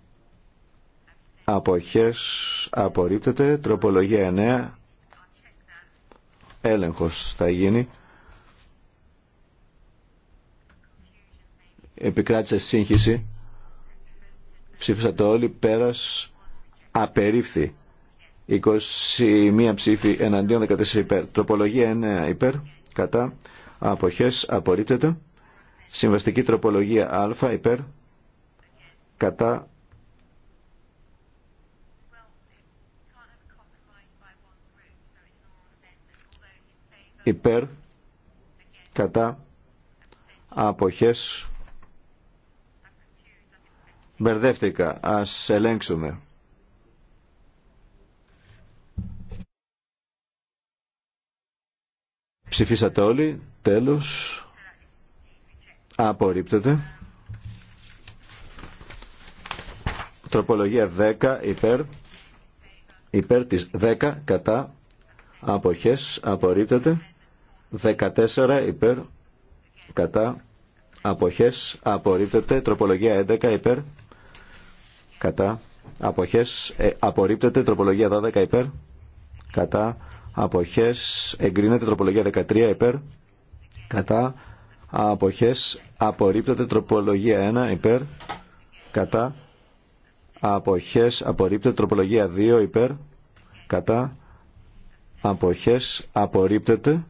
Αποχές απορρίπτεται. Τροπολογία 9. Έλεγχος θα γίνει. Επικράτησε σύγχυση. Ψήφισατε όλοι. Πέρας απερίφθη. 21 ψήφι. εναντίον 14 υπέρ. Τροπολογία 9 υπέρ. Κατά. Αποχές απορρίπτεται. Συμβαστική τροπολογία α υπέρ. Κατά υπέρ κατά αποχές μπερδεύτηκα ας ελέγξουμε ψηφίσατε όλοι τέλος απορρίπτεται τροπολογία 10 υπέρ υπέρ της 10 κατά αποχές απορρίπτεται 14 υπέρ κατά αποχές απορρίπτεται τροπολογία 11 υπέρ κατά αποχές ε, απορρίπτεται τροπολογία 12 υπέρ κατά αποχές εγκρίνεται τροπολογία 13 υπέρ κατά αποχές απορρίπτεται τροπολογία 1 υπέρ κατά αποχές απορρίπτεται τροπολογία 2 υπέρ κατά αποχές απορρίπτεται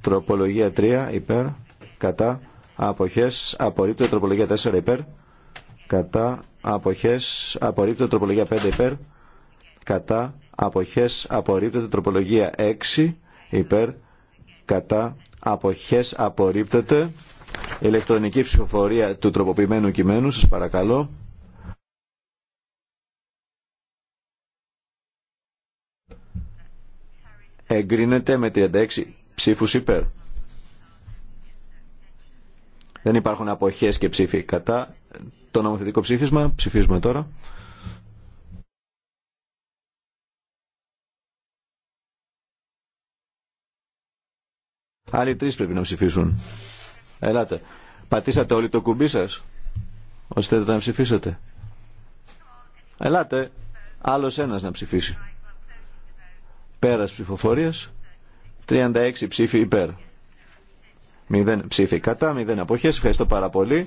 Τροπολογία 3 υπέρ, κατά, αποχές, απορρίπτω, Τροπολογία 4 υπέρ, κατά, αποχές, απορρίπτω, Τροπολογία 5 υπέρ, κατά, αποχές, απορρίπτεται. Τροπολογία 6 υπέρ, κατά, αποχές, απορρίπτεται. Ηλεκτρονική ψηφοφορία του τροποποιημένου κειμένου, σας παρακαλώ. εγκρίνεται με 36 Ψήφου υπέρ. Δεν υπάρχουν αποχές και ψήφοι κατά. Το νομοθετικό ψήφισμα ψηφίζουμε τώρα. Άλλοι τρεις πρέπει να ψηφίσουν. Ελάτε. Πατήσατε όλοι το κουμπί σας, ώστε να ψηφίσετε. Ελάτε. Άλλος ένας να ψηφίσει. Πέρας ψηφοφορίας. 36 ψήφοι υπέρ. 0 ψήφοι κατά, 0 αποχές. Ευχαριστώ πάρα πολύ.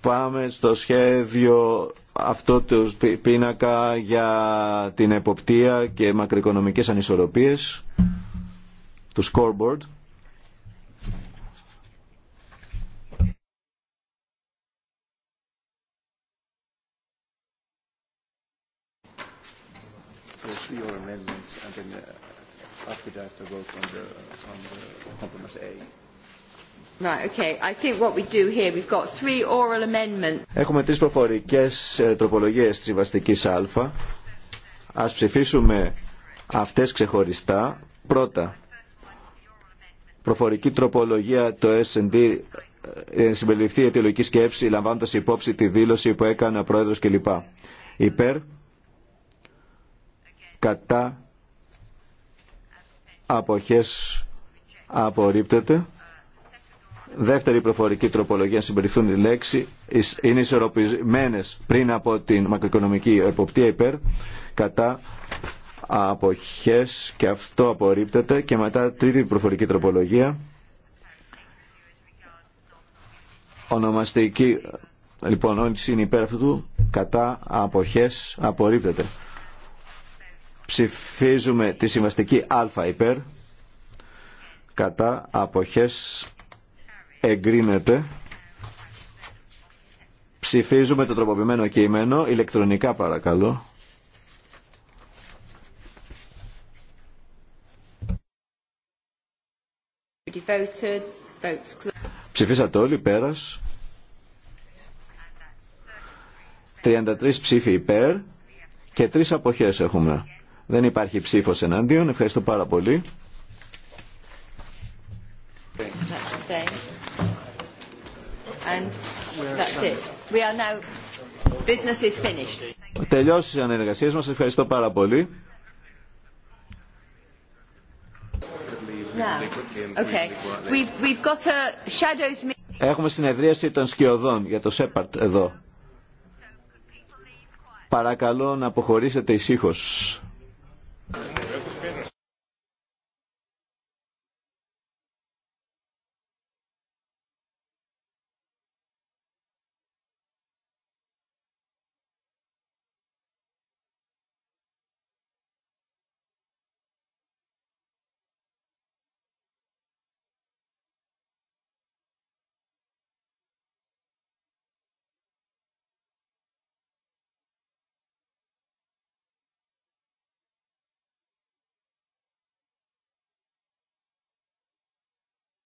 Πάμε στο σχέδιο αυτό του πίνακα για την εποπτεία και μακροοικονομικές ανισορροπίες του scoreboard. Uh, after that a vote on the, on the compromise A. Right, okay. I think what we do here, we've got three oral amendments. Έχουμε τρεις προφορικές ε, τροπολογίες της συμβαστικής Α. Ας ψηφίσουμε αυτές ξεχωριστά. Πρώτα, προφορική τροπολογία το S&D ε, ε, συμπεριληφθεί η αιτιολογική σκέψη λαμβάνοντας υπόψη τη δήλωση που έκανε ο Πρόεδρος κλπ. Υπέρ, κατά, αποχές απορρίπτεται. Δεύτερη προφορική τροπολογία συμπεριθούν οι λέξη είναι ισορροπημένες πριν από την μακροοικονομική εποπτεία υπέρ κατά αποχές και αυτό απορρίπτεται και μετά τρίτη προφορική τροπολογία ονομαστική λοιπόν όλη είναι υπέρ αυτού κατά αποχές απορρίπτεται Ψηφίζουμε τη συμβαστική α υπέρ. Κατά αποχές εγκρίνεται. Ψηφίζουμε το τροποποιημένο κείμενο ηλεκτρονικά παρακαλώ. Ψηφίσατε όλοι πέρας. 33 ψήφοι υπέρ και τρεις αποχές έχουμε. Δεν υπάρχει ψήφος εναντίον. Ευχαριστώ πάρα πολύ. Τελειώσει η ανεργασία μας. Ευχαριστώ πάρα πολύ. Έχουμε συνεδρίαση των σκιωδών για το ΣΕΠΑΡΤ εδώ. Παρακαλώ να αποχωρήσετε ησύχως.